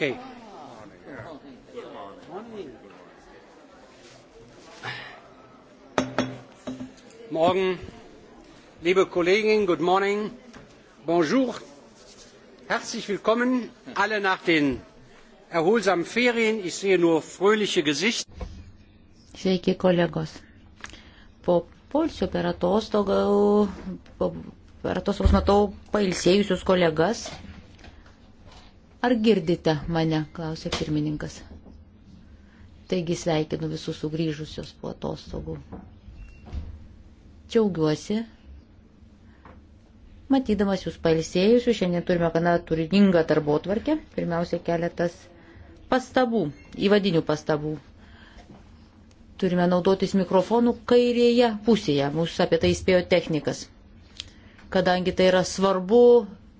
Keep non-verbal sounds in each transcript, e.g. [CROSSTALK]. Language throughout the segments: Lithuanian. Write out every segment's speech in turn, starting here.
Okay. Morgen, liebe Kolleginnen, good morning, bonjour, herzlich willkommen alle nach den erholsamen Ferien. Ich sehe nur fröhliche Gesichter. Sveiki, kolegos. Po polsio per atostogų, po, per atostogas matau pailsėjusius kolegas, Ar girdite mane, klausė pirmininkas. Taigi sveikinu visus sugrįžusios po atostogų. Džiaugiuosi, matydamas jūs palsėjusius, šiandien turime gana turiningą darbo tvarkę. Pirmiausia, keletas pastabų, įvadinių pastabų. Turime naudotis mikrofonų kairėje pusėje, mūsų apie tai įspėjo technikas. Kadangi tai yra svarbu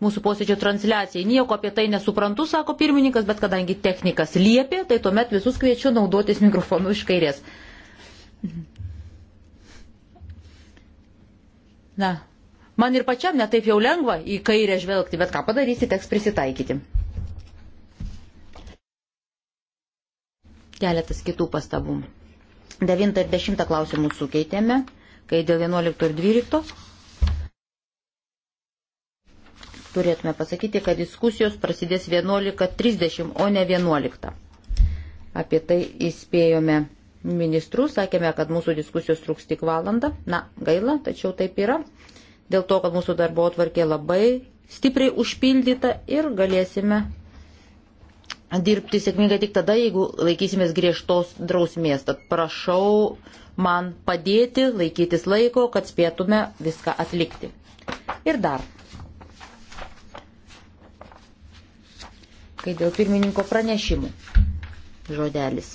mūsų posėdžio transliacijai. Nieko apie tai nesuprantu, sako pirmininkas, bet kadangi technikas liepė, tai tuomet visus kviečiu naudotis mikrofonu iš kairės. Na, man ir pačiam netaip jau lengva į kairę žvelgti, bet ką padarysi, teks prisitaikyti. Keletas kitų pastabų. 9 ir 10 klausimų sukeitėme, kai dėl 11 ir 12 turėtume pasakyti, kad diskusijos prasidės 11.30, o ne 11. Apie tai įspėjome ministrus, sakėme, kad mūsų diskusijos truks tik valandą. Na, gaila, tačiau taip yra. Dėl to, kad mūsų darbo atvarkė labai stipriai užpildyta ir galėsime dirbti sėkmingai tik tada, jeigu laikysimės griežtos drausmės. Tad prašau man padėti laikytis laiko, kad spėtume viską atlikti. Ir dar kai dėl pirmininko pranešimų žodelis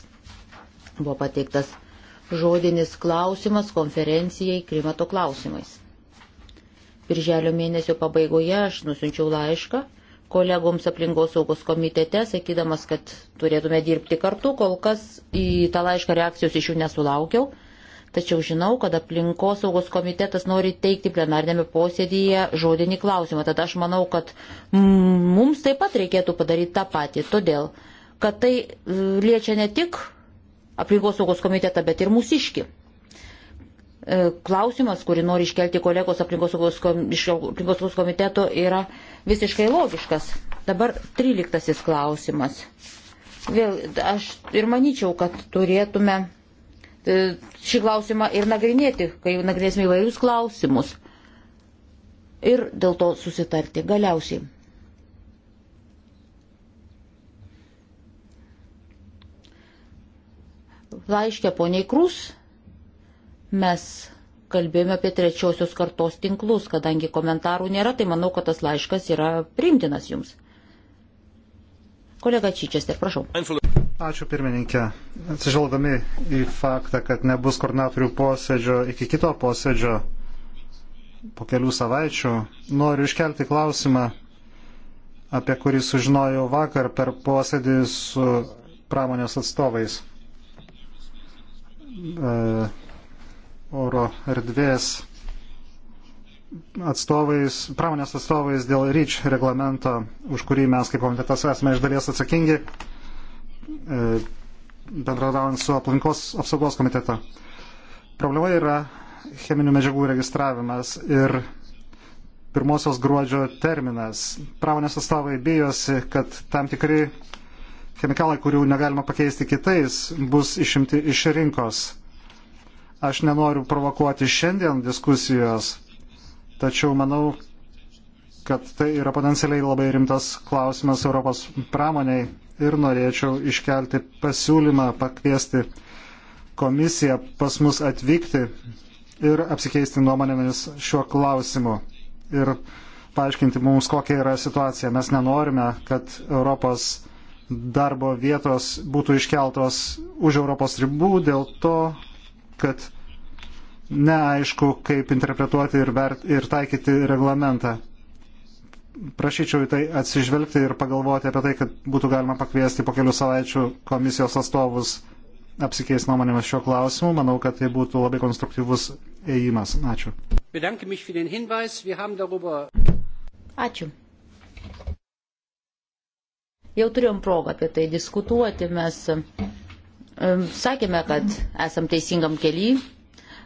buvo pateiktas žodinis klausimas konferencijai klimato klausimais. Birželio mėnesio pabaigoje aš nusinčiau laišką kolegoms aplinkos saugos komitete, sakydamas, kad turėtume dirbti kartu, kol kas į tą laišką reakcijos iš jų nesulaukiau. Tačiau žinau, kad aplinkosaugos komitetas nori teikti plenarnėme posėdėje žodinį klausimą. Tad aš manau, kad mums taip pat reikėtų padaryti tą patį. Todėl, kad tai e, liečia ne tik aplinkosaugos komitetą, bet ir mūsiški. E, klausimas, kurį nori iškelti kolegos aplinkosaugos aplinkos komiteto, yra visiškai logiškas. Dabar tryliktasis klausimas. Vėl aš ir manyčiau, kad turėtume E, šį klausimą ir nagrinėti, kai nagrinėsime įvairius klausimus. Ir dėl to susitarti galiausiai. Laiškė poniai Krus mes kalbėjome apie trečiosios kartos tinklus, kadangi komentarų nėra, tai manau, kad tas laiškas yra priimtinas jums. Kolega Čičester, prašau. Ačiū pirmininkė. Atsižvelgdami į faktą, kad nebus koordinatorių posėdžio iki kito posėdžio po kelių savaičių, noriu iškelti klausimą, apie kurį sužinojau vakar per posėdį su pramonės atstovais e, oro erdvės atstovais, pramonės atstovais dėl REACH reglamento, už kurį mes kaip komitetas esame iš dalies atsakingi E, bendradavant su aplinkos apsaugos komitetu. Problema yra cheminių medžiagų registravimas ir pirmosios gruodžio terminas. Pramonės atstovai bijosi, kad tam tikri chemikalai, kurių negalima pakeisti kitais, bus išimti iš rinkos. Aš nenoriu provokuoti šiandien diskusijos, tačiau manau, kad tai yra potencialiai labai rimtas klausimas Europos pramoniai ir norėčiau iškelti pasiūlymą pakviesti komisiją pas mus atvykti ir apsikeisti nuomonėmis šiuo klausimu ir paaiškinti mums, kokia yra situacija. Mes nenorime, kad Europos darbo vietos būtų iškeltos už Europos ribų dėl to, kad neaišku, kaip interpretuoti ir, vert, ir taikyti reglamentą prašyčiau į tai atsižvelgti ir pagalvoti apie tai, kad būtų galima pakviesti po kelių savaičių komisijos atstovus apsikeis nuomonėmis šiuo klausimu. Manau, kad tai būtų labai konstruktyvus ėjimas. Ačiū. Ačiū. Jau turėjom progą apie tai diskutuoti. Mes sakėme, kad esam teisingam keliui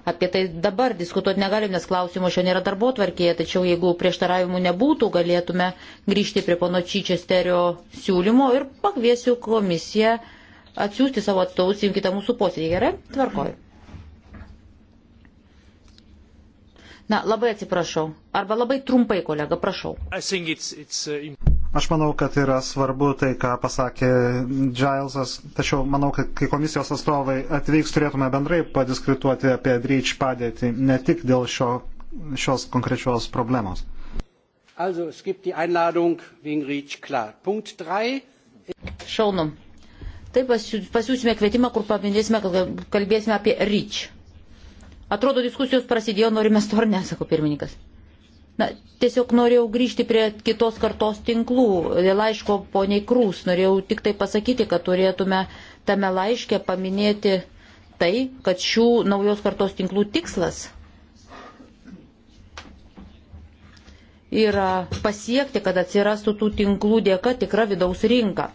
Apie tai dabar diskutuoti negalim, nes klausimo šio nėra darbo tvarkėje, tačiau jeigu prieštaravimų nebūtų, galėtume grįžti prie pono Čičesterio siūlymo ir pakviesiu komisiją atsiųsti savo atstovus į kitą mūsų posėdį. Gerai? Tvarkoju. Na, labai atsiprašau. Arba labai trumpai, kolega, prašau. It's, it's... Uh, Aš manau, kad yra svarbu tai, ką pasakė Gilesas, tačiau manau, kad kai komisijos atstovai atvyks, turėtume bendrai padiskutuoti apie Dryč padėtį, ne tik dėl šio, šios konkrečios problemos. Also, es gibt die Einladung wegen Reach klar. Punkt 3. Šaunu. Taip pasiūsime kvietimą, kur paminėsime, kad kalbėsime apie Reach. Atrodo, diskusijos prasidėjo, norime storne, sako pirmininkas. Na, tiesiog norėjau grįžti prie kitos kartos tinklų. Laiško poniai Krūs norėjau tik tai pasakyti, kad turėtume tame laiške paminėti tai, kad šių naujos kartos tinklų tikslas yra pasiekti, kad atsirastų tų tinklų dėka tikra vidaus rinka.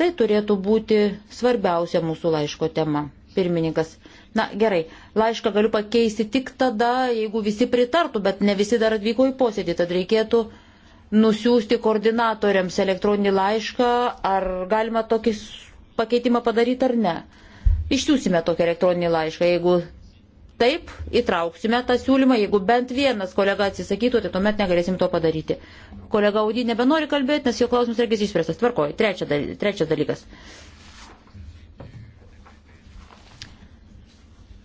Tai turėtų būti svarbiausia mūsų laiško tema. Pirmininkas. Na gerai, laišką galiu pakeisti tik tada, jeigu visi pritartų, bet ne visi dar atvyko į posėdį, tad reikėtų nusiųsti koordinatoriams elektroninį laišką, ar galima tokį pakeitimą padaryti ar ne. Išsiųsime tokį elektroninį laišką, jeigu taip, įtrauksime tą siūlymą, jeigu bent vienas kolega atsisakytų, tai tuomet negalėsim to padaryti. Kolega Audį nebenori kalbėti, nes jo klausimas regis išspręstas. Tvarkoji. Trečia, daly trečias dalykas.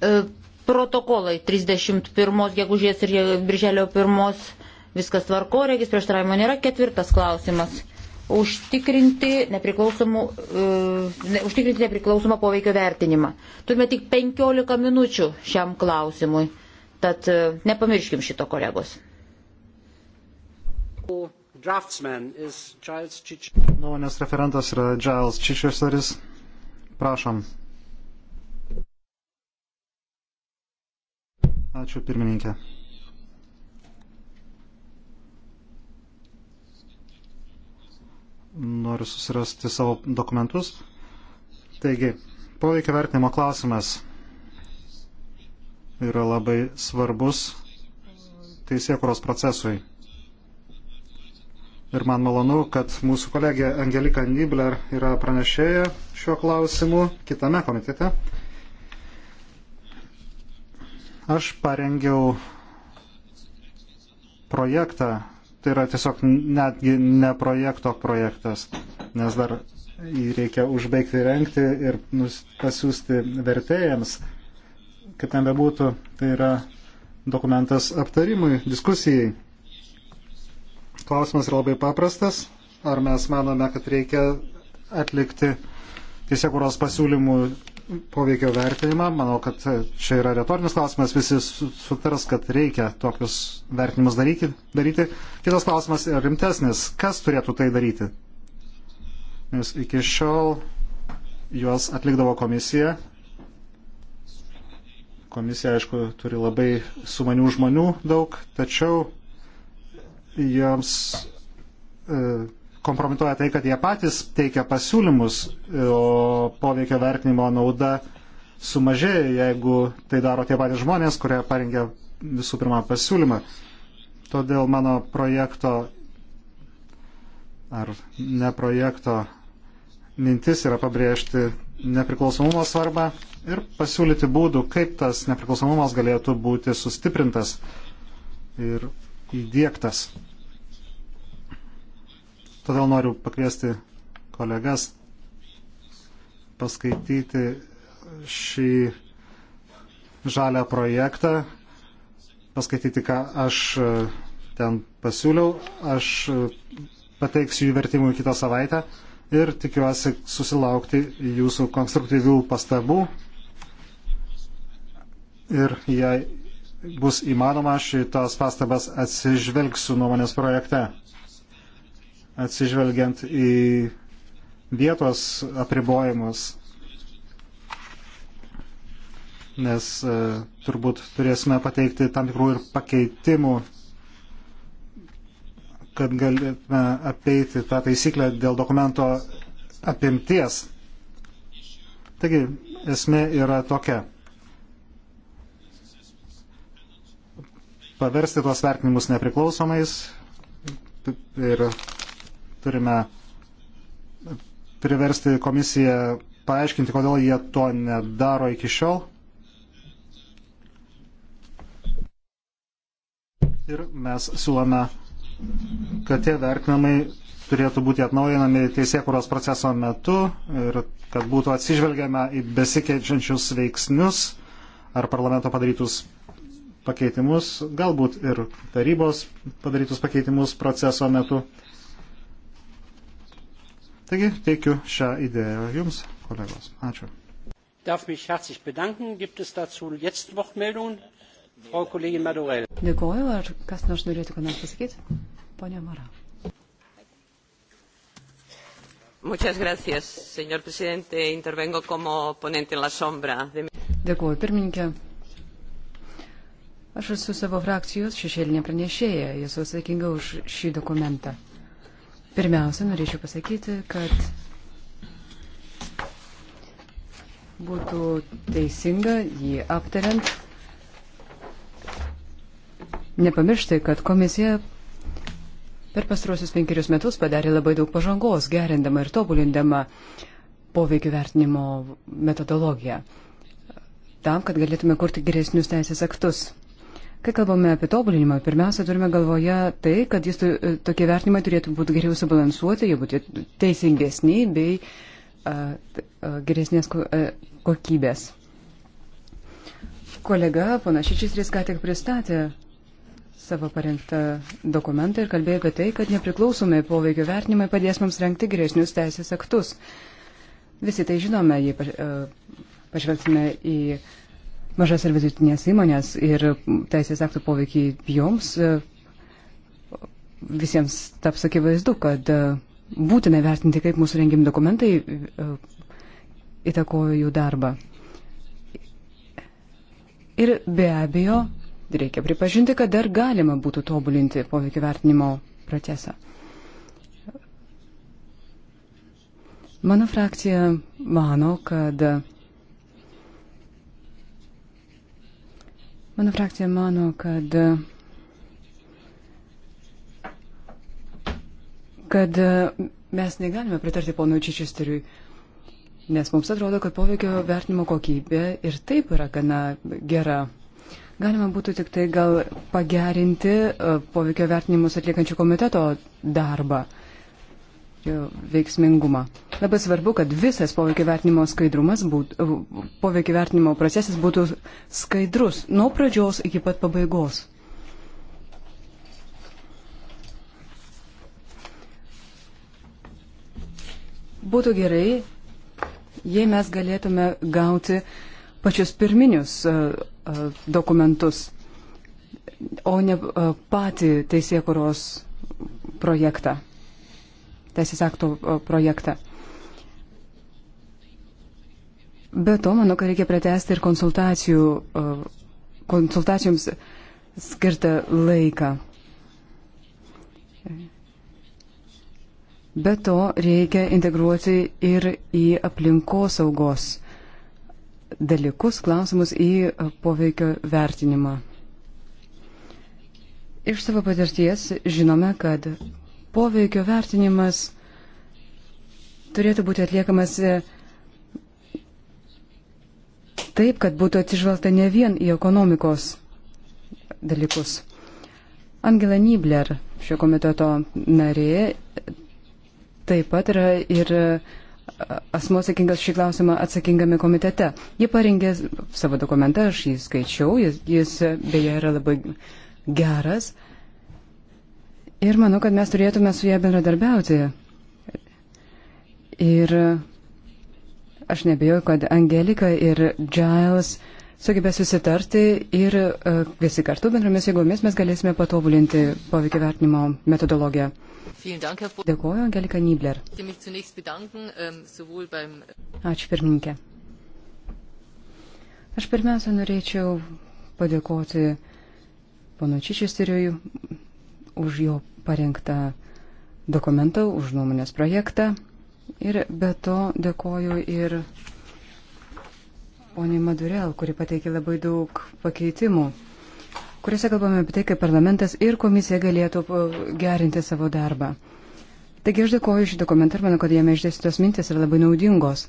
E, protokolai 31 gegužės ir birželio 1 viskas tvarko, regis prieštaravimo nėra. Ketvirtas klausimas. Užtikrinti, nepriklausomų, e, ne, užtikrinti nepriklausomą poveikio vertinimą. Turime tik 15 minučių šiam klausimui, tad e, nepamirškim šito kolegos. Nuomonės referentas yra Giles Čičesteris. Prašom. Ačiū pirmininkė. Noriu susirasti savo dokumentus. Taigi, poveikio vertinimo klausimas yra labai svarbus teisėkuros procesui. Ir man malonu, kad mūsų kolegė Angelika Nibler yra pranešėja šiuo klausimu kitame komitete. Aš parengiau projektą, tai yra tiesiog netgi ne projekto projektas, nes dar jį reikia užbaigti renkti ir pasiūsti vertėjams. Kaip ten bebūtų, tai yra dokumentas aptarimui, diskusijai. Klausimas yra labai paprastas. Ar mes manome, kad reikia atlikti teisėkuros pasiūlymų poveikio vertinimą. Manau, kad čia yra retorinis klausimas, visi sutars, kad reikia tokius vertinimus daryti. daryti. Kitas klausimas yra rimtesnis, kas turėtų tai daryti. Nes iki šiol juos atlikdavo komisija. Komisija, aišku, turi labai sumanių žmonių daug, tačiau jiems. E, kompromituoja tai, kad jie patys teikia pasiūlymus, o poveikio vertinimo nauda sumažėja, jeigu tai daro tie patys žmonės, kurie parengė visų pirma pasiūlymą. Todėl mano projekto ar ne projekto mintis yra pabrėžti nepriklausomumo svarbą ir pasiūlyti būdų, kaip tas nepriklausomumas galėtų būti sustiprintas ir įdėktas. Todėl noriu pakviesti kolegas paskaityti šį žalę projektą, paskaityti, ką aš e, ten pasiūliau. Aš e, pateiksiu jų vertimų kitą savaitę ir tikiuosi susilaukti jūsų konstruktyvių pastabų. Ir jei bus įmanoma, šitas pastabas atsižvelgsiu nuomonės projekte atsižvelgiant į vietos apribojimus, nes e, turbūt turėsime pateikti tam tikrų ir pakeitimų, kad galėtume apeiti tą taisyklę dėl dokumento apimties. Taigi, esmė yra tokia. Paversti tuos vertinimus nepriklausomais ir turime priversti komisiją paaiškinti, kodėl jie to nedaro iki šiol. Ir mes siūlome, kad tie vertinimai turėtų būti atnaujinami teisėkuros proceso metu ir kad būtų atsižvelgiama į besikeičiančius veiksnius ar parlamento padarytus pakeitimus, galbūt ir tarybos padarytus pakeitimus proceso metu. Taigi teikiu šią idėją jums, kolegos. Ačiū. Darf mich herzlich bedanken. Gibt es dazu jetzt Wortmeldungen? Frau Kollegin Madurell. Dėkuoju. Ar kas nors norėtų ką nors pasakyti? Pone Mara. Muchas gracias, señor presidente. Intervengo como ponente en la sombra. De... Dėkuoju, pirmininkė. Aš esu savo frakcijos šešėlinė pranešėja, esu atsakinga už šį dokumentą. Pirmiausia, norėčiau pasakyti, kad būtų teisinga jį aptariant. Nepamiršti, kad komisija per pastruosius penkerius metus padarė labai daug pažangos, gerindama ir tobulindama poveikio vertinimo metodologiją, tam, kad galėtume kurti geresnius teisės aktus. Kai kalbame apie tobulinimą, pirmiausia, turime galvoje tai, kad jis, e, tokie vertinimai turėtų būti geriau subalansuoti, jie būtų teisingesni bei a, a, geresnės ko, a, e, kokybės. Kolega panašičius jis ką tik pristatė savo parengtą dokumentą ir kalbėjo apie tai, kad nepriklausomi poveikio vertinimai padės mums renkti geresnius teisės aktus. Visi tai žinome, jei e, pažvelgsime į mažas ir vidutinės įmonės ir teisės aktų poveikį joms e, visiems taps akivaizdu, kad e, būtina vertinti, kaip mūsų rengimi dokumentai e, įtakojo jų darbą. Ir be abejo, reikia pripažinti, kad dar galima būtų tobulinti poveikio vertinimo procesą. Mano frakcija mano, kad Mano frakcija mano, kad, kad mes negalime pritarti ponui Čičisteriui, nes mums atrodo, kad poveikio vertinimo kokybė ir taip yra gana gera. Galima būtų tik tai gal pagerinti poveikio vertinimus atliekančių komiteto darbą veiksmingumą. Labai svarbu, kad visas poveikio vertinimo skaidrumas, būtų, uh, poveikio vertinimo procesas būtų skaidrus nuo pradžios iki pat pabaigos. Būtų gerai, jei mes galėtume gauti pačius pirminius uh, uh, dokumentus, o ne patį teisėkuros projektą teisės akto projektą. Be to, manau, kad reikia pratesti ir konsultacijų, konsultacijoms skirtą laiką. Be to, reikia integruoti ir į aplinkosaugos dalykus, klausimus į poveikio vertinimą. Iš savo patirties žinome, kad poveikio vertinimas turėtų būti atliekamas e, taip, kad būtų atsižvelgta ne vien į ekonomikos dalykus. Angela Nibler, šio komiteto narė, taip pat yra ir asmo atsakingas šį klausimą atsakingame komitete. Ji parengė savo dokumentą, aš jį skaičiau, jis, jis beje yra labai geras. Uh, Ir manau, kad mes turėtume su ją bendradarbiauti. Ir aš nebejoju, kad Angelika ir Giles sugebės susitarti ir uh, visi kartu bendromis jėgomis mes galėsime patobulinti poveikio vertinimo metodologiją. Dėkuoju, Angelika Nibler. Ähm, Ačiū pirmininkė. Aš pirmiausia norėčiau padėkoti pono Čičisteriui už jo parengtą dokumentą, už nuomonės projektą. Ir be to dėkoju ir poniai Madurel, kuri pateikė labai daug pakeitimų, kuriuose kalbame apie tai, kaip parlamentas ir komisija galėtų uh, gerinti savo darbą. Taigi aš dėkoju šį dokumentą ir manau, kad jame išdėstytos mintis yra labai naudingos.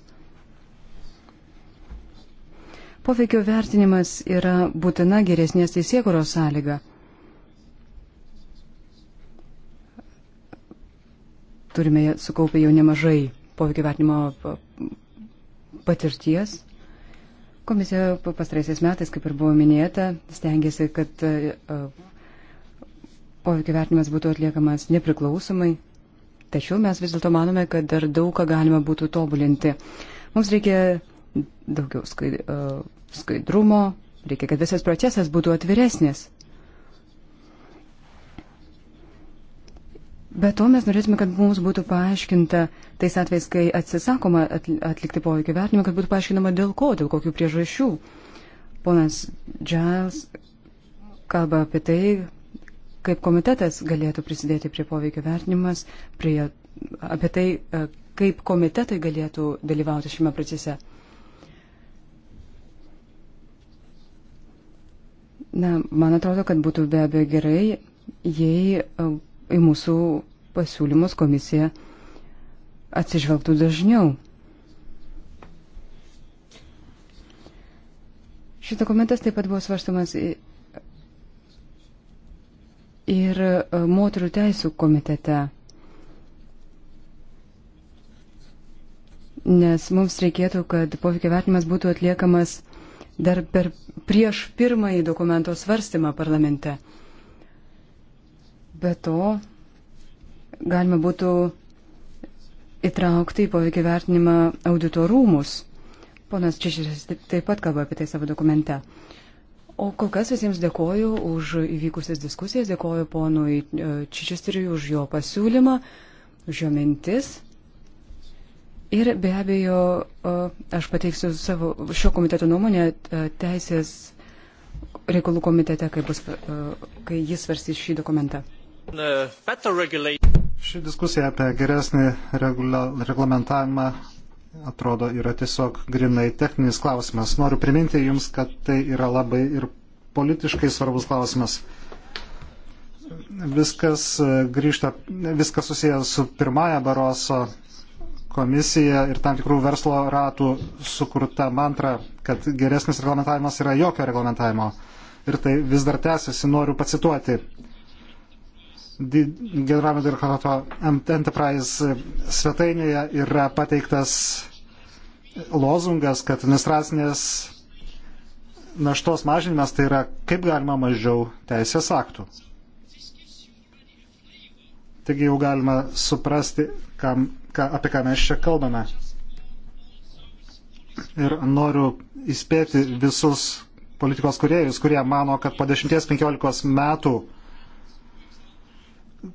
Poveikio vertinimas yra būtina geresnės teisėkuros sąlyga. turime sukaupę jau nemažai poveikio vertinimo patirties. Komisija pastaraisiais metais, kaip ir buvo minėta, stengiasi, kad e, e, poveikio vertinimas būtų atliekamas nepriklausomai, tačiau mes vis dėlto manome, kad dar daug ką galima būtų tobulinti. Mums reikia daugiau e, skaidrumo, reikia, kad visas procesas būtų atviresnis. Be to mes norėtume, kad mums būtų paaiškinta, tais atvejais, kai atsisakoma atlikti poveikio vertinimą, kad būtų paaiškinama dėl ko, dėl kokių priežasčių. Ponas Džels kalba apie tai, kaip komitetas galėtų prisidėti prie poveikio vertinimas, prie, apie tai, e, kaip komitetai galėtų dalyvauti šiame procese. Na, man atrodo, kad būtų be abejo gerai, jei e, į mūsų pasiūlymus komisija atsižvelgtų dažniau. Šitą komentas taip pat buvo svarstamas ir e, moterų teisų komitete, nes mums reikėtų, kad poveikio vertinimas būtų atliekamas dar per prieš pirmąjį dokumento svarstymą parlamente. Be to, galima būtų įtraukti į poveikį vertinimą auditorumus. Ponas Češiris taip pat kalba apie tai savo dokumente. O kol kas visiems dėkoju už įvykusias diskusijas, dėkoju ponui e, Čičisteriui už jo pasiūlymą, už jo mintis. Ir be abejo, e, aš pateiksiu savo šio komiteto nuomonę e, teisės reikalų komitete, kai, bus, kai jis svarstys šį dokumentą. Uh, Ši diskusija apie geresnį regula, reglamentavimą atrodo yra tiesiog grinai techninis klausimas. Noriu priminti Jums, kad tai yra labai ir politiškai svarbus klausimas. Viskas uh, grįžta, viskas susijęs su pirmąja Baroso komisija ir tam tikrų verslo ratų sukurta mantra, kad geresnis reglamentavimas yra jokio reglamentavimo. Ir tai vis dar tęsiasi, noriu pacituoti generalinio direktorato Enterprise svetainėje yra pateiktas lozungas, kad administracinės naštos mažinimas tai yra kaip galima mažiau teisės aktų. Taigi jau galima suprasti, kam, ką, apie ką mes čia kalbame. Ir noriu įspėti visus politikos kuriejus, kurie mano, kad po 10-15 metų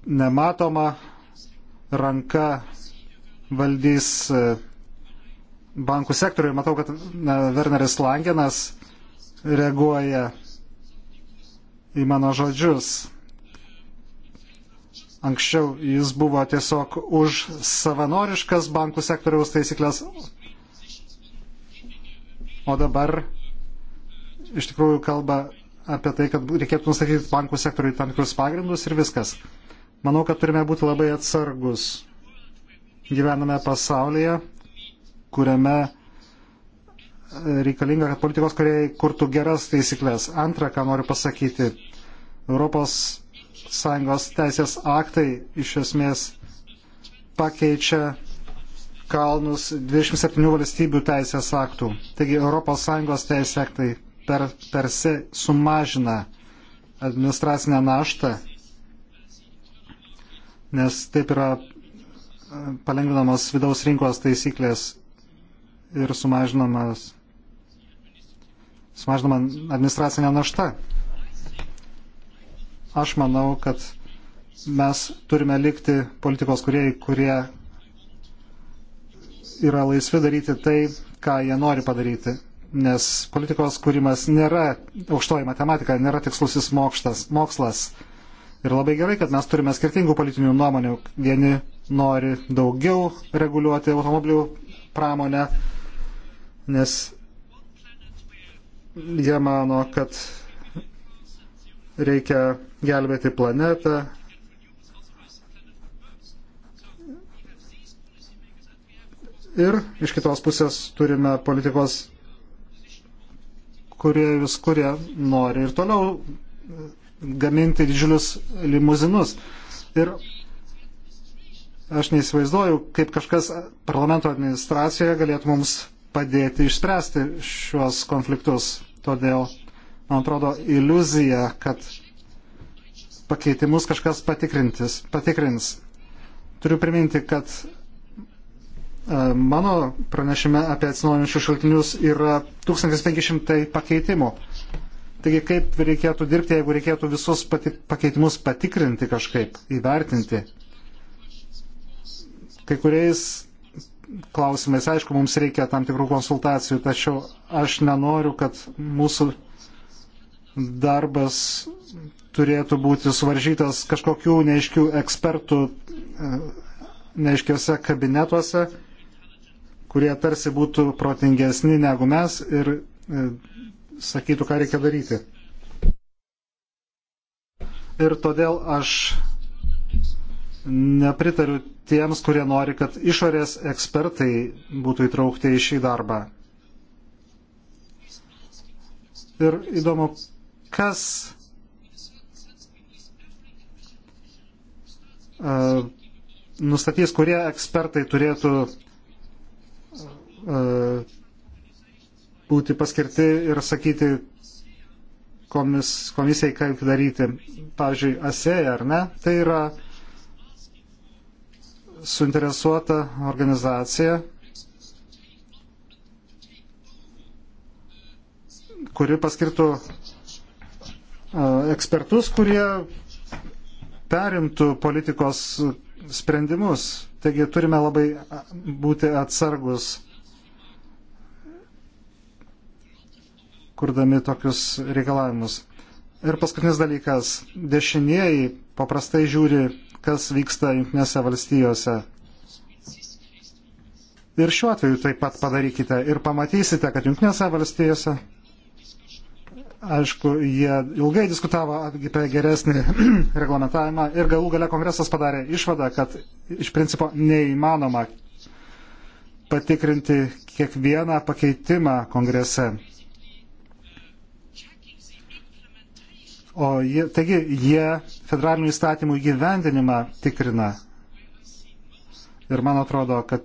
nematoma ranka valdys e, bankų sektoriui. Matau, kad Werneris Langenas reaguoja į mano žodžius. Anksčiau jis buvo tiesiog už savanoriškas bankų sektoriaus taisyklės, o dabar iš tikrųjų kalba apie tai, kad reikėtų nustatyti bankų sektoriui tam tikrus pagrindus ir viskas. Manau, kad turime būti labai atsargus. Gyvename pasaulyje, kuriame e, reikalinga, kad politikos kuriai kurtų geras taisyklės. Antra, ką noriu pasakyti, ES teisės aktai iš esmės pakeičia kalnus 27 valstybių teisės aktų. Taigi ES teisės aktai per, perse sumažina administracinę naštą, nes taip yra e, palengvinamos vidaus rinkos taisyklės ir sumažinamas sumažinama administracinė našta. Aš manau, kad mes turime likti politikos kuriejai, kurie yra laisvi daryti tai, ką jie nori padaryti nes politikos kūrimas nėra aukštoji matematika, nėra tikslusis mokštas, mokslas. Ir labai gerai, kad mes turime skirtingų politinių nuomonių. Vieni nori daugiau reguliuoti automobilių pramonę, nes jie mano, kad reikia gelbėti planetą. Ir iš kitos pusės turime politikos kurie vis kurie nori ir toliau e, gaminti didžiulius limuzinus. Ir aš neįsivaizduoju, kaip kažkas parlamento administracijoje galėtų mums padėti išspręsti šiuos konfliktus. Todėl, man atrodo, iliuzija, kad pakeitimus kažkas patikrins. Turiu priminti, kad E, mano pranešime apie atsinaujinančius šaltinius yra 1500 pakeitimų. Taigi kaip reikėtų dirbti, jeigu reikėtų visus pati, pakeitimus patikrinti kažkaip, įvertinti. Kai kuriais klausimais, aišku, mums reikia tam tikrų konsultacijų, tačiau aš nenoriu, kad mūsų darbas turėtų būti suvaržytas kažkokių neaiškių ekspertų e, neaiškiuose kabinetuose kurie tarsi būtų protingesni negu mes ir e, sakytų, ką reikia daryti. Ir todėl aš nepritariu tiems, kurie nori, kad išorės ekspertai būtų įtraukti į šį darbą. Ir įdomu, kas e, nustatys, kurie ekspertai turėtų E, būti paskirti ir sakyti komis, komisijai, kaip daryti. Pavyzdžiui, ASEA ar ne, tai yra suinteresuota organizacija, kuri paskirtų e, ekspertus, kurie perimtų politikos sprendimus. Taigi turime labai būti atsargus kurdami tokius reikalavimus. Ir paskutinis dalykas. Dešinieji paprastai žiūri, kas vyksta jungtinėse valstijose. Ir šiuo atveju taip pat padarykite ir pamatysite, kad jungtinėse valstijose, aišku, jie ilgai diskutavo apie geresnį [CLEARS THROAT] reglamentavimą ir galų gale kongresas padarė išvadą, kad iš principo neįmanoma patikrinti kiekvieną pakeitimą kongrese. O jie, taigi jie federalinių įstatymų įgyvendinimą tikrina. Ir man atrodo, kad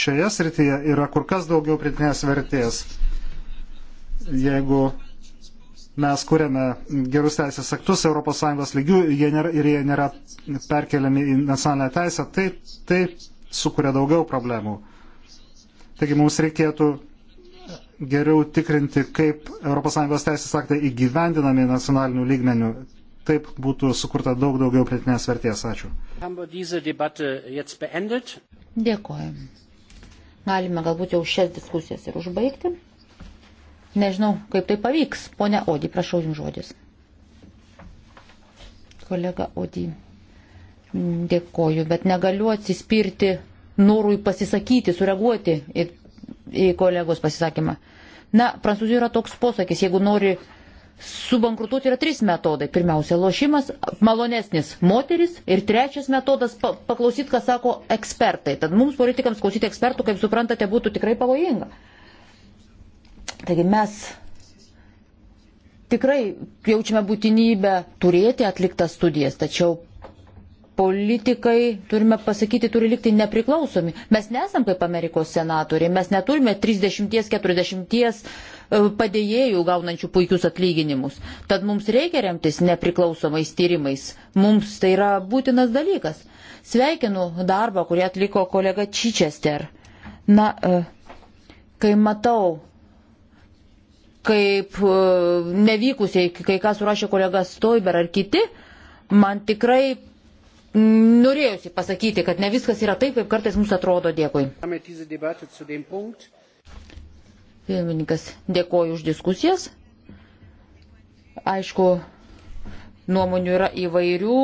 šioje srityje yra kur kas daugiau pritinės vertės. Jeigu mes kūrėme gerus teisės aktus ES lygių jie nėra, ir jie nėra perkeliami į nacionalinę teisę, tai, tai sukuria daugiau problemų. Taigi mums reikėtų geriau tikrinti, kaip ES teisės aktai įgyvendinami nacionalinių lygmenių. Taip būtų sukurta daug daugiau pritinės vertės. Ačiū. Dėkoju. Galime galbūt jau šias diskusijas ir užbaigti. Nežinau, kaip tai pavyks. Pone Odį, prašau jums žodis. Kolega Odį, dėkoju, bet negaliu atsispirti norui pasisakyti, sureaguoti į į kolegos pasisakymą. Na, prancūzijoje yra toks posakis, jeigu nori subankrutuoti, yra trys metodai. Pirmiausia, lošimas, malonesnis moteris ir trečias metodas pa - paklausyti, ką sako ekspertai. Tad mums politikams klausyti ekspertų, kaip suprantate, būtų tikrai pavojinga. Taigi mes tikrai jaučiame būtinybę turėti atliktas studijas, tačiau politikai, turime pasakyti, turi likti nepriklausomi. Mes nesam kaip Amerikos senatoriai, mes neturime 30-40 e, padėjėjų gaunančių puikius atlyginimus. Tad mums reikia remtis nepriklausomais tyrimais. Mums tai yra būtinas dalykas. Sveikinu darbą, kurį atliko kolega Čičester. Na, e, kai matau, kaip e, nevykusiai, kai ką surašė kolega Stoiber ar kiti, man tikrai norėjusi pasakyti, kad ne viskas yra taip, kaip kartais mums atrodo. Dėkui. Pirmininkas, dėkoju už diskusijas. Aišku, nuomonių yra įvairių,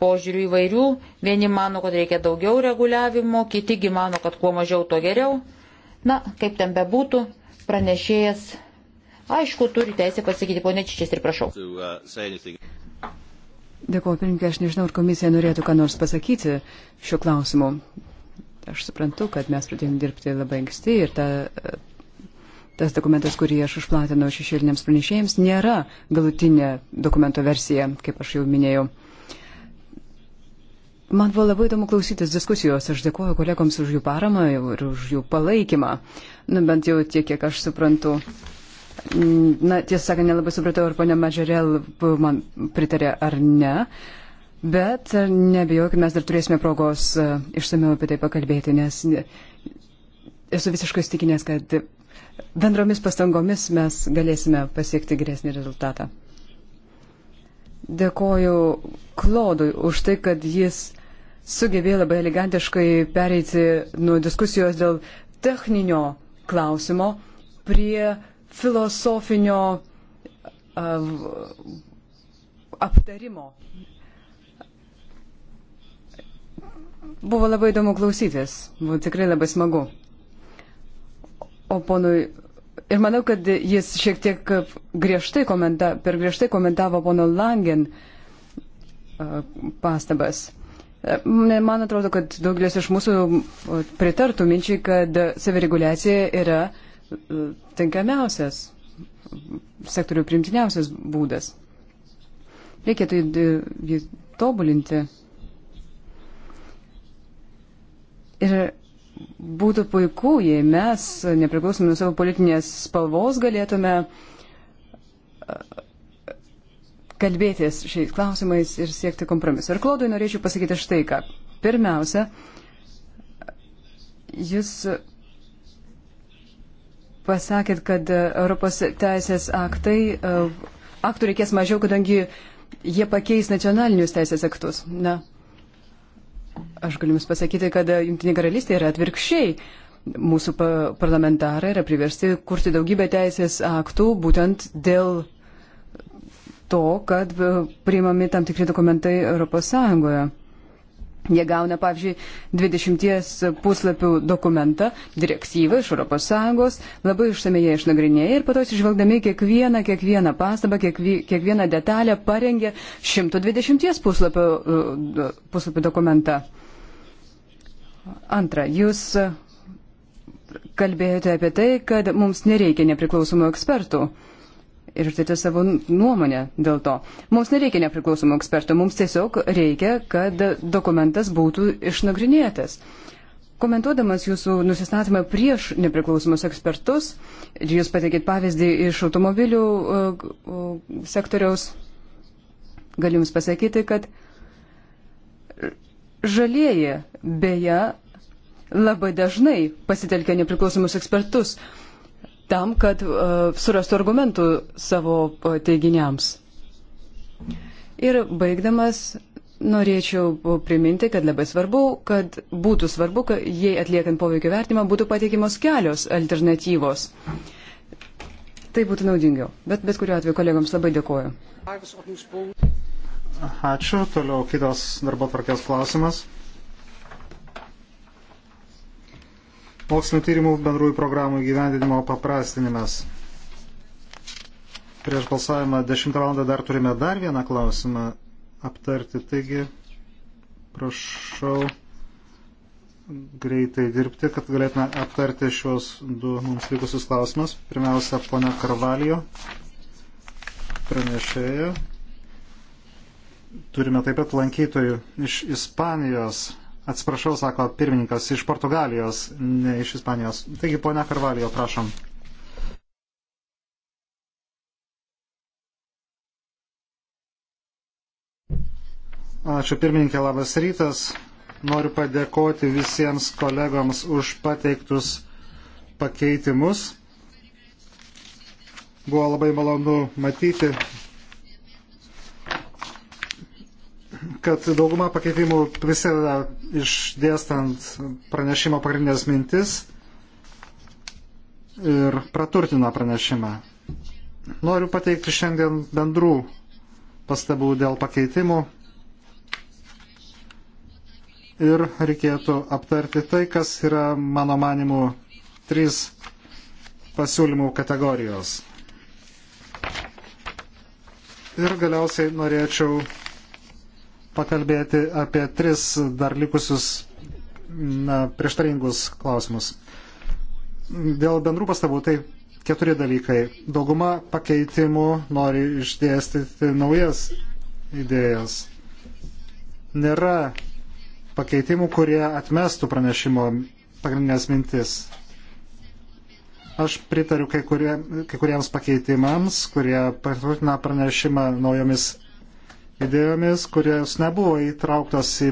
požiūrių įvairių. Vieni mano, kad reikia daugiau reguliavimo, kitigi mano, kad kuo mažiau, to geriau. Na, kaip ten bebūtų, pranešėjas, aišku, turi teisę pasakyti, ponė Čičės ir prašau. Uh, Dėkuoju, pirmininkė, aš nežinau, ar komisija norėtų ką nors pasakyti šiuo klausimu. Aš suprantu, kad mes pradėjome dirbti labai anksti ir ta, tas dokumentas, kurį aš išplatinau šešėliniams pranešėjams, nėra galutinė dokumento versija, kaip aš jau minėjau. Man buvo labai įdomu klausytis diskusijos. Aš dėkuoju kolegoms už jų paramą ir už jų palaikymą. Na, nu, bent jau tiek, kiek aš suprantu. Mm, na, tiesą sakant, nelabai supratau, ar ponia Mažerėl man pritarė ar ne. Bet e, nebijau, kad mes dar turėsime progos e, išsameu apie tai pakalbėti, nes e, esu visiškai stikinęs, kad bendromis pastangomis mes galėsime pasiekti geresnį rezultatą. Dėkoju Klodui už tai, kad jis sugebėjo labai elegantiškai pereiti nuo diskusijos dėl techninio klausimo prie filosofinio aptarimo. Buvo labai įdomu klausytis, buvo tikrai labai smagu. O ponui, ir manau, kad jis šiek tiek griežtai komenta, per griežtai komentavo pono Langen pastabas. Man atrodo, kad daugelis iš mūsų pritartų minčiai, kad savireguliacija yra uh, tinkamiausias, sektorių primtiniausias būdas. Reikėtų tai, e, jį tobulinti. Ir būtų puiku, jei mes, nepriklausomai nuo savo politinės spalvos, galėtume e, kalbėtis šiais klausimais ir siekti kompromiso. Ir Klaudui norėčiau pasakyti štai ką. Pirmiausia, jis pasakėt, kad e, Europos teisės aktai, e, aktų reikės mažiau, kadangi jie pakeis nacionalinius teisės aktus. Na, aš galiu Jums pasakyti, kad e, Junktinė karalystė yra atvirkščiai. Mūsų parlamentarai yra priversti kurti daugybę teisės aktų būtent dėl to, kad priimami tam tikri dokumentai Europos Sąjungoje. Jie gauna, pavyzdžiui, 20 puslapių dokumentą, direktyvą iš ES, labai išsamei ją išnagrinėja ir patos išvelgdami kiekvieną, kiekvieną pastabą, kiekvieną detalę parengia 120 puslapių, e, puslapių dokumentą. Antra, jūs kalbėjote apie tai, kad mums nereikia nepriklausomų ekspertų ir išdėti savo nuomonę dėl to. Mums nereikia nepriklausomų ekspertų, mums tiesiog reikia, kad dokumentas būtų išnagrinėtas. Komentuodamas jūsų nusistatymą prieš nepriklausomus ekspertus, jūs pateikit pavyzdį iš automobilių e, e, sektoriaus, galiu jums pasakyti, kad žalieji beje labai dažnai pasitelkia nepriklausomus ekspertus tam, kad e, surastų argumentų savo e, teiginiams. Ir baigdamas norėčiau e, priminti, kad labai svarbu, kad būtų svarbu, kad jei atliekant poveikio vertimą būtų pateikimos kelios alternatyvos. Tai būtų naudingiau. Bet bet kuriuo atveju kolegoms labai dėkoju. Ačiū. Toliau kitas darbo tvarkės klausimas. Mokslinio tyrimų bendrųjų programų gyvendinimo paprastinimas. Prieš balsavimą 10 val. dar turime dar vieną klausimą aptarti, taigi prašau greitai dirbti, kad galėtume aptarti šios du mums likusius klausimus. Pirmiausia, ponia Karvalijo pranešėja. Turime taip pat lankytojų iš Ispanijos Atsiprašau, sako pirmininkas, iš Portugalijos, ne iš Ispanijos. Taigi, ponia Karvalijo, prašom. Ačiū pirmininkė, labas rytas. Noriu padėkoti visiems kolegoms už pateiktus pakeitimus. Buvo labai malonu matyti kad dauguma pakeitimų prisideda išdėstant pranešimo pagrindinės mintis ir praturtina pranešimą. Noriu pateikti šiandien bendrų pastabų dėl pakeitimų ir reikėtų aptarti tai, kas yra mano manimu trys pasiūlymų kategorijos. Ir galiausiai norėčiau pakalbėti apie tris dar likusius na, prieštaringus klausimus. Dėl bendrų pastabų tai keturi dalykai. Dauguma pakeitimų nori išdėstyti naujas idėjas. Nėra pakeitimų, kurie atmestų pranešimo pagrindinės mintis. Aš pritariu kai, kurie, kai kuriems pakeitimams, kurie patvirtina pranešimą naujomis idėjomis, kurios nebuvo įtrauktos į,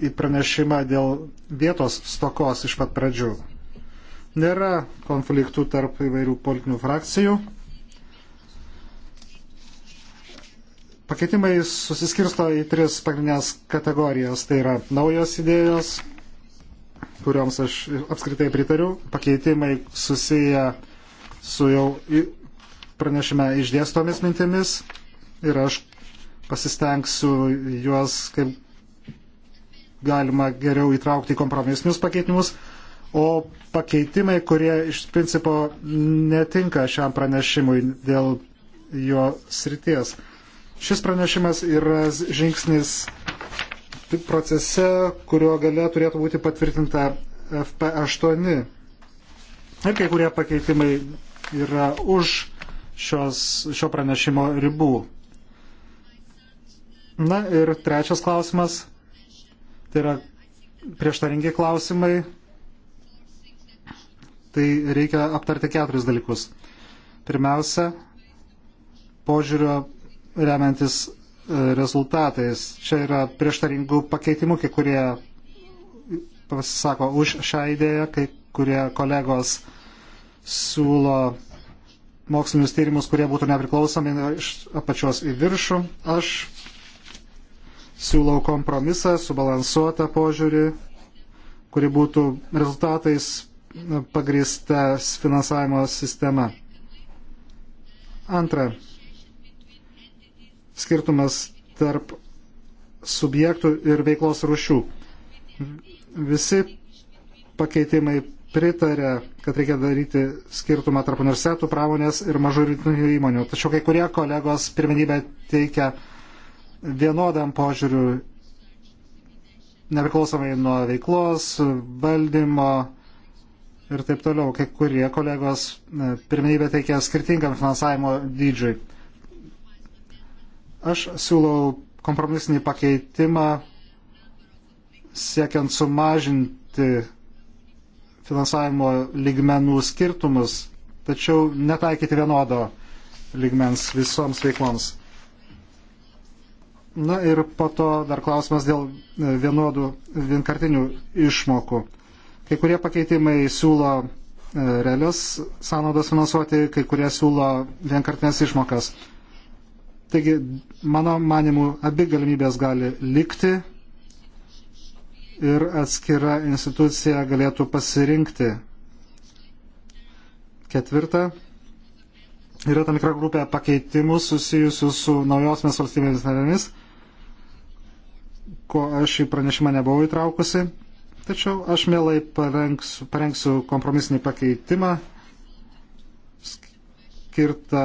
į pranešimą dėl vietos stokos iš pat pradžių. Nėra konfliktų tarp įvairių politinių frakcijų. Pakeitimai susiskirsto į tris pagrindinės kategorijas. Tai yra naujos idėjos, kuriuoms aš apskritai pritariu. Pakeitimai susiję su jau pranešime išdėstomis mintimis ir aš pasistengsiu juos kaip galima geriau įtraukti į kompromisinius pakeitimus, o pakeitimai, kurie iš principo netinka šiam pranešimui dėl jo srities. Šis pranešimas yra žingsnis procese, kurio gale turėtų būti patvirtinta FP8. Ir kai kurie pakeitimai yra už šios, šio pranešimo ribų. Na ir trečias klausimas, tai yra prieštaringi klausimai, tai reikia aptarti keturis dalykus. Pirmiausia, požiūrio remiantis e, rezultatais. Čia yra prieštaringų pakeitimų, kai kurie pasisako už šią idėją, kai kurie kolegos siūlo mokslinius tyrimus, kurie būtų nepriklausomi iš apačios į viršų. Aš siūlau kompromisą, subalansuotą požiūrį, kuri būtų rezultatais pagrįsta finansavimo sistema. Antra, skirtumas tarp subjektų ir veiklos rušių. Visi pakeitimai pritarė, kad reikia daryti skirtumą tarp universitetų, pramonės ir mažų rytinių įmonių. Tačiau kai kurie kolegos pirmenybę teikia vienodam požiūriu, nepriklausomai nuo veiklos, valdymo ir taip toliau. Kai kurie kolegos e, pirmenybę teikia skirtingam finansavimo dydžiui. Aš siūlau kompromisinį pakeitimą siekiant sumažinti finansavimo lygmenų skirtumus, tačiau netaikyti vienodo lygmens visoms veikloms. Na ir po to dar klausimas dėl e, vienodų vienkartinių išmokų. Kai kurie pakeitimai siūlo e, realias sąnaudas finansuoti, kai kurie siūlo vienkartinės išmokas. Taigi, mano manimu, abi galimybės gali likti ir atskira institucija galėtų pasirinkti. Ketvirta. Yra tam tikra grupė pakeitimų susijusių su naujosmis valstybėmis narėmis ko aš į pranešimą nebuvau įtraukusi, tačiau aš mielai parengsiu, parengsiu kompromisinį pakeitimą skirtą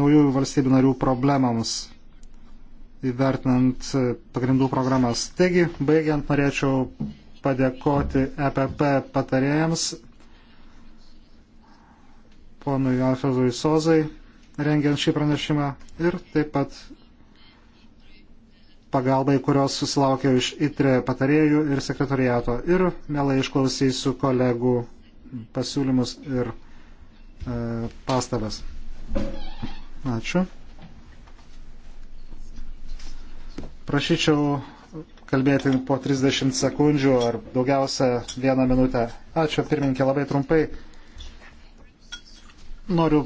naujųjų valstybių narių problemams įvertinant pagrindų programas. Taigi, baigiant, norėčiau padėkoti EPP patarėjams, ponui Alfredui Sozai, rengiant šį pranešimą ir taip pat pagalbai, kurios susilaukiau iš ITRE patarėjų ir sekretariato. Ir mielai išklausysiu kolegų pasiūlymus ir e, pastabas. Ačiū. Prašyčiau kalbėti po 30 sekundžių ar daugiausia vieną minutę. Ačiū pirmininkė, labai trumpai. Noriu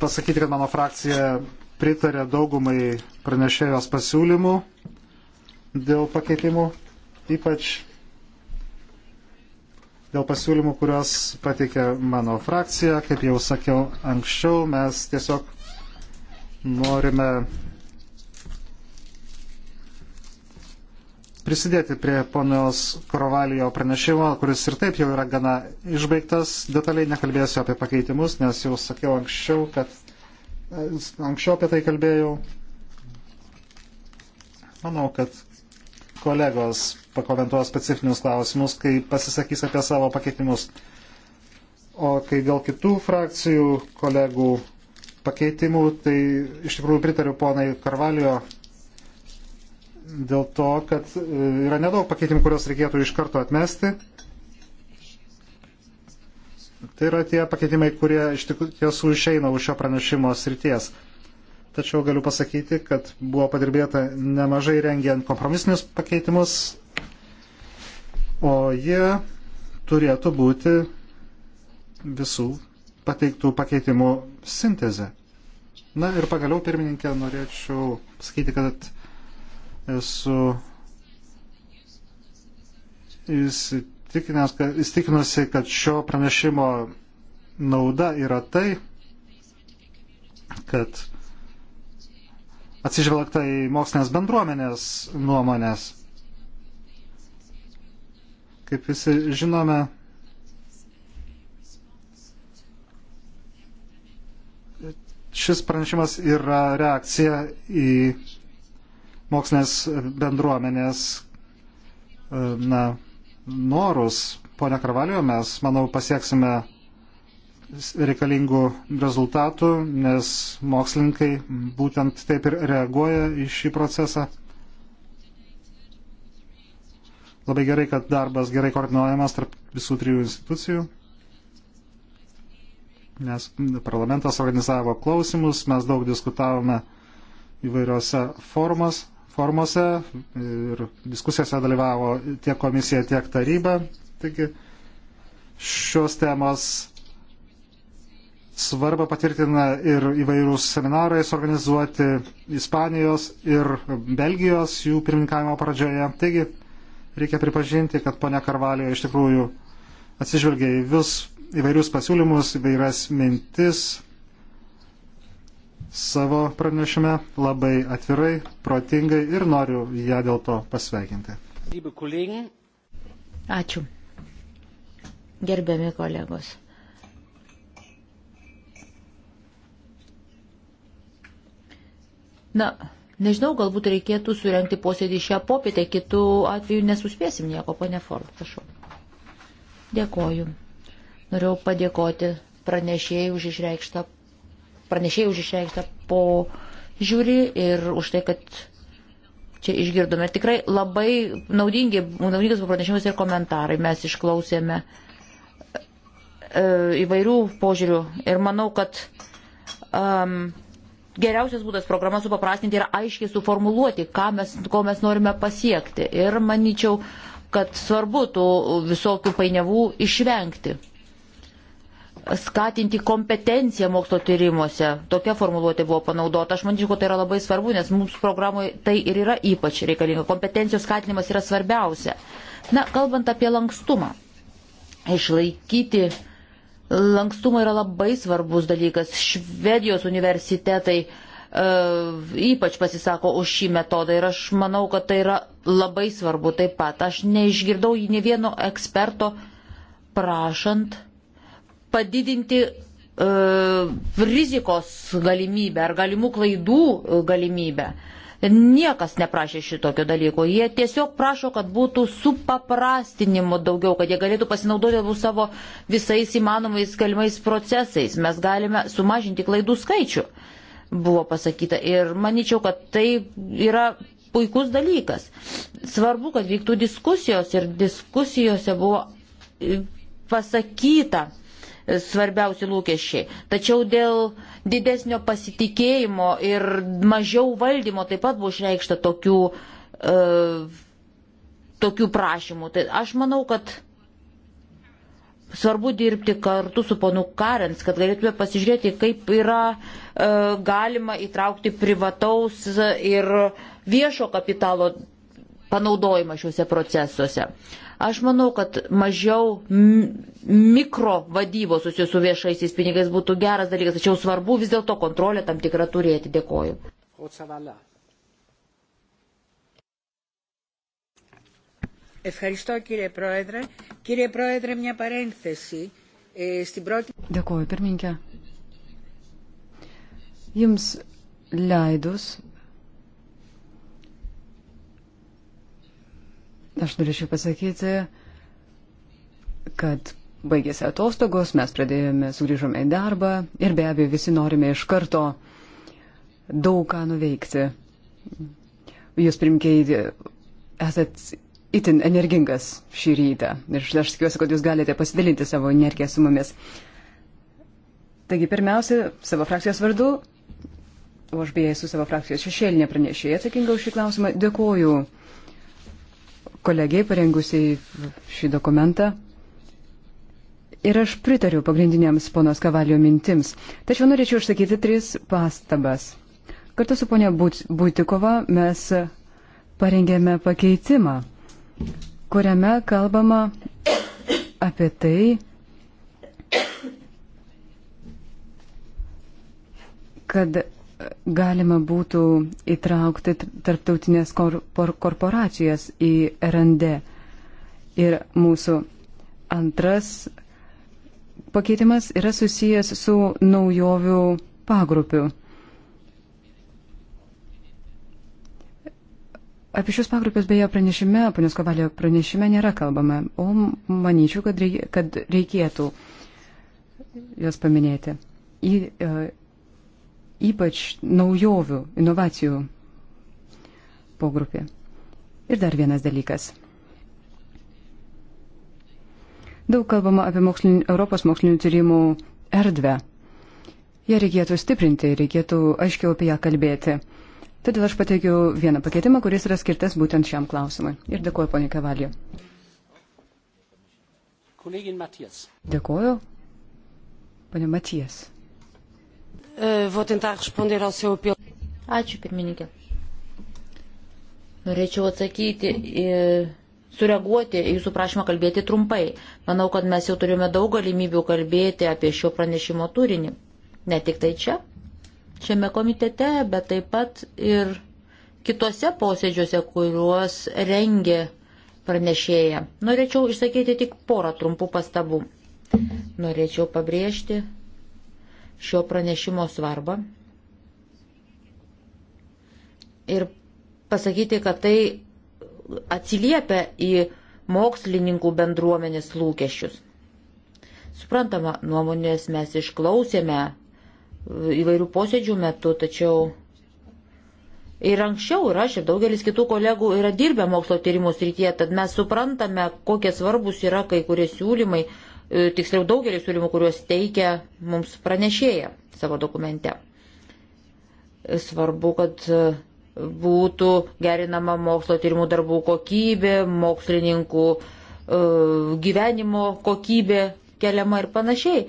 pasakyti, kad mano frakcija pritarė daugumai pranešėjos pasiūlymų dėl pakeitimų, ypač dėl pasiūlymų, kuriuos pateikė mano frakcija. Kaip jau sakiau anksčiau, mes tiesiog norime prisidėti prie ponios Korovalijo pranešimo, kuris ir taip jau yra gana išbaigtas. Detaliai nekalbėsiu apie pakeitimus, nes jau sakiau anksčiau, kad Anksčiau apie tai kalbėjau. Manau, kad kolegos pakomentuos specifinius klausimus, kai pasisakys apie savo pakeitimus. O kai dėl kitų frakcijų kolegų pakeitimų, tai iš tikrųjų pritariu ponai Karvalio dėl to, kad e, yra nedaug pakeitimų, kuriuos reikėtų iš karto atmesti. Tai yra tie pakeitimai, kurie iš tiesų išeina už šio pranešimo srities. Tačiau galiu pasakyti, kad buvo padirbėta nemažai rengiant kompromisinius pakeitimus, o jie turėtų būti visų pateiktų pakeitimų sintezė. Na ir pagaliau, pirmininkė, norėčiau pasakyti, kad esu įsitikinęs įstikinusi, kad šio pranešimo nauda yra tai, kad atsižvelgta į mokslinės bendruomenės nuomonės. Kaip visi žinome, šis pranešimas yra reakcija į mokslinės bendruomenės na, norus, ponia Karvalio, mes, manau, pasieksime reikalingų rezultatų, nes mokslininkai būtent taip ir reaguoja į šį procesą. Labai gerai, kad darbas gerai koordinuojamas tarp visų trijų institucijų, nes parlamentas organizavo klausimus, mes daug diskutavome įvairiose formos formose ir diskusijose dalyvavo tiek komisija, tiek taryba. Taigi šios temos svarbą patvirtina ir įvairūs seminarai suorganizuoti Ispanijos ir Belgijos jų pirmininkavimo pradžioje. Taigi reikia pripažinti, kad ponia Karvalio iš tikrųjų atsižvelgia į vis įvairius pasiūlymus, įvairias mintis savo pranešime labai atvirai, protingai ir noriu ją dėl to pasveikinti. Ačiū. Gerbiami kolegos. Na, nežinau, galbūt reikėtų surenkti posėdį šią popietę, kitų atveju nesuspėsim nieko, ponė Ford, prašau. Dėkoju. Norėjau padėkoti pranešėjai už išreikštą pranešėjai už išreikštą po žiūri ir už tai, kad čia išgirdome. Tikrai labai naudingi, naudingas buvo pranešimas ir komentarai. Mes išklausėme e, įvairių požiūrių ir manau, kad um, geriausias būdas programą supaprastinti yra aiškiai suformuluoti, mes, ko mes norime pasiekti. Ir manyčiau, kad svarbu tų visokių painiavų išvengti skatinti kompetenciją mokslo tyrimuose. Tokia formuluotė buvo panaudota. Aš manyčiau, kad tai yra labai svarbu, nes mums programoje tai ir yra ypač reikalinga. Kompetencijos skatinimas yra svarbiausia. Na, kalbant apie lankstumą. Išlaikyti lankstumą yra labai svarbus dalykas. Švedijos universitetai e, ypač pasisako už šį metodą ir aš manau, kad tai yra labai svarbu taip pat. Aš neišgirdau ne vieno eksperto prašant padidinti e, rizikos galimybę ar galimų klaidų e, galimybę. Niekas neprašė šitokio dalyko. Jie tiesiog prašo, kad būtų supaprastinimo daugiau, kad jie galėtų pasinaudoti savo visais įmanomais galimais procesais. Mes galime sumažinti klaidų skaičių, buvo pasakyta. Ir manyčiau, kad tai yra puikus dalykas. Svarbu, kad vyktų diskusijos ir diskusijose buvo e, pasakyta, svarbiausi lūkesčiai. Tačiau dėl didesnio pasitikėjimo ir mažiau valdymo taip pat buvo išreikšta tokių, e, tokių prašymų. Tai aš manau, kad svarbu dirbti kartu su ponu Karens, kad galėtume pasižiūrėti, kaip yra e, galima įtraukti privataus ir viešo kapitalo panaudojimą šiuose procesuose. Aš manau, kad mažiau mikro vadybos susijusių su viešaisiais pinigais būtų geras dalykas, tačiau svarbu vis dėlto kontrolę tam tikrą turėti. Dėkoju. Ευχαριστώ κύριε Πρόεδρε. Κύριε Πρόεδρε, μια παρένθεση. Ε, στην πρώτη... Dėkoju, pirmininkė. Jums leidus Aš norėčiau pasakyti, kad baigėsi atostogos, mes pradėjome, sugrįžome į darbą ir be abejo visi norime iš karto daug ką nuveikti. Jūs primkiai esat itin energingas šį rytą ir aš tikiuosi, kad jūs galite pasidalinti savo energiją su mumis. Taigi pirmiausia, savo frakcijos vardu, o aš beje esu savo frakcijos šešėlinė pranešėja atsakinga už šį klausimą, dėkoju kolegiai parengusiai šį dokumentą. Ir aš pritariu pagrindiniams ponos Kavalio mintims. Tačiau norėčiau išsakyti tris pastabas. Kartu su ponia Būtikova mes parengėme pakeitimą, kuriame kalbama apie tai, kad galima būtų įtraukti tarptautinės kor, por, korporacijas į RND. Ir mūsų antras pakeitimas yra susijęs su naujovių pagrupiu. Apie šios pagrupius beje pranešime, ponios Kovalio pranešime nėra kalbama, o manyčiau, kad reikėtų juos paminėti. Į, uh, ypač naujovių, inovacijų pogrupė. Ir dar vienas dalykas. Daug kalbama apie mokslinį, Europos mokslinių tyrimų erdvę. Ją reikėtų stiprinti, reikėtų aiškiau apie ją kalbėti. Todėl aš pateikiau vieną pakeitimą, kuris yra skirtas būtent šiam klausimui. Ir dėkuoju, ponė Kavalio. Dėkuoju, ponė Matijas. Eh, vou tentar responder ao seu apelo. Ačiū, pirmininkė. Norėčiau atsakyti, e, sureaguoti į jūsų prašymą kalbėti trumpai. Manau, kad mes jau turime daug galimybių kalbėti apie šio pranešimo turinį. Ne tik tai čia, šiame komitete, bet taip pat ir kitose posėdžiuose, kuriuos rengė pranešėja. Norėčiau išsakyti tik porą trumpų pastabų. Norėčiau pabrėžti, šio pranešimo svarbą ir pasakyti, kad tai atsiliepia į mokslininkų bendruomenės lūkesčius. Suprantama, nuomonės mes išklausėme įvairių posėdžių metu, tačiau ir anksčiau ir aš, ir daugelis kitų kolegų yra dirbę mokslo tyrimų srityje, tad mes suprantame, kokie svarbus yra kai kurie siūlymai, E, tiksliau daugelį siūlymų, kuriuos teikia mums pranešėja savo dokumente. Svarbu, kad e, būtų gerinama mokslo tyrimų darbų kokybė, mokslininkų e, gyvenimo kokybė keliama ir panašiai.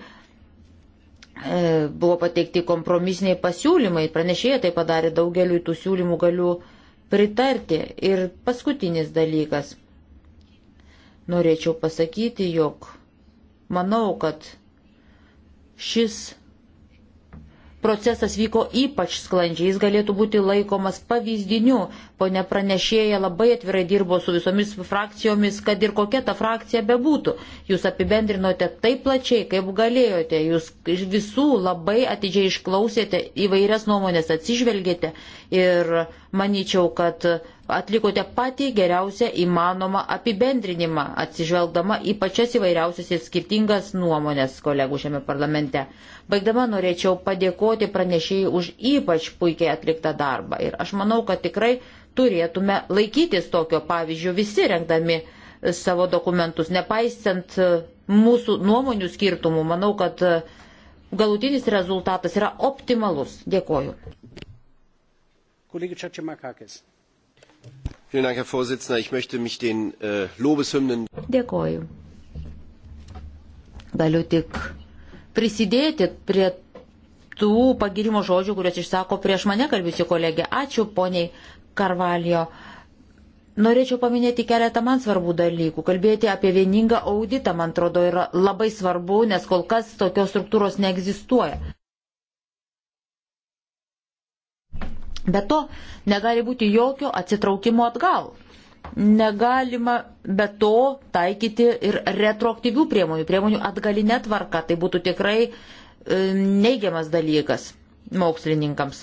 Buvo pateikti kompromisiniai pasiūlymai, pranešėjai tai padarė daugeliu tų siūlymų galiu pritarti. Ir paskutinis dalykas. Norėčiau pasakyti, jog Manau, kad šis procesas vyko ypač sklandžiai, jis galėtų būti laikomas pavyzdiniu. Pone pranešėja labai atvirai dirbo su visomis frakcijomis, kad ir kokia ta frakcija bebūtų. Jūs apibendrinote taip plačiai, kaip galėjote, jūs visų labai atidžiai išklausėte, įvairias nuomonės atsižvelgėte ir manyčiau, kad atlikote patį geriausią įmanomą apibendrinimą, atsižvelgdama į pačias įvairiausias ir skirtingas nuomonės kolegų šiame parlamente. Baigdama norėčiau padėkoti pranešėjai už ypač puikiai atliktą darbą ir aš manau, kad tikrai turėtume laikytis tokio pavyzdžio visi rengdami e, savo dokumentus, nepaisant e, mūsų nuomonių skirtumų. Manau, kad e, galutinis rezultatas yra optimalus. Dėkoju. Kolega Čačiamakakis. Äh, Dėkoju. Galiu tik prisidėti prie tų pagirimo žodžių, kuriuos išsako prieš mane kalbėsiu kolegė. Ačiū poniai Karvalio. Norėčiau paminėti keletą man svarbų dalykų. Kalbėti apie vieningą auditą, man atrodo, yra labai svarbu, nes kol kas tokios struktūros neegzistuoja. Be to, negali būti jokio atsitraukimo atgal. Negalima be to taikyti ir retroaktyvių priemonių, priemonių atgalinė tvarka. Tai būtų tikrai e, neigiamas dalykas mokslininkams.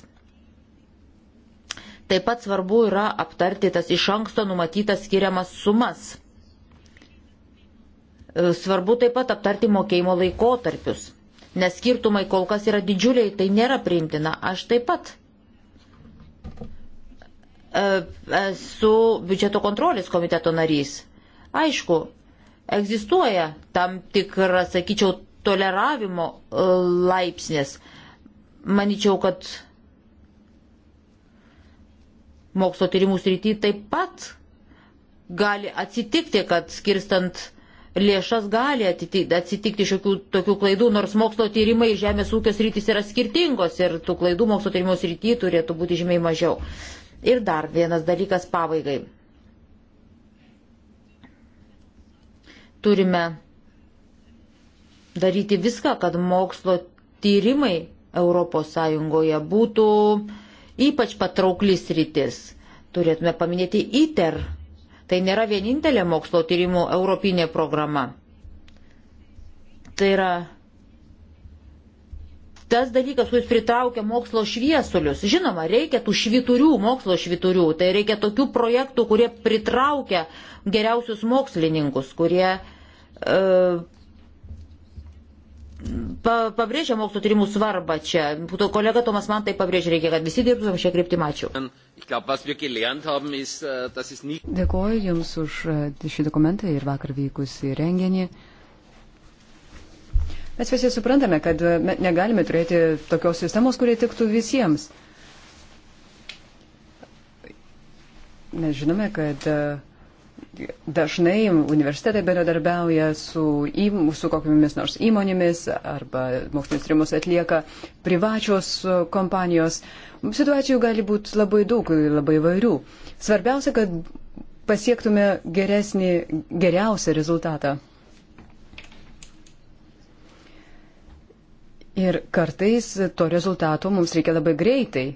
Taip pat svarbu yra aptarti tas iš anksto numatytas skiriamas sumas. E, svarbu taip pat aptarti mokėjimo laikotarpius, nes skirtumai kol kas yra didžiuliai, tai nėra priimtina. Aš taip pat esu biudžeto kontrolės komiteto narys. Aišku, egzistuoja tam tikras, sakyčiau, toleravimo e, laipsnės. Maničiau, kad mokslo tyrimų srity taip pat gali atsitikti, kad skirstant lėšas gali atsitikti šiokių tokių klaidų, nors mokslo tyrimai žemės ūkio sritis yra skirtingos ir tų klaidų mokslo tyrimo srity turėtų būti žymiai mažiau. Uh, Ir dar vienas dalykas pabaigai. Turime daryti viską, kad mokslo tyrimai ES būtų ypač patrauklis rytis. Turėtume paminėti ITER. Tai nėra vienintelė mokslo tyrimų europinė programa. Tai yra tas dalykas, kuris pritraukia mokslo šviesulius. Žinoma, reikia tų šviturių, mokslo šviturių, tai reikia tokių projektų, kurie pritraukia geriausius mokslininkus, kurie e, pa, pabrėžia mokslo tyrimų svarbą čia. Būtų kolega Tomas man tai pabrėžia, reikia, kad visi dirbtumėm šią kryptimą. Ačiū. Äh, Dėkuoju Jums už e, šį dokumentą ir vakar vykusį renginį. Mes visi suprantame, kad e, negalime turėti tokios sistemos, kurie tiktų visiems. Mes žinome, kad e, dažnai universitetai bendradarbiauja su, į, su kokiamis nors įmonėmis arba mokslinis tyrimus atlieka privačios e, kompanijos. Situacijų gali būti labai daug ir labai vairių. Svarbiausia, kad pasiektume geresnį, geriausią rezultatą. Ir kartais to rezultato mums reikia labai greitai.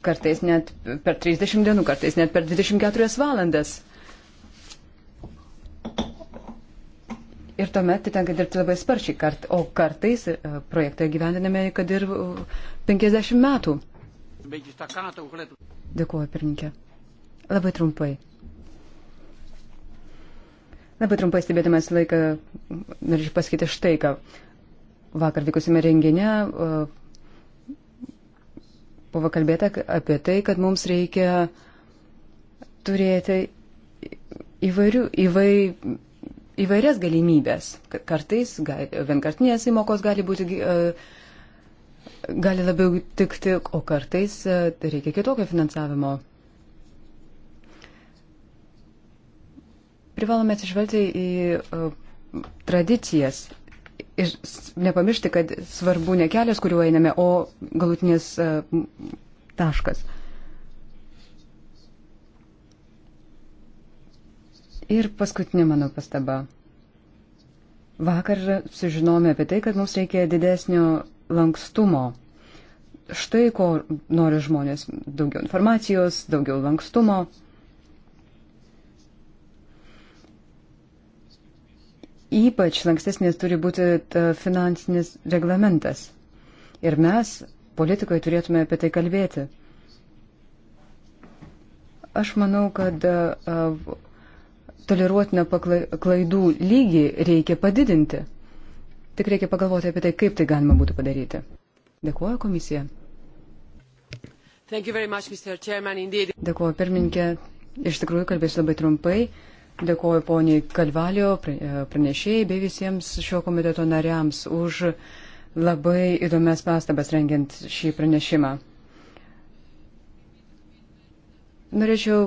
Kartais net per 30 dienų, kartais net per 24 valandas. Ir tuomet tai tenka dirbti labai sparčiai, kart, o kartais e, projektą gyvendiname, kad ir 50 e, metų. Dėkuoju, pirmininkė. Labai trumpai. Labai trumpai stebėdamas laiką, norėčiau pasakyti štai ką. Vakar vykusime renginė buvo kalbėta apie tai, kad mums reikia turėti įvairių, įvai, įvairias galimybės. Kartais vienkartinės įmokos gali būti. E, gali labiau tikti, o kartais e, tai reikia kitokio finansavimo. Privalome atsižvelgti į e, tradicijas ir nepamiršti, kad svarbu ne kelias, kuriuo einame, o galutinės e, taškas. Ir paskutinė mano pastaba. Vakar sužinome apie tai, kad mums reikia didesnio lankstumo. Štai ko nori žmonės - daugiau informacijos, daugiau lankstumo. Ypač lankstesnės turi būti finansinis reglamentas. Ir mes, politikoje, turėtume apie tai kalbėti. Aš manau, kad toleruotiną klaidų lygį reikia padidinti. Tik reikia pagalvoti apie tai, kaip tai galima būtų padaryti. Dėkuoju komisija. Much, Dėkuoju pirmininkė. Iš tikrųjų, kalbėsiu labai trumpai. Dėkuoju poniai Kalvalio, e, pranešėjai bei visiems šio komiteto nariams už labai įdomias pastabas rengiant šį pranešimą. Norėčiau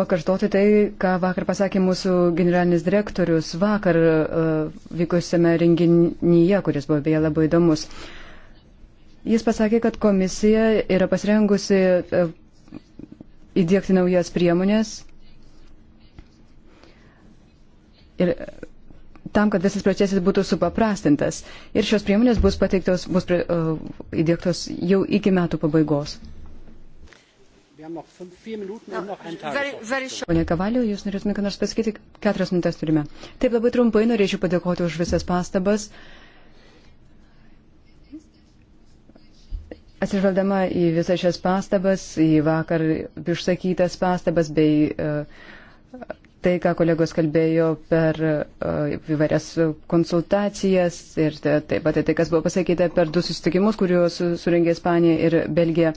pakartoti tai, ką vakar pasakė mūsų generalinis direktorius vakar uh, vykusiame renginyje, kuris buvo beje labai įdomus. Jis pasakė, kad komisija yra pasirengusi uh, e, įdėkti naujas priemonės ir tam, kad visas procesas būtų supaprastintas. Ir šios priemonės bus pateiktos, bus prie, uh, įdėktos jau iki metų pabaigos. Pone Kavalio, jūs norėtumėte ką nors pasakyti? Keturias minutės turime. Taip labai trumpai norėčiau padėkoti už visas pastabas. Atsižvaldama į visas šias pastabas, į vakar išsakytas pastabas bei uh, tai, ką kolegos kalbėjo per e, įvairias konsultacijas ir taip pat tai, kas buvo pasakyta per du susitikimus, kuriuos suringė Ispanija ir Belgija.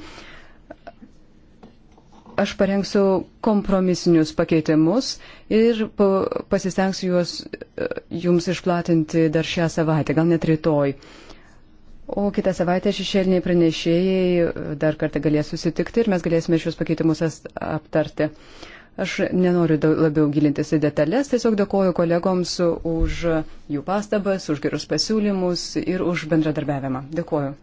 Aš parengsiu kompromisinius pakeitimus ir pasistengsiu juos e, jums išplatinti dar šią savaitę, gal net rytoj. O kitą savaitę šešėliniai pranešėjai dar kartą galės susitikti ir mes galėsime šios pakeitimus aptarti. Uh, Aš nenoriu labiau gilintis į detalės, tiesiog dėkoju kolegoms už jų pastabas, už gerus pasiūlymus ir už bendradarbiavimą. Dėkoju.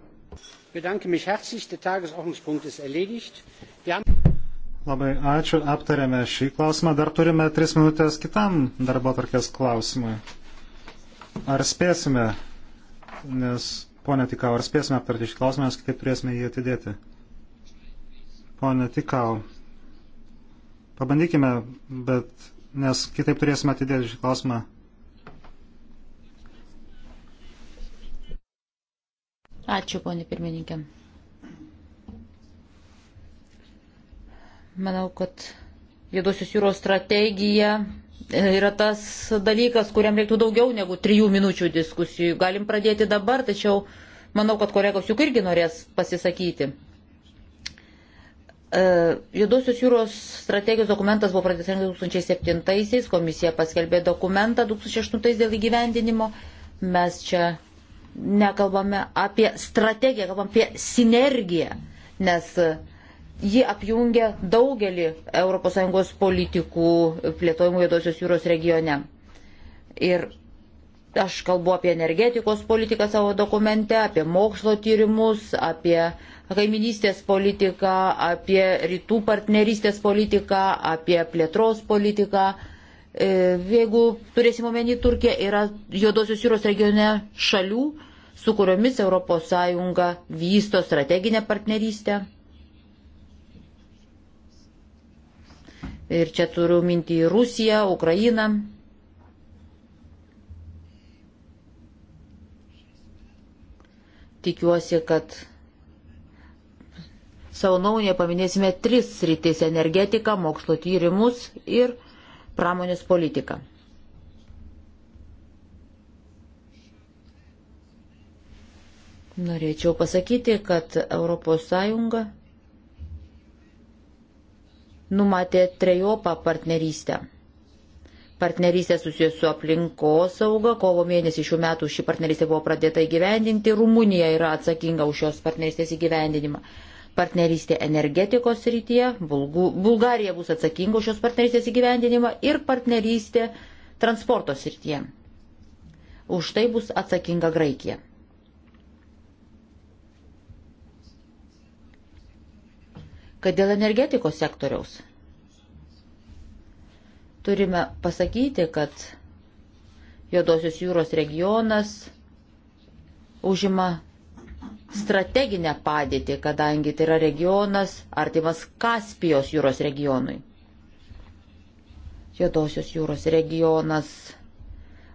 Labai ačiū, aptarėme šį klausimą. Dar turime tris minutės kitam darbo tarkės klausimui. Ar spėsime, nes, ponė Tikau, ar spėsime aptarti šį klausimą, nes kitaip turėsime jį atidėti. Ponė Tikau. Pabandykime, bet nes kitaip turėsime atidėti šį klausimą. Ačiū, ponė pirmininkė. Manau, kad Jėdosios jūros strategija e, yra tas dalykas, kuriam reiktų daugiau negu trijų minučių diskusijų. Galim pradėti dabar, tačiau manau, kad kolegos juk irgi norės pasisakyti. E, Judosios jūros strategijos dokumentas buvo pradėtas 2007-aisiais, komisija paskelbė dokumentą 2008-ais dėl įgyvendinimo. Mes čia nekalbame apie strategiją, kalbame apie sinergiją, nes ji apjungia daugelį ES politikų plėtojimų Judosios jūros regione. Ir aš kalbu apie energetikos politiką savo dokumente, apie mokslo tyrimus, apie uh, kaiminystės politiką, apie rytų partnerystės politiką, apie plėtros politiką. E, jeigu turėsim omeny, Turkija yra Juodosios jūros regione šalių, su kuriomis ES vysto strateginę partnerystę. Ir čia turiu minti Rusiją, Ukrainą. Tikiuosi, kad Savo naują paminėsime tris sritis - energetiką, mokslo tyrimus ir pramonės politiką. Norėčiau pasakyti, kad ES numatė trejopą partnerystę. Partnerystė susijęs su aplinkos sauga. Kovo mėnesį šių metų ši partnerystė buvo pradėta įgyvendinti. Rumunija yra atsakinga už šios partnerystės įgyvendinimą partnerystė energetikos rytyje, Bulgarija bus atsakinga už šios partnerystės įgyvendinimą ir partnerystė transporto srityje. Už tai bus atsakinga Graikija. Kad dėl energetikos sektoriaus turime pasakyti, kad Jodosios jūros regionas užima strateginę padėtį, kadangi tai yra regionas artimas Kaspijos jūros regionui. Juodosios jūros regionas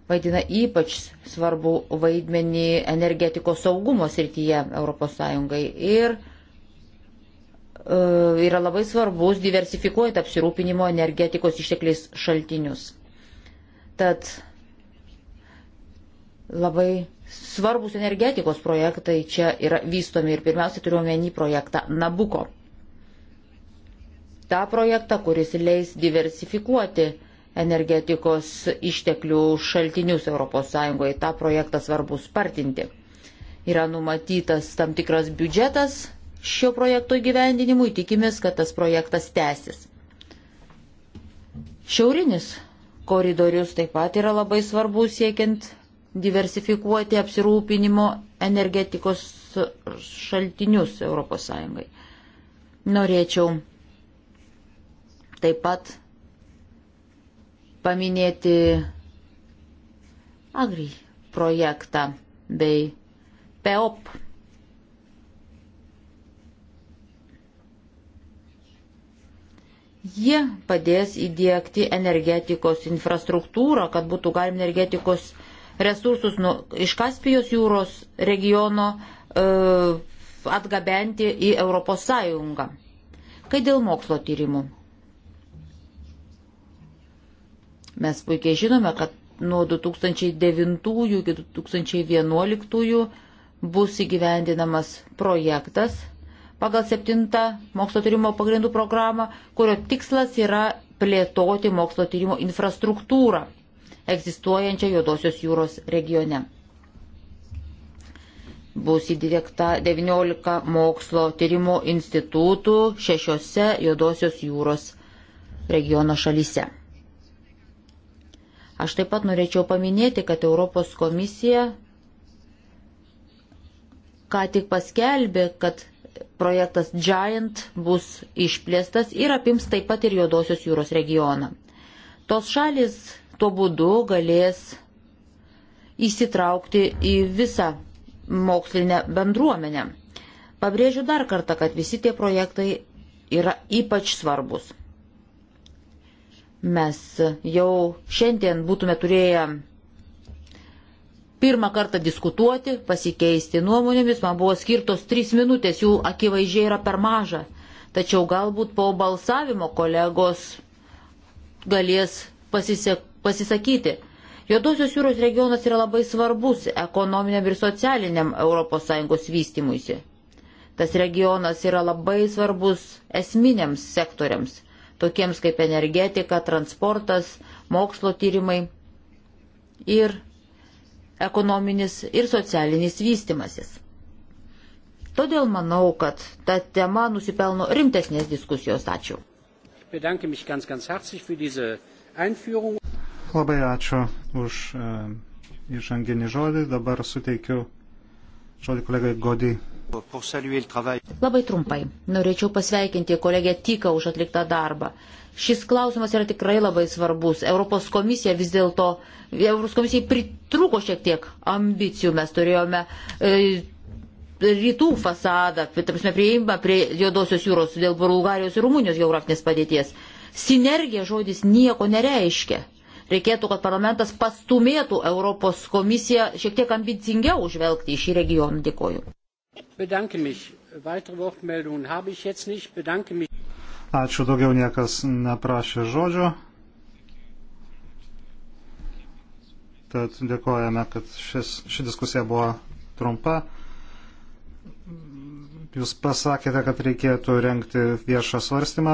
vaidina ypač svarbu vaidmenį energetikos saugumo srityje ES ir e, yra labai svarbus diversifikuojant apsirūpinimo energetikos ištekliais šaltinius. Tad labai svarbus energetikos projektai čia yra vystomi ir pirmiausia turiu omeny projektą Nabuko. Ta projektą, kuris leis diversifikuoti energetikos išteklių šaltinius ES, tą projektą svarbu spartinti. Yra numatytas tam tikras biudžetas šio projekto įgyvendinimui, tikimės, kad tas projektas tęsis. Šiaurinis koridorius taip pat yra labai svarbus siekiant diversifikuoti apsirūpinimo energetikos šaltinius ES. Norėčiau taip pat paminėti Agri projektą bei PEOP. Jie padės įdėkti energetikos infrastruktūrą, kad būtų galima energetikos resursus nu, iš Kaspijos jūros regiono e, atgabenti į Europos Sąjungą. Kai dėl mokslo tyrimų. Mes puikiai žinome, kad nuo 2009 iki 2011 bus įgyvendinamas projektas pagal 7 mokslo tyrimo pagrindų programą, kurio tikslas yra plėtoti mokslo tyrimo infrastruktūrą egzistuojančią Juodosios jūros regione. Bus įdirekta 19 mokslo tyrimo institutų šešiose Juodosios jūros regiono šalyse. Aš taip pat norėčiau paminėti, kad Europos komisija ką tik paskelbė, kad projektas Giant bus išplėstas ir apims taip pat ir Juodosios jūros regioną. Tos šalis tuo būdu galės įsitraukti į visą mokslinę bendruomenę. Pabrėžiu dar kartą, kad visi tie projektai yra ypač svarbus. Mes jau šiandien būtume turėję pirmą kartą diskutuoti, pasikeisti nuomonėmis, man buvo skirtos trys minutės, jų akivaizdžiai yra per maža. Tačiau galbūt po balsavimo kolegos galės pasisek, pasisakyti. Juodosios jūros regionas yra labai svarbus ekonominiam ir socialiniam ES vystimuisi. Tas regionas yra labai svarbus esminiams sektoriams, tokiems kaip energetika, transportas, mokslo tyrimai ir ekonominis ir socialinis vystimasis. Todėl manau, kad ta tema nusipelno rimtesnės diskusijos. Ačiū. Labai ačiū už e, įžanginį žodį. Dabar suteikiu žodį kolegai Godį. Labai trumpai. Norėčiau pasveikinti kolegę Tyką už atliktą darbą. Šis klausimas yra tikrai labai svarbus. Europos komisija vis dėlto, Europos komisijai pritruko šiek tiek ambicijų. Mes turėjome e, rytų fasadą, tarpsime, prieimą prie Jodosios jūros dėl Bulgarijos ir Rumunijos geografinės padėties. Sinergija žodis nieko nereiškia. Reikėtų, kad parlamentas pastumėtų Europos komisiją šiek tiek ambicingiau žvelgti į šį regioną. Dėkoju. Ačiū, daugiau niekas neprašė žodžio. Tad dėkojame, kad šis, ši diskusija buvo trumpa. Jūs pasakėte, kad reikėtų renkti viešą svarstymą,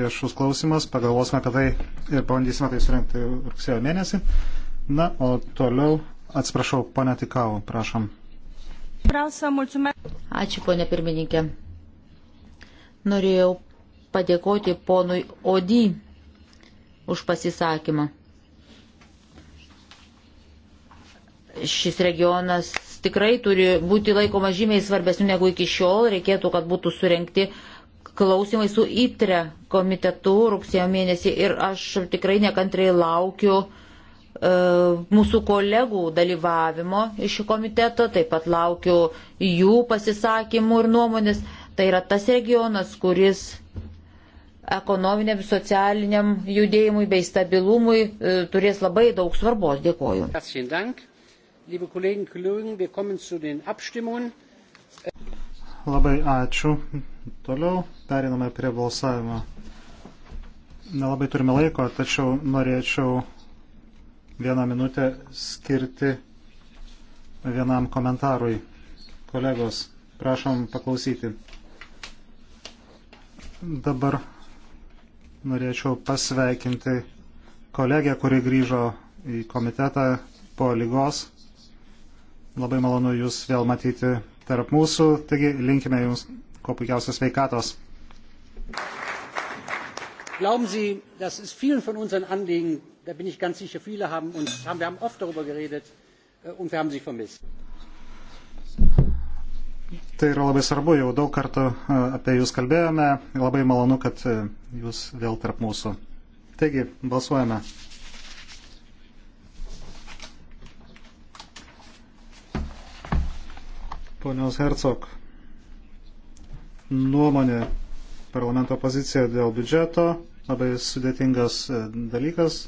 viešus klausimas, pagalvosime apie tai ir bandysime tai surenkti rugsėjo mėnesį. Na, o toliau, atsiprašau, pane Tikau, prašom. Ačiū, ponė pirmininkė. Norėjau padėkoti ponui Odį už pasisakymą. Šis regionas tikrai turi būti laikoma žymiai svarbesnių negu iki šiol. Reikėtų, kad būtų surenkti klausimai su ITRE komitetu rugsėjo mėnesį ir aš tikrai nekantrai laukiu e, mūsų kolegų dalyvavimo iš šio komiteto, taip pat laukiu jų pasisakymų ir nuomonės. Tai yra tas regionas, kuris ekonominiam, socialiniam judėjimui bei stabilumui e, turės labai daug svarbos. Dėkoju. Ačiū liebe Kollegen, Kollegen, wir kommen zu den Abstimmungen. Labai ačiū. Toliau periname prie balsavimo. Nelabai turime laiko, tačiau norėčiau vieną minutę skirti vienam komentarui. Kolegos, prašom paklausyti. Dabar norėčiau pasveikinti kolegę, kuri grįžo į komitetą po lygos. Labai malonu Jūs vėl matyti tarp mūsų, taigi linkime Jums kuo puikiausios veikatos. Glauben Sie, das ist vielen von unseren Anliegen, da bin ich ganz sicher, viele haben uns, haben, wir haben oft darüber geredet äh, und wir haben Sie vermisst. Tai yra labai svarbu, jau daug kartų äh, apie Jūs kalbėjome, labai malonu, kad äh, Jūs vėl tarp mūsų. Taigi, balsuojame. ponios Hercog nuomonė, parlamento pozicija dėl biudžeto, labai sudėtingas e, dalykas.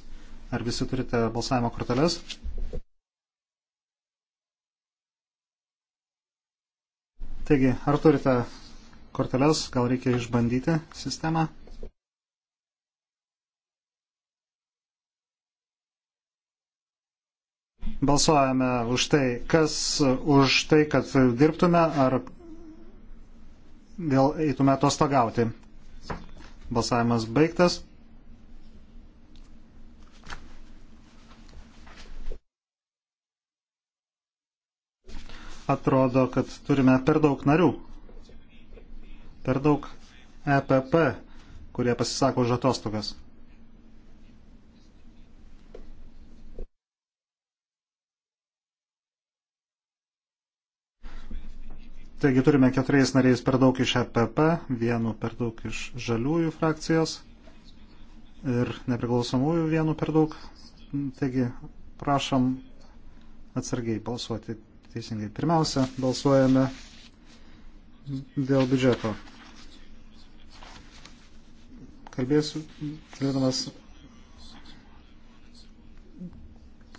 Ar visi turite balsavimo korteles? Taigi, ar turite korteles, gal reikia išbandyti sistemą? balsuojame už tai, kas už tai, kad dirbtume ar vėl eitume atostogauti. Balsavimas baigtas. Atrodo, kad turime per daug narių, per daug EPP, kurie pasisako už atostogas. Taigi turime keturiais nariais per daug iš EPP, vienu per daug iš žaliųjų frakcijos ir nepriklausomųjų vienu per daug. Taigi prašom atsargiai balsuoti teisingai. Pirmiausia, balsuojame dėl biudžeto. Kalbėsiu, kalbėdamas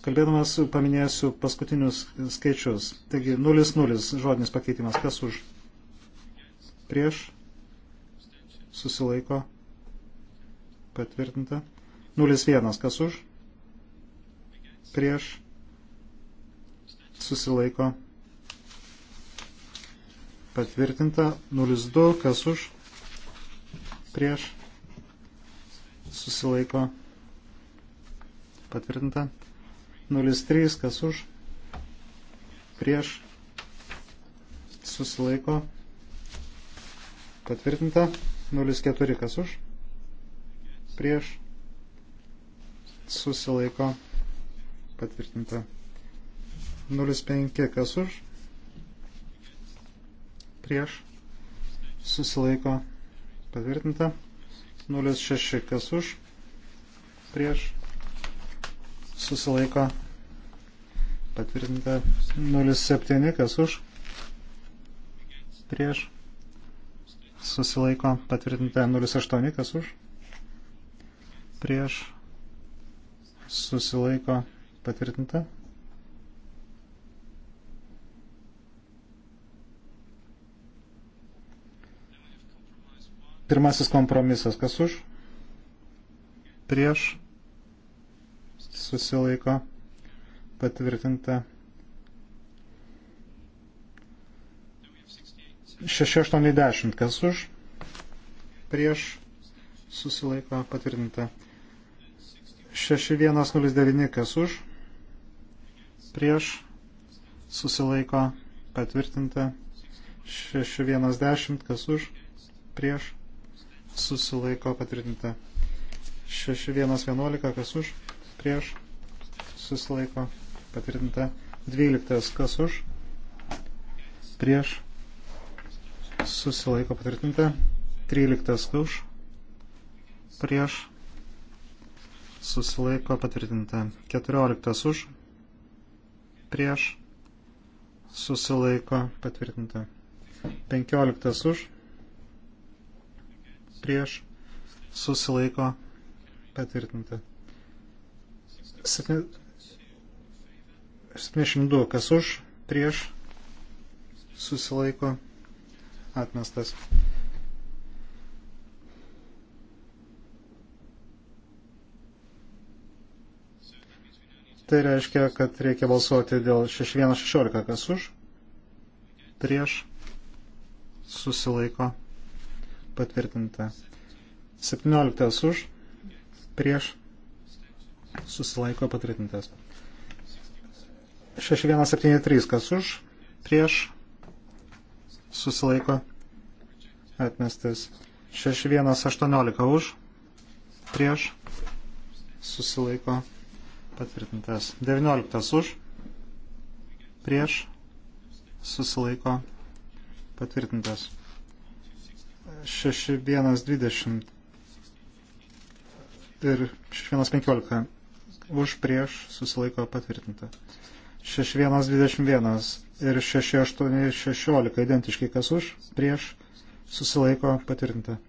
Kalbėdamas paminėsiu paskutinius skaičius. Taigi 0,0 žodinis pakeitimas. Kas už? Prieš? Susilaiko? Patvirtinta. 0,1. Kas už? Prieš? Susilaiko? Patvirtinta. 0,2. Kas už? Prieš? Susilaiko? Patvirtinta. 03, kas už, prieš, susilaiko, patvirtinta, 04, kas už, prieš, susilaiko, patvirtinta, 05, kas už, prieš, susilaiko, patvirtinta, 06, kas už, prieš, susilaiko patvirtinta 07, kas už, prieš, susilaiko patvirtinta 08, kas už, prieš, susilaiko patvirtinta. Pirmasis kompromisas, kas už, prieš, susilaiko patvirtinta. 680 kas už, prieš susilaiko patvirtinta. 6109 kas už, prieš susilaiko patvirtinta. 6110 kas už, prieš susilaiko patvirtinta. 6111 kas už, prieš susilaiko patvirtinta 12 kas už prieš susilaiko patvirtinta 13 už prieš susilaiko patvirtinta 14 už prieš susilaiko patvirtinta 15 už prieš susilaiko patvirtinta 17 72, kas už, prieš, susilaiko, atmestas. Tai reiškia, kad reikia balsuoti dėl 6116, kas už, prieš, susilaiko, patvirtinta. 17 už, prieš, susilaiko, patvirtintas. 6173, kas už, prieš, susilaiko, atmestas. 6118 už, prieš, susilaiko, patvirtintas. 19 už, prieš, susilaiko, patvirtintas. 6120 ir 6115 už, prieš, susilaiko, patvirtinta. 6121 ir 6816 identiškai kas už, prieš, susilaiko patvirtinta.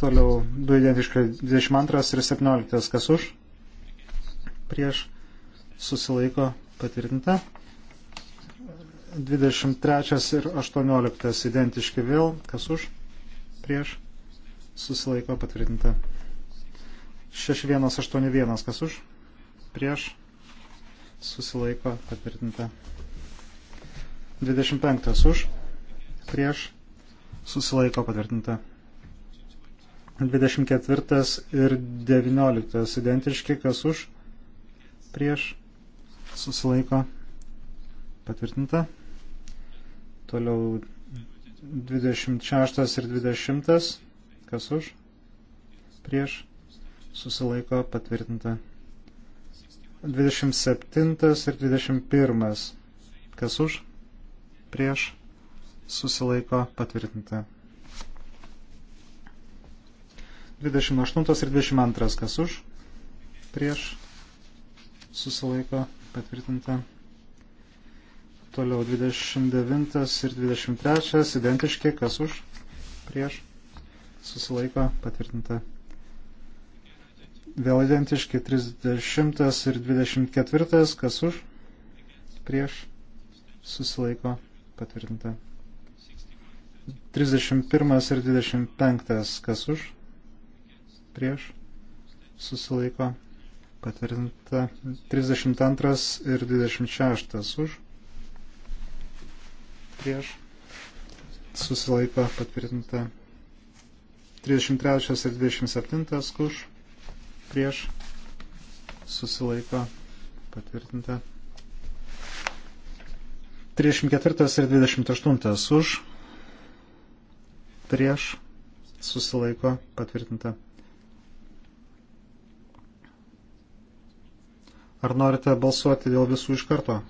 Toliau 2 identiškai 22 ir 17 kas už, prieš, susilaiko patvirtinta. 23 ir 18 identiški vėl, kas už, prieš, susilaiko patvirtinta. 6181 kas už, prieš, susilaiko patvirtinta. 25 už, prieš, susilaiko patvirtinta. 24 ir 19 identiški, kas už, prieš, susilaiko patvirtinta. Toliau 26 ir 20, kas už, prieš, susilaiko patvirtinta. 27 ir 21. Kas už? Prieš susilaiko patvirtinta. 28 ir 22. Kas už? Prieš susilaiko patvirtinta. Toliau 29 ir 23. Identiški. Kas už? Prieš susilaiko patvirtinta. Vėl identiški 30 ir 24, kas už, prieš, susilaiko, patvirtinta. 31 ir 25, kas už, prieš, susilaiko, patvirtinta. 32 ir 26 už, prieš, susilaiko, patvirtinta. 33 ir 27 už prieš susilaiko patvirtinta. 34 ir 28 už prieš susilaiko patvirtinta. Ar norite balsuoti dėl visų iš karto?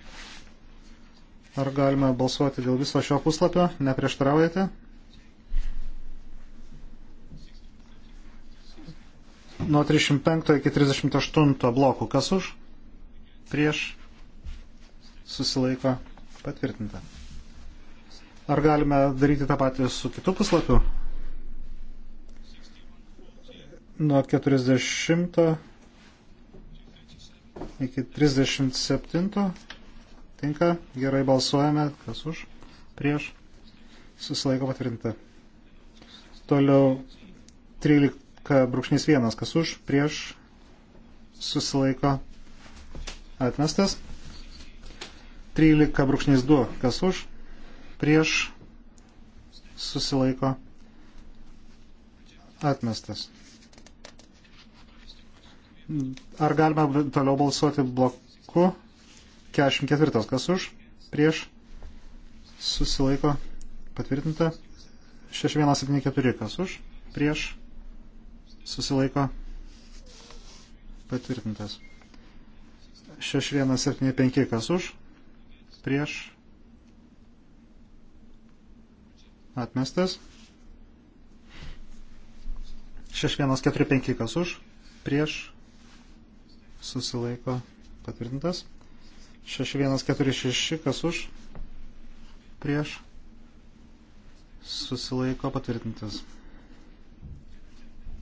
Ar galima balsuoti dėl viso šio puslapio? Neprieštaraujate? nuo 35 iki 38 blokų. Kas už? Prieš? Susilaiko patvirtinta. Ar galime daryti tą patį su kitu puslapiu? Nuo 40 iki 37. Tinka. Gerai balsuojame. Kas už? Prieš? Susilaiko patvirtinta. Toliau 13 brūkšnys vienas, kas už, prieš, susilaiko, atmestas. 13 brūkšnys 2, kas už, prieš, susilaiko, atmestas. Ar galima toliau balsuoti bloku? 44, kas už, prieš, susilaiko, patvirtinta. 6174, kas už, prieš, susilaiko patvirtintas. 6175 kas už, prieš, atmestas. 6145 kas už, prieš, susilaiko patvirtintas. 6146 kas už, prieš, susilaiko patvirtintas.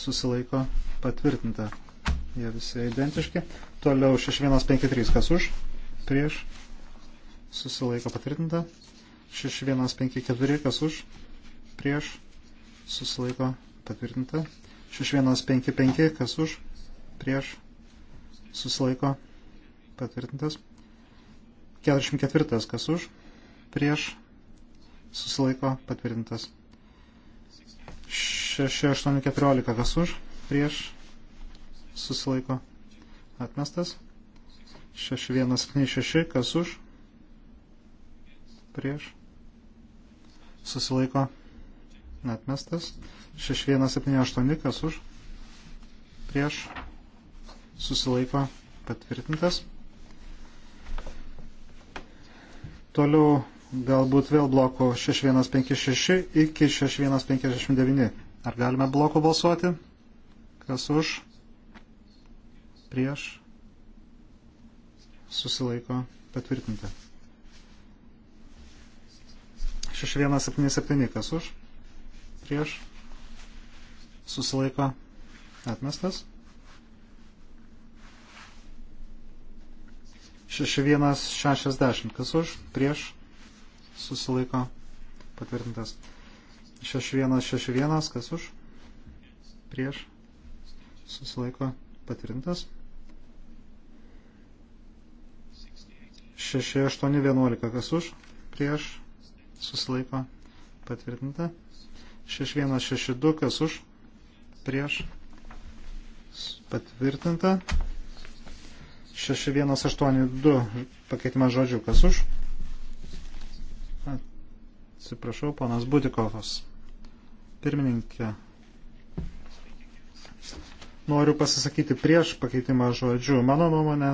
susilaiko patvirtinta. Jie visi identiški. Toliau 6153, kas už, prieš, susilaiko patvirtinta. 6154, kas už, prieš, susilaiko patvirtinta. 6155, kas už, prieš, susilaiko patvirtintas. 44, kas už, prieš, susilaiko patvirtintas. 6, 8, 14, kas už, prieš, susilaiko, atmestas. 6, 1, 7, 6, kas už, prieš, susilaiko, atmestas. 6, 1, 7, 8, kas už, prieš, susilaiko, patvirtintas. Toliau galbūt vėl bloko 6156 iki 6159. Ar galime blokų balsuoti? Kas už? Prieš? Susilaiko patvirtinti. 6177 kas už? Prieš? Susilaiko atmestas. 6160 kas už? Prieš? Susilaiko patvirtintas. 6161 6161, kas už, prieš, susilaiko patvirtintas. 6811, kas už, prieš, susilaiko patvirtinta. 6162, kas už, prieš, patvirtinta. 6182 pakeitimas žodžių, kas už. Atsiprašau, ponas Budikovas. Pirmininkė, noriu pasisakyti prieš pakeitimą žodžių. Mano nuomonė,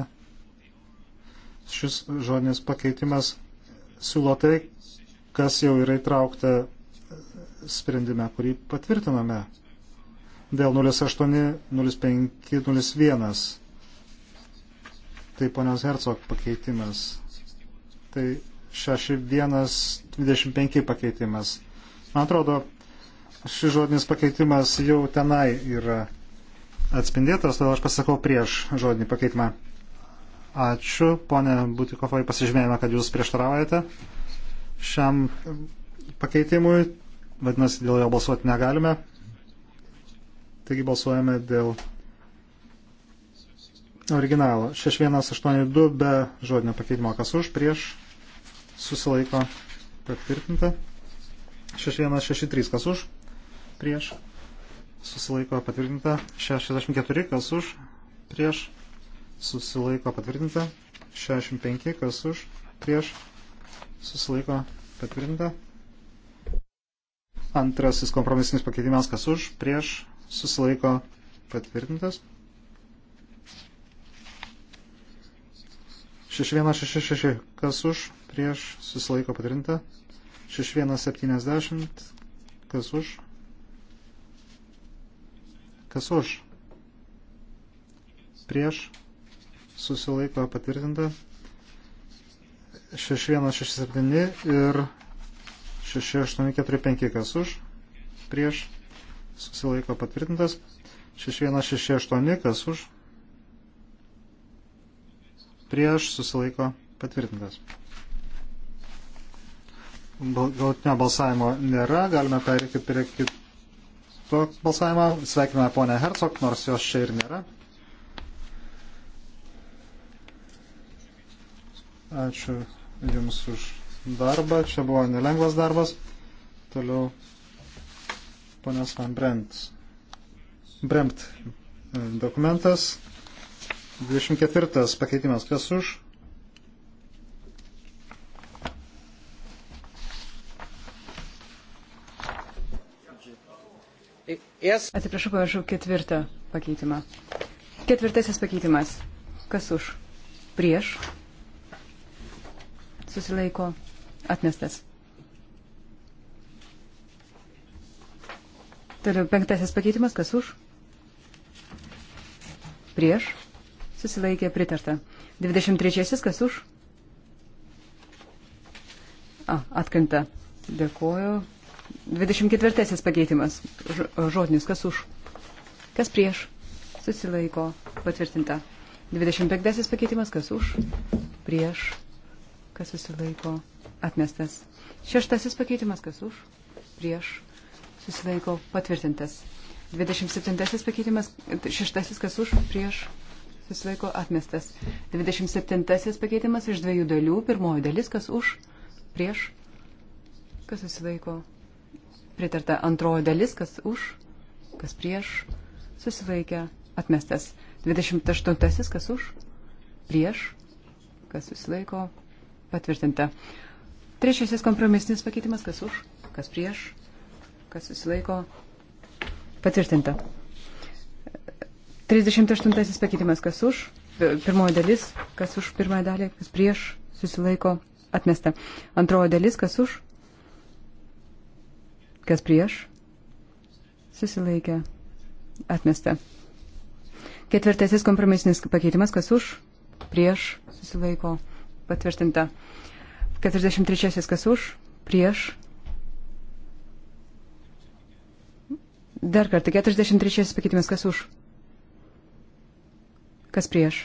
šis žodinis pakeitimas siūlo tai, kas jau yra įtraukta sprendime, kurį patvirtiname dėl 08, 05, 01. Tai ponios Hercog pakeitimas. Tai 6125 pakeitimas. Man atrodo, šis žodinis pakeitimas jau tenai yra atspindėtas, todėl aš pasakau prieš žodinį pakeitimą. Ačiū, ponė Butikovai, pasižymėjome, kad jūs prieštaraujate šiam pakeitimui, vadinasi, dėl jo balsuoti negalime. Taigi balsuojame dėl originalo. 6182 be žodinio pakeitimo, kas už, prieš, susilaiko patvirtinta. 6163, kas už, prieš, susilaiko patvirtinta, 64 kas už, prieš, susilaiko patvirtinta, 65 kas už, prieš, susilaiko patvirtinta. Antrasis kompromisinis pakeitimas kas už, prieš, susilaiko patvirtintas. 6166 kas už, prieš, susilaiko patvirtinta. 6170 kas už, Kas už? Prieš susilaiko patvirtinta 6167 ir 68445 kas už, prieš susilaiko patvirtintas 6168 kas už, prieš susilaiko patvirtintas. Galutinio balsavimo nėra, galime perėti prie kitų balsavimą. Sveikiname ponę Hercog, nors jos čia ir nėra. Ačiū Jums už darbą. Čia buvo nelengvas darbas. Toliau ponės Van Brent. Bremt e, dokumentas. 24 pakeitimas. Kas už? Atsiprašau, pamiršau ketvirtą pakeitimą. Ketvirtasis pakeitimas. Kas už? Prieš. Susilaiko. Atmestas. Toliau penktasis pakeitimas. Kas už? Prieš. Susilaikė. Pritarta. 23. Kas už? A, atkrenta. Dėkuoju. 24 pakeitimas. Žodinis, kas už? Kas prieš? Susilaiko. Patvirtinta. 25 pakeitimas, kas už? Prieš. Kas susilaiko? Atmestas. Šeštasis pakeitimas, kas už? Prieš. Susilaiko. Patvirtintas. 27 pakeitimas, šeštasis, kas už? Prieš. Susilaiko. Atmestas. 27 pakeitimas iš dviejų dalių. Pirmoji dalis, kas už? Prieš. Kas susilaiko? pritarta antroji dalis, kas už, kas prieš, susilaikė, atmestas. 28. kas už, prieš, kas susilaiko, patvirtinta. Trečiasis kompromisinis pakeitimas, kas už, kas prieš, kas susilaiko, patvirtinta. 38. pakeitimas, kas už, e, pirmoji dalis, kas už pirmąją dalį, kas prieš, susilaiko, atmesta. Antroji dalis, kas už, Kas prieš? Susilaikė. Atmesta. Ketvirtasis kompromisinis pakeitimas. Kas už? Prieš. Susilaiko. Patvirtinta. 43. Kas už? Prieš. Dar kartą. 43. pakeitimas. Kas už? Kas prieš?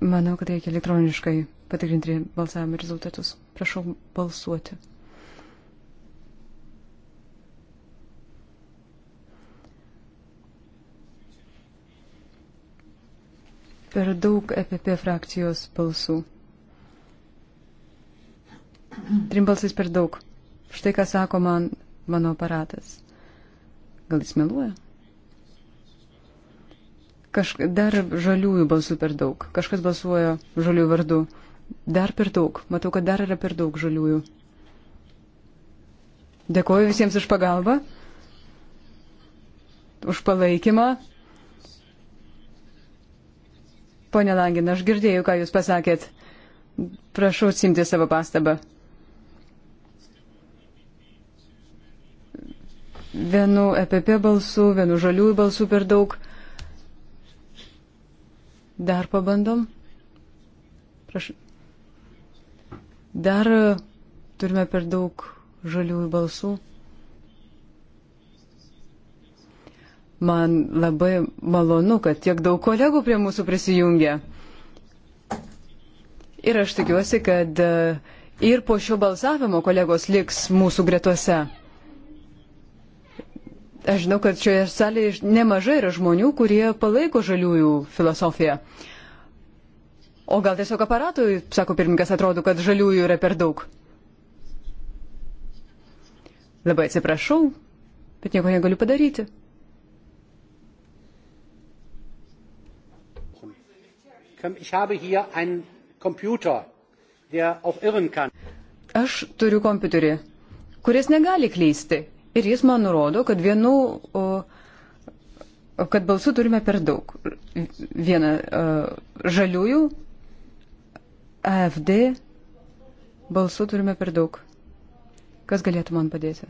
Manau, kad reikia elektroniškai patikrinti balsavimo rezultatus. Prašau balsuoti. Per daug EPP frakcijos balsų. Trim balsais per daug. Štai ką sako man mano aparatas. Gal jis meluoja? Kažk dar žaliųjų balsų per daug. Kažkas balsuoja žaliųjų vardu. Dar per daug. Matau, kad dar yra per daug žaliųjų. Dėkuoju visiems už pagalbą, už palaikymą. Pone Langin, aš girdėjau, ką Jūs pasakėt. Prašau atsimti savo pastabą. Vienu EPP balsu, vienu žaliųjų balsu per daug. Dar pabandom. Prašau. Dar e, turime per daug žaliųjų balsų. Man labai malonu, kad tiek daug kolegų prie mūsų prisijungia. Ir aš tikiuosi, kad e, ir po šio balsavimo kolegos liks mūsų gretuose. Aš žinau, kad šioje salėje nemažai yra žmonių, kurie palaiko žaliųjų filosofiją. O gal tiesiog aparatui, sako pirmininkas, atrodo, kad žaliųjų yra per daug. Labai atsiprašau, bet nieko negaliu padaryti. Aš turiu kompiuterį, kuris negali klysti. Ir jis man nurodo, kad vienu, o, kad balsų turime per daug. Vieną žaliųjų, AFD balsų turime per daug. Kas galėtų man padėti?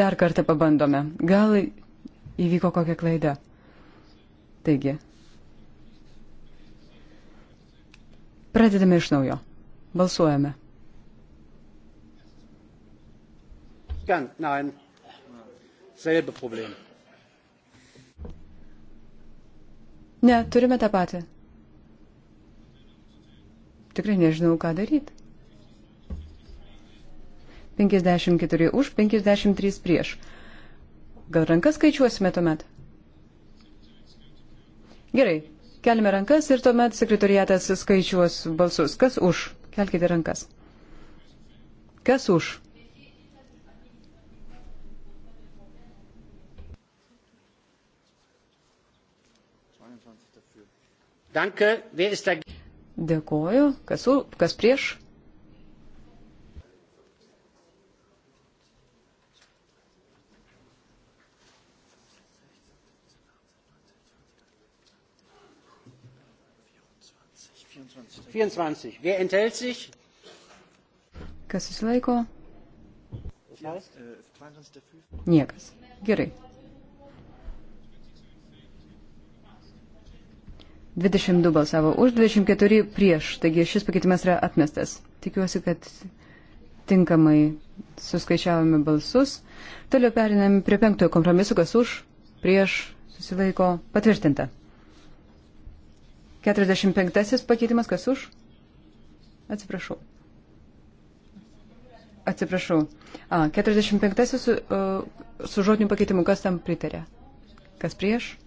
Dar kartą pabandome. Gal įvyko kokia klaida. Taigi. Pradedame iš naujo. Balsuojame. Nein. Selbe Problem. Ne, turime tą patį. Tikrai nežinau, ką daryti. 54 už, 53 prieš. Gal rankas skaičiuosime tuomet? Gerai, kelime rankas ir tuomet sekretoriatas skaičiuos balsus. Kas už? Kelkite rankas. Kas už? Danke, wer ist dagegen? Dėkoju. Kas, kas prieš? vierundzwanzig wer enthält sich? kas susilaiko? Äh, niekas gerai 22 balsavo už, 24 prieš, taigi šis pakeitimas yra atmestas. Tikiuosi, kad tinkamai suskaičiavome balsus. Toliau periname prie penktojo kompromisu, kas už, prieš, susilaiko, patvirtinta. 45 pakeitimas, kas už? Atsiprašau. Atsiprašau. A, 45 su, uh, su žodiniu pakeitimu, kas tam pritarė? Kas prieš?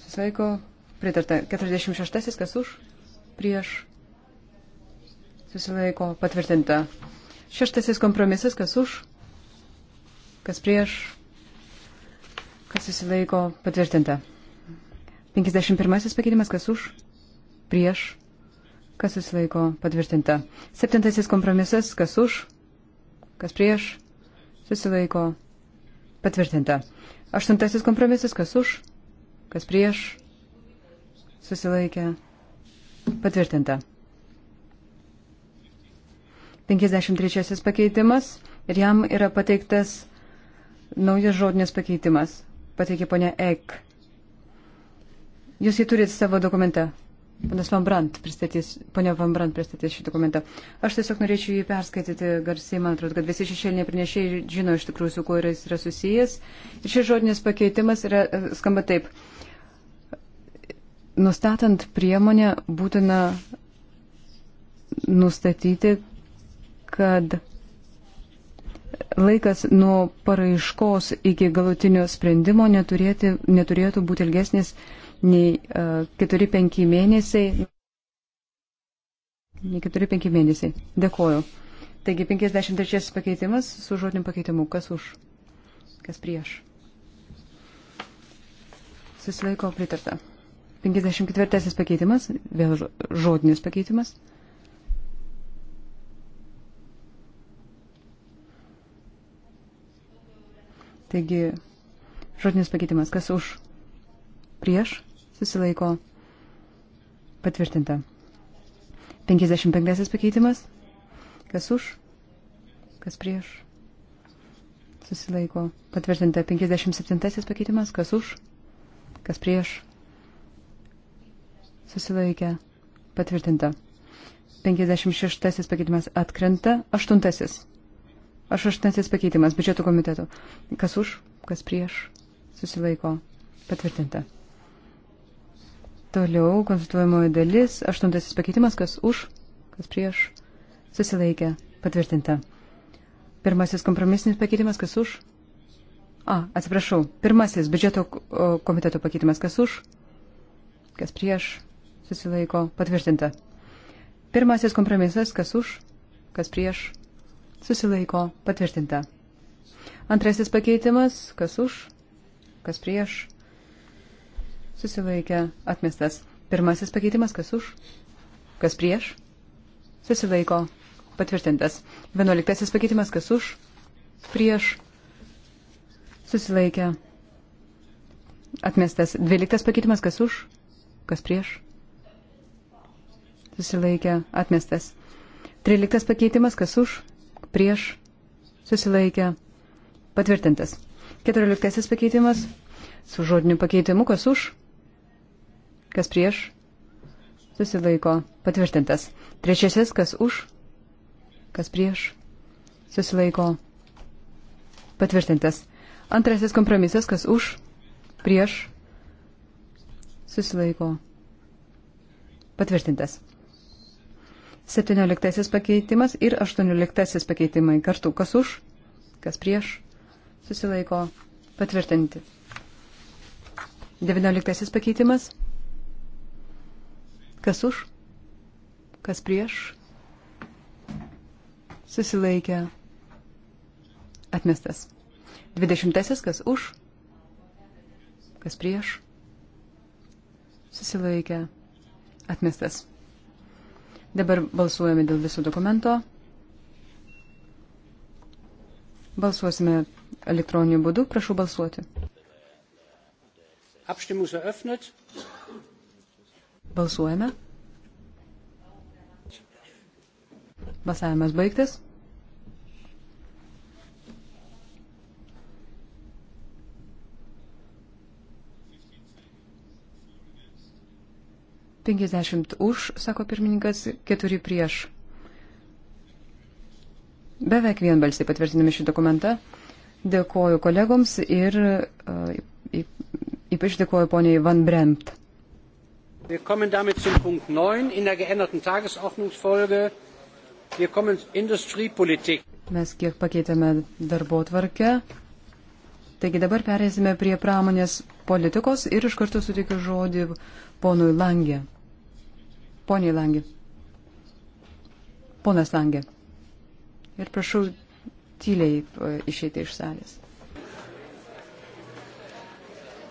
Susilaiko, Pritarta 46, kas už, prieš, susilaiko patvirtinta. Šeštasis kompromisas, kas už, kas prieš, kas susilaiko patvirtinta. 51 pakeitimas, kas už, prieš, kas susilaiko patvirtinta. Septintasis kompromisas, kas už, kas prieš, susilaiko patvirtinta. Aštuntasis kompromisas, kas už, kas prieš, susilaikė, patvirtinta. 53 pakeitimas ir jam yra pateiktas naujas žodinis pakeitimas. Pateikė ponia Ek. Jūs jį turite savo dokumente. Ponas Van Brandt pristatys, ponia Van Brandt pristatys šį dokumentą. Aš tiesiog norėčiau jį perskaityti garsiai, man atrodo, kad visi šešėliniai pranešėjai žino iš tikrųjų, su kuo jis yra susijęs. Ir šis žodinis pakeitimas yra, e, skamba taip nustatant priemonę būtina nustatyti, kad laikas nuo paraiškos iki galutinio sprendimo neturėti, neturėtų būti ilgesnis nei e, uh, 4-5 mėnesiai. Nei 4-5 mėnesiai. Dėkoju. Taigi 53 pakeitimas su žodiniu pakeitimu. Kas už? Kas prieš? Susilaiko pritarta. 54 pakeitimas, vėl žodinis pakeitimas. Taigi, žodinis pakeitimas, kas už, prieš, susilaiko, patvirtinta. 55 pakeitimas, kas už, kas prieš, susilaiko, patvirtinta. 57 pakeitimas, kas už, kas prieš, susilaikė, patvirtinta. 56 pakeitimas atkrenta, 8. Aš 8 pakeitimas biudžeto komiteto. Kas už, kas prieš, susilaiko, patvirtinta. Toliau konsultuojamoji dalis, 8 pakeitimas, kas už, kas prieš, susilaikė, patvirtinta. Pirmasis kompromisinis pakeitimas, kas už? A, atsiprašau, pirmasis biudžeto komiteto pakeitimas, kas už, kas prieš, susilaiko patvirtinta. Pirmasis kompromisas, kas už, kas prieš, susilaiko patvirtinta. Antrasis pakeitimas, kas už, kas prieš, susilaikė atmestas. Pirmasis pakeitimas, kas už, kas prieš, susilaiko patvirtintas. Vienuoliktasis pakeitimas, kas už, prieš, susilaikė atmestas. Dvyliktas pakeitimas, kas už, kas prieš, susilaikė atmestas. Tryliktas pakeitimas, kas už, prieš, susilaikė patvirtintas. Keturioliktasis pakeitimas, su žodiniu pakeitimu, kas už, kas prieš, susilaiko patvirtintas. Trečiasis, kas už, kas prieš, susilaiko patvirtintas. Antrasis kompromisas, kas už, prieš, susilaiko patvirtintas. 17 pakeitimas ir 18 pakeitimai kartu. Kas už, kas prieš, susilaiko patvirtinti. 19 pakeitimas. Kas už, kas prieš, susilaikė atmestas. 20 kas už, kas prieš, susilaikė atmestas. Dabar balsuojame dėl viso dokumento. Balsuosime elektroniniu būdu. Prašau balsuoti. Balsuojame. Balsavimas baigtas. 50 už, sako pirmininkas, 4 prieš. Beveik vienbalsiai patvirtinami šį dokumentą. Dėkoju kolegoms ir e, ypač dėkoju poniai Van Bremt. Wir kommen damit zum Punkt 9 in der geänderten Tagesordnungsfolge. Wir kommen Industriepolitik. Mes kiek pakeitėme darbo tvarkę. Taigi dabar perėsime prie pramonės politikos ir iš karto sutikiu žodį ponui Langė. Poniai Langi. Ponas Langi. Ir prašau tyliai e, išeiti iš salės.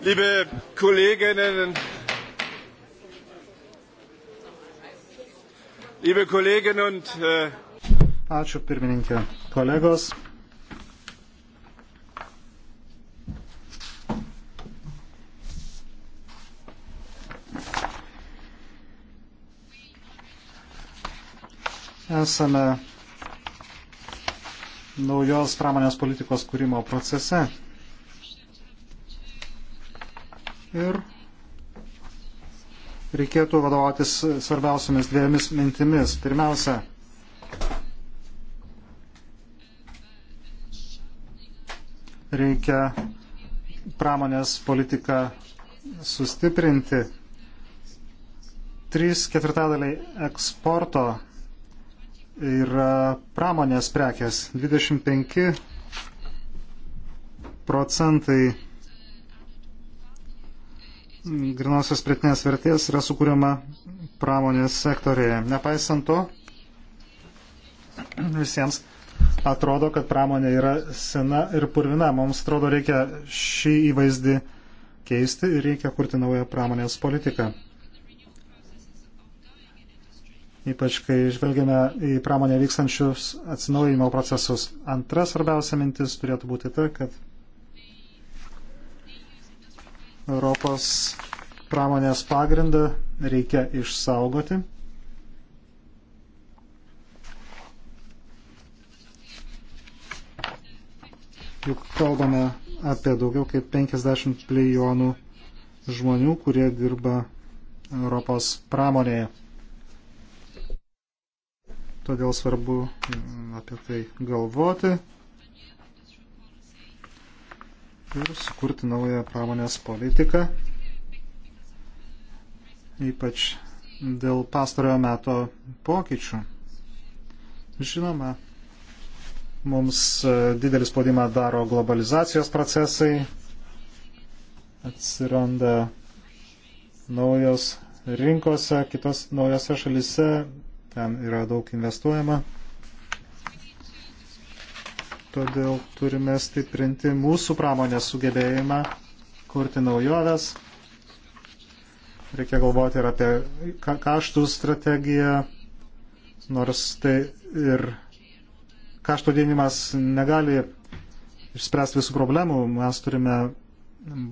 Liebe Kolleginnen, liebe Kolleginnen und. Äh, Ačiū pirmininkė. Kolegos, esame naujos pramonės politikos kūrimo procese. Ir reikėtų vadovautis svarbiausiamis dviejomis mintimis. Pirmiausia, reikia pramonės politiką sustiprinti. Trys ketvirtadaliai eksporto yra pramonės prekės. 25 procentai grinosios pritinės vertės yra sukūriama pramonės sektorėje. Nepaisant to, visiems atrodo, kad pramonė yra sena ir purvina. Mums atrodo, reikia šį įvaizdį keisti ir reikia kurti naują pramonės politiką ypač kai žvelgiame į pramonę vykstančius atsinaujinimo procesus. Antra svarbiausia mintis turėtų būti ta, kad Europos pramonės pagrindą reikia išsaugoti. Juk kalbame apie daugiau kaip 50 milijonų žmonių, kurie dirba Europos pramonėje todėl svarbu mm, apie tai galvoti ir sukurti naują pramonės politiką, ypač dėl pastarojo meto pokyčių. Žinoma, mums e, didelį spaudimą daro globalizacijos procesai, atsiranda naujos rinkose, kitos naujose šalise ten yra daug investuojama. Todėl turime stiprinti mūsų pramonės sugebėjimą kurti naujoves. Reikia galvoti ir apie kaštų strategiją, nors tai ir kaštų didinimas negali išspręsti visų problemų. Mes turime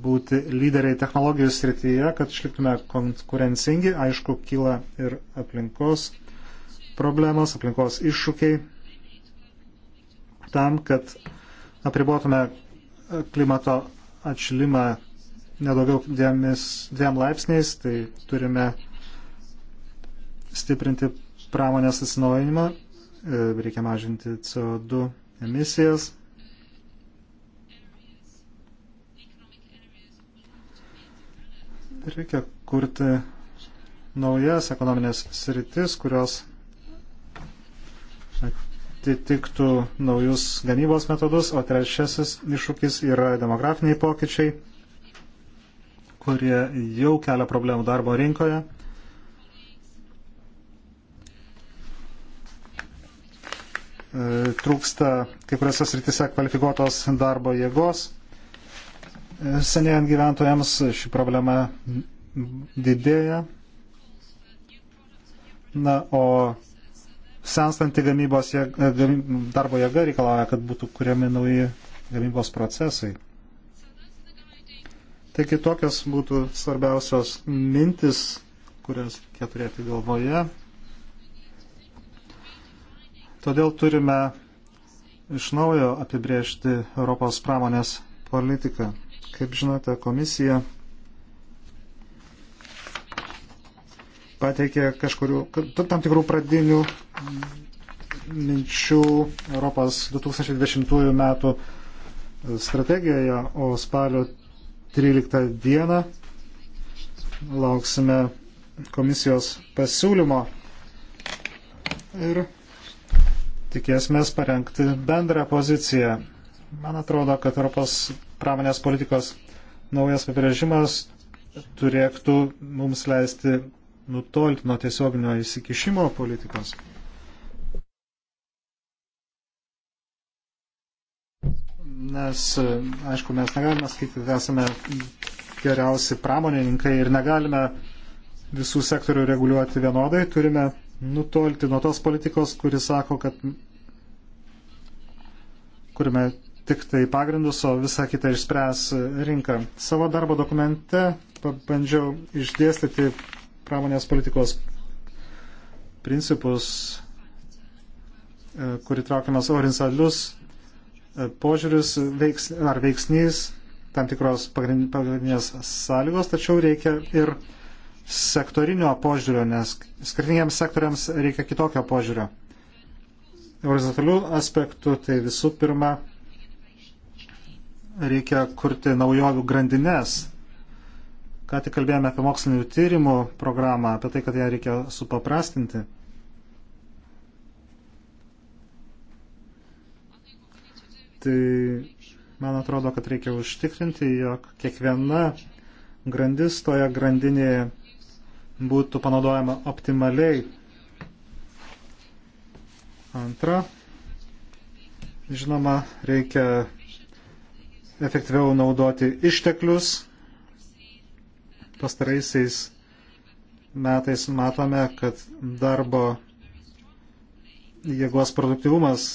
būti lyderiai technologijų srityje, kad išliktume konkurencingi. Aišku, kyla ir aplinkos problemos, aplinkos iššūkiai, tam, kad apribotume klimato atšilimą nedaugiau dviemis, dviem laipsniais, tai turime stiprinti pramonės atsinaujinimą, e, reikia mažinti CO2 emisijas. Reikia kurti naujas ekonominės sritis, kurios atitiktų naujus gamybos metodus, o trečiasis iššūkis yra demografiniai pokyčiai, kurie jau kelia problemų darbo rinkoje. E, trūksta kai kuriuose srityse kvalifikuotos darbo jėgos. E, senėjant gyventojams ši problema didėja. Na, o senstanti gamybos jėga, e, darbo jėga reikalauja, kad būtų kuriami nauji gamybos procesai. Taigi tokios būtų svarbiausios mintis, kurias reikia turėti galvoje. Todėl turime iš naujo apibriežti Europos pramonės politiką. Kaip žinote, komisija pateikė kažkurių, tam tikrų pradinių minčių Europos 2020 metų strategijoje, o spalio 13 dieną lauksime komisijos pasiūlymo ir tikėsime parengti bendrą poziciją. Man atrodo, kad Europos pramonės politikos naujas apibrėžimas turėtų mums leisti nutolti nuo tiesioginio įsikišimo politikos. Nes, e, aišku, mes negalime sakyti, kad esame geriausi pramonininkai ir negalime visų sektorių reguliuoti vienodai, turime nutolti nuo tos politikos, kuri sako, kad kurime tik tai pagrindus, o visą kitą išspręs rinka. Savo darbo dokumente pabandžiau išdėstyti pramonės politikos principus, e, kuri traukiamas horizontalius e, požiūris veiks, ar veiksnys, tam tikros pagrindinės sąlygos, tačiau reikia ir sektorinio požiūrio, nes skirtingiems sektoriams reikia kitokio požiūrio. Horizontalių aspektų tai visų pirma reikia kurti naujovių grandinės Ką tik kalbėjome apie mokslinių tyrimų programą, apie tai, kad ją reikia supaprastinti. Tai man atrodo, kad reikia užtikrinti, jog kiekviena grandis toje grandinėje būtų panaudojama optimaliai. Antra, žinoma, reikia efektyviau naudoti išteklius pastaraisiais metais matome, kad darbo jėgos produktivumas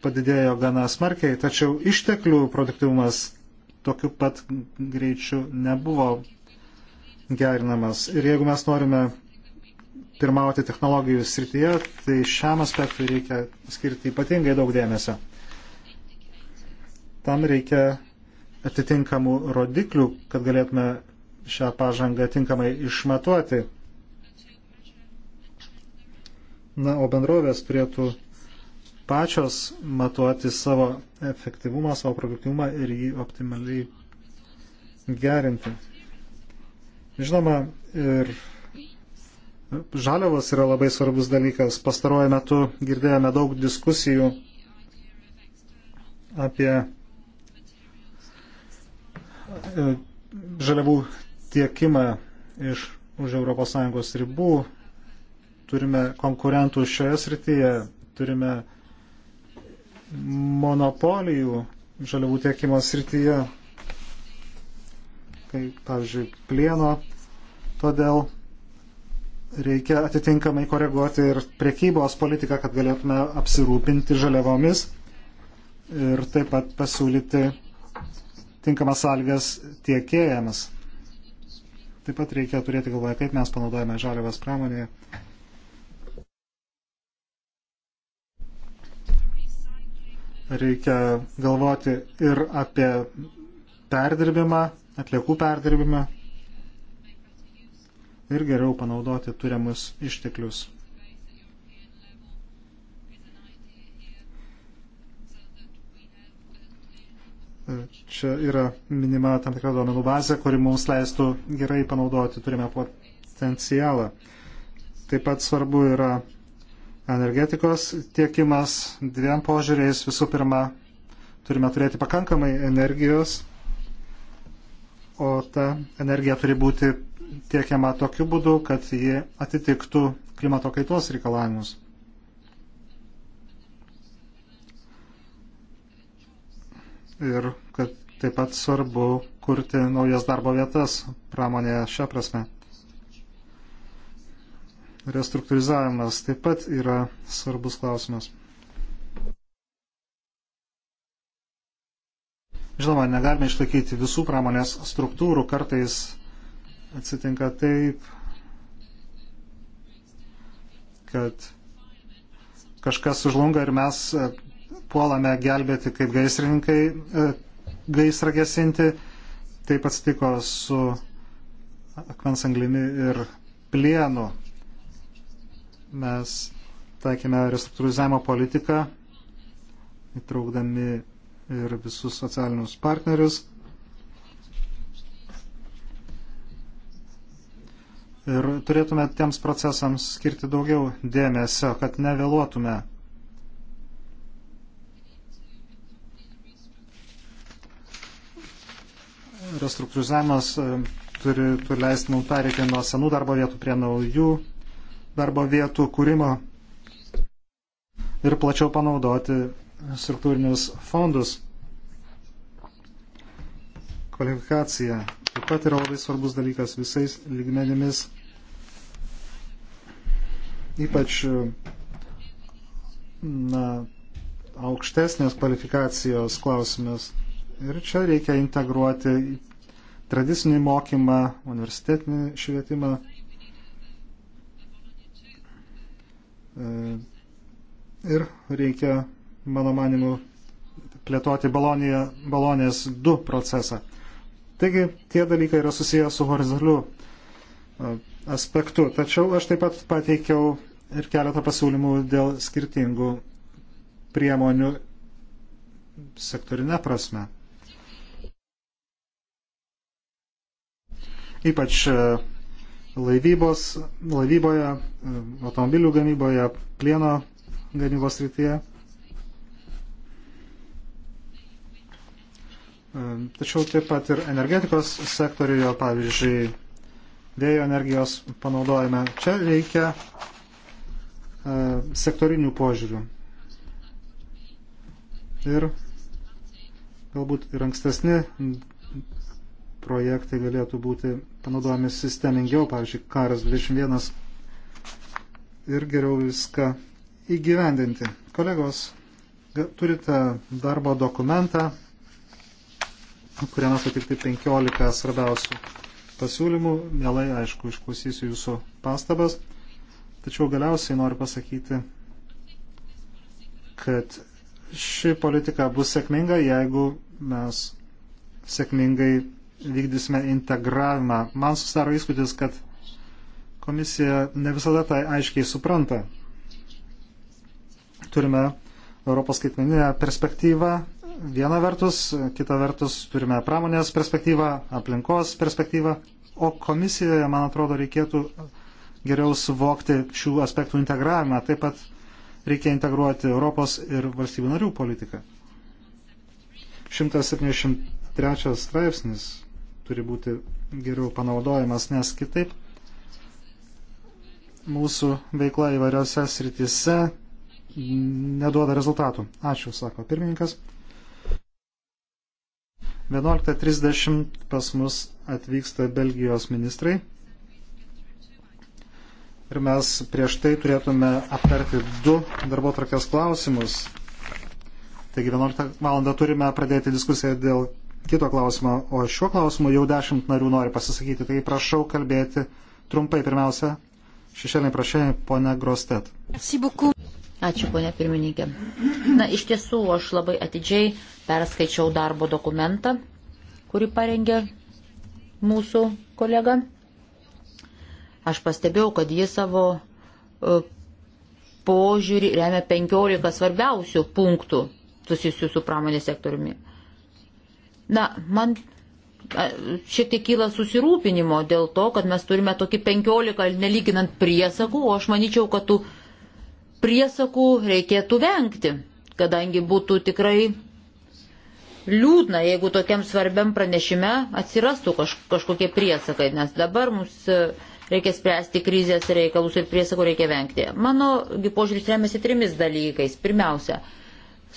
padidėjo gana smarkiai, tačiau išteklių produktivumas tokiu pat greičiu nebuvo gerinamas. Ir jeigu mes norime pirmauti technologijų srityje, tai šiam aspektui reikia skirti ypatingai daug dėmesio. Tam reikia atitinkamų rodiklių, kad galėtume šią pažangą tinkamai išmatuoti. Na, o bendrovės turėtų pačios matuoti savo efektyvumą, savo produktivumą ir jį optimaliai gerinti. Žinoma, ir žaliavos yra labai svarbus dalykas. Pastaruoju metu girdėjome daug diskusijų apie e, žaliavų tiekimą iš už ES ribų, turime konkurentų šioje srityje, turime monopolijų žaliavų tiekimo srityje, kaip pavyzdžiui plieno, todėl reikia atitinkamai koreguoti ir priekybos politiką, kad galėtume apsirūpinti žaliavomis ir taip pat pasiūlyti tinkamas sąlygas tiekėjams. Taip pat reikia turėti galvoje, kaip mes panaudojame žaliavas pramonėje. Reikia galvoti ir apie perdirbimą, atliekų perdirbimą ir geriau panaudoti turiamus išteklius. Čia yra minima tam tikra duomenų bazė, kuri mums leistų gerai panaudoti turime potencialą. Taip pat svarbu yra energetikos tiekimas dviem požiūrėjais. Visų pirma, turime turėti pakankamai energijos, o ta energija turi būti tiekiama tokiu būdu, kad ji atitiktų klimato kaitos reikalavimus. ir kad taip pat svarbu kurti naujas darbo vietas pramonėje šią prasme. Restruktūrizavimas taip pat yra svarbus klausimas. Žinoma, negalime išlaikyti visų pramonės struktūrų, kartais atsitinka taip, kad kažkas sužlunga ir mes puolame gelbėti kaip gaisrininkai e, gaisrą gesinti. Taip atsitiko su akmens anglimi ir plienu. Mes taikėme restruktūrizavimo politiką, įtraukdami ir visus socialinius partnerius. Ir turėtume tiems procesams skirti daugiau dėmesio, kad nevėluotume restruktūrizavimas e, turi, turi leisti mums pereiti nuo senų darbo vietų prie naujų darbo vietų kūrimo ir plačiau panaudoti struktūrinius fondus. Kvalifikacija taip pat yra labai svarbus dalykas visais lygmenimis, ypač e, na, aukštesnės kvalifikacijos klausimas. Ir čia reikia integruoti tradicinį mokymą, universitetinį švietimą. E, ir reikia, mano manimu, plėtoti Baloniją, Balonės 2 procesą. Taigi tie dalykai yra susiję su horizontaliu e, aspektu. Tačiau aš taip pat pateikiau ir keletą pasiūlymų dėl skirtingų priemonių sektorinė prasme. ypač e, laivybos, laivyboje, e, automobilių gamyboje, plieno gamybos rytyje. E, tačiau taip pat ir energetikos sektoriuje, pavyzdžiui, vėjo energijos panaudojame. Čia reikia sektorinių požiūrių. Ir galbūt ir ankstesni projektai galėtų būti panaudojami sistemingiau, pavyzdžiui, karas 21 ir geriau viską įgyvendinti. Kolegos, turite darbo dokumentą, kuriame patikti 15 svarbiausių pasiūlymų. Mielai, aišku, išklausysiu jūsų pastabas. Tačiau galiausiai noriu pasakyti, kad ši politika bus sėkminga, jeigu mes sėkmingai vykdysime integravimą. Man susidaro įspūdis, kad komisija ne visada tai aiškiai supranta. Turime Europos skaitmeninę perspektyvą vieną vertus, kitą vertus turime pramonės perspektyvą, aplinkos perspektyvą, o komisijoje, man atrodo, reikėtų geriau suvokti šių aspektų integravimą. Taip pat reikia integruoti Europos ir valstybių narių politiką. 173 straipsnis turi būti geriau panaudojamas, nes kitaip mūsų veikla įvairiose srityse neduoda rezultatų. Ačiū, sako pirmininkas. 11.30 pas mus atvyksta Belgijos ministrai. Ir mes prieš tai turėtume aptarti du darbo trakės klausimus. Taigi 11 val. turime pradėti diskusiją dėl kito klausimo, o šiuo klausimu jau dešimt narių nori pasisakyti, tai prašau kalbėti trumpai pirmiausia. Šešėliniai prašė, ponia Grostet. Ačiū, ponia pirmininkė. Na, iš tiesų, aš labai atidžiai perskaičiau darbo dokumentą, kurį parengė mūsų kolega. Aš pastebėjau, kad jis savo e, požiūrį remia 15 svarbiausių punktų susijusių su pramonės sektoriumi. Na, man šiek tiek kyla susirūpinimo dėl to, kad mes turime tokį 15 neliginant priesakų, o aš manyčiau, kad tų priesakų reikėtų vengti, kadangi būtų tikrai liūdna, jeigu tokiam svarbiam pranešime atsirastų kaž, kažkokie priesakai, nes dabar mums e, reikia spręsti krizės reikalus ir priesakų reikia vengti. Mano požiūris remiasi trimis dalykais. Pirmiausia,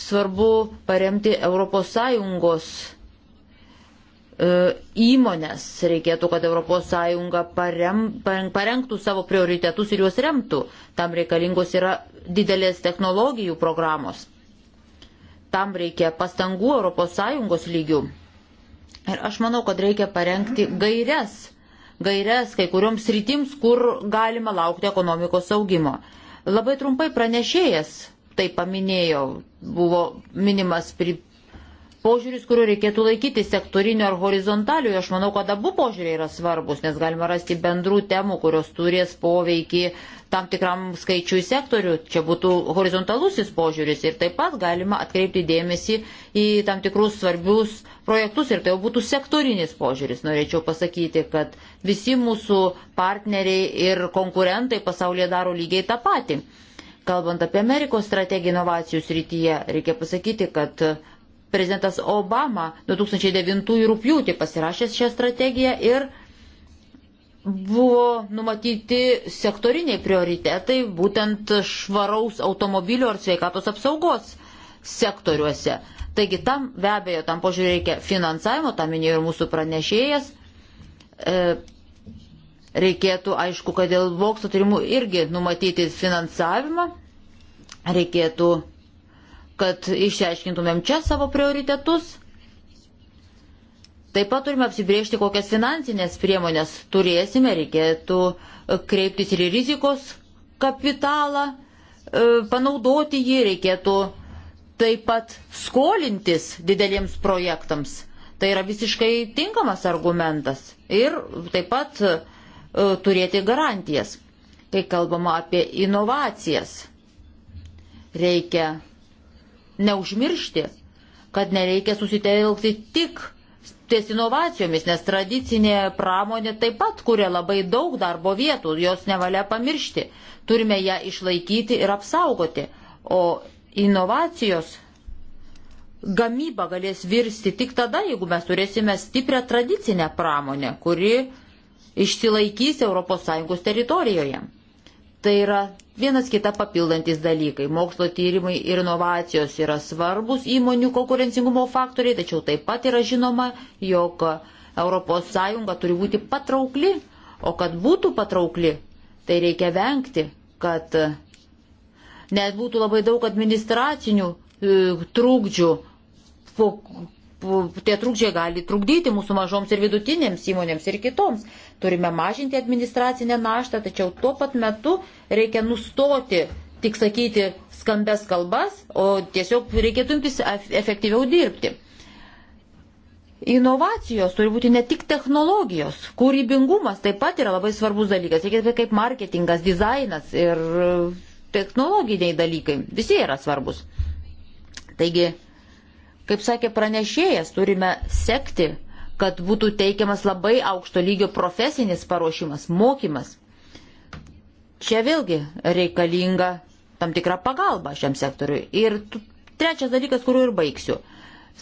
svarbu paremti ES E, įmonės. Reikėtų, kad ES parem, parengtų savo prioritetus ir juos remtų. Tam reikalingos yra didelės technologijų programos. Tam reikia pastangų ES lygių. Ir aš manau, kad reikia parengti gairias, gairias kai kurioms rytims, kur galima laukti ekonomikos augimo. Labai trumpai pranešėjas tai paminėjo, buvo minimas pri, požiūris, kurio reikėtų laikyti sektorinio ar horizontaliojo. Aš manau, kad abu požiūriai yra svarbus, nes galima rasti bendrų temų, kurios turės poveikį tam tikram skaičiui sektorių. Čia būtų horizontalusis požiūris ir taip pat galima atkreipti dėmesį į tam tikrus svarbius projektus ir tai jau būtų sektorinis požiūris. Norėčiau pasakyti, kad visi mūsų partneriai ir konkurentai pasaulyje daro lygiai tą patį. Kalbant apie Amerikos strategiją inovacijų srityje, reikia pasakyti, kad uh, Prezidentas Obama 2009 rūpjūtį pasirašęs šią strategiją ir buvo numatyti sektoriniai prioritetai būtent švaraus automobilio ar sveikatos apsaugos sektoriuose. Taigi tam be abejo, tam požiūrį reikia finansavimo, tam minėjo ir mūsų pranešėjas. E, reikėtų, aišku, kad dėl mokslo tyrimų irgi numatyti finansavimą. Reikėtų kad išsiaiškintumėm čia savo prioritetus. Taip pat turime apsibriežti, kokias finansinės priemonės turėsime, reikėtų kreiptis ir į rizikos kapitalą, e, panaudoti jį, reikėtų taip pat skolintis dideliems projektams. Tai yra visiškai tinkamas argumentas ir taip pat e, turėti garantijas. Kai kalbama apie inovacijas, reikia neužmiršti, kad nereikia susitelkti tik ties inovacijomis, nes tradicinė pramonė taip pat kuria labai daug darbo vietų, jos nevalia pamiršti. Turime ją išlaikyti ir apsaugoti. O inovacijos gamyba galės virsti tik tada, jeigu mes turėsime stiprią tradicinę pramonę, kuri išsilaikys ES teritorijoje. Tai yra vienas kitą papildantis dalykai. Mokslo tyrimai ir inovacijos yra svarbus įmonių konkurencingumo faktoriai, tačiau taip pat yra žinoma, jog ES turi būti patraukli, o kad būtų patraukli, tai reikia vengti, kad net būtų labai daug administracinių e, trūkdžių, po tie trūkdžiai gali trukdyti mūsų mažoms ir vidutinėms įmonėms ir kitoms. Turime mažinti administracinę naštą, tačiau tuo pat metu reikia nustoti tik sakyti skambes kalbas, o tiesiog reikėtų imtis efektyviau dirbti. Inovacijos turi būti ne tik technologijos, kūrybingumas taip pat yra labai svarbus dalykas, reikia kaip marketingas, dizainas ir technologiniai dalykai, visi yra svarbus. Taigi Kaip sakė pranešėjas, turime sekti, kad būtų teikiamas labai aukšto lygio profesinis paruošimas, mokymas. Čia vėlgi reikalinga tam tikra pagalba šiam sektoriui. Ir trečias dalykas, kuriuo ir baigsiu.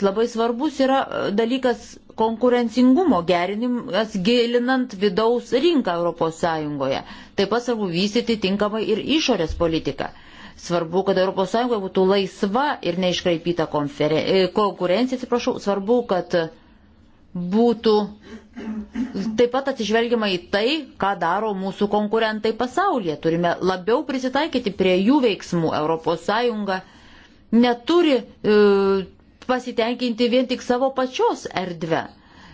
Labai svarbus yra e, dalykas konkurencingumo gerinimas, gilinant vidaus rinką ES. Taip pat svarbu vystyti tinkamai ir išorės politiką. Svarbu, kad ES būtų laisva ir neiškraipyta e, konkurencija, atsiprašau. Svarbu, kad būtų taip pat atsižvelgiama į tai, ką daro mūsų konkurentai pasaulyje. Turime labiau prisitaikyti prie jų veiksmų. ES neturi e, pasitenkinti vien tik savo pačios erdvę.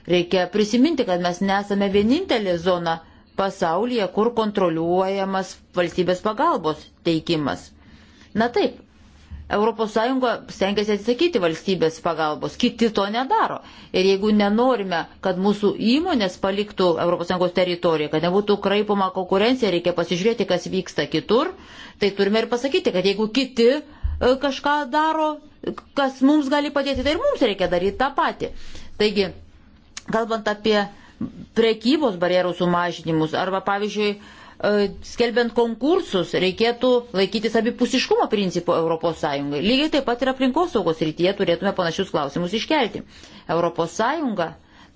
Reikia prisiminti, kad mes nesame vienintelė zona pasaulyje, kur kontroliuojamas valstybės pagalbos teikimas. Na taip, ES stengiasi atsisakyti valstybės pagalbos, kiti to nedaro. Ir jeigu nenorime, kad mūsų įmonės paliktų ES teritoriją, kad nebūtų kraipoma konkurencija, reikia pasižiūrėti, kas vyksta kitur, tai turime ir pasakyti, kad jeigu kiti e, kažką daro, kas mums gali padėti, tai ir mums reikia daryti tą patį. Taigi, kalbant apie prekybos barjerų sumažinimus arba, pavyzdžiui, E, skelbiant konkursus reikėtų laikytis abipusiškumo principo ES. Lygiai taip pat ir aplinkosaugos rytyje turėtume panašius klausimus iškelti. ES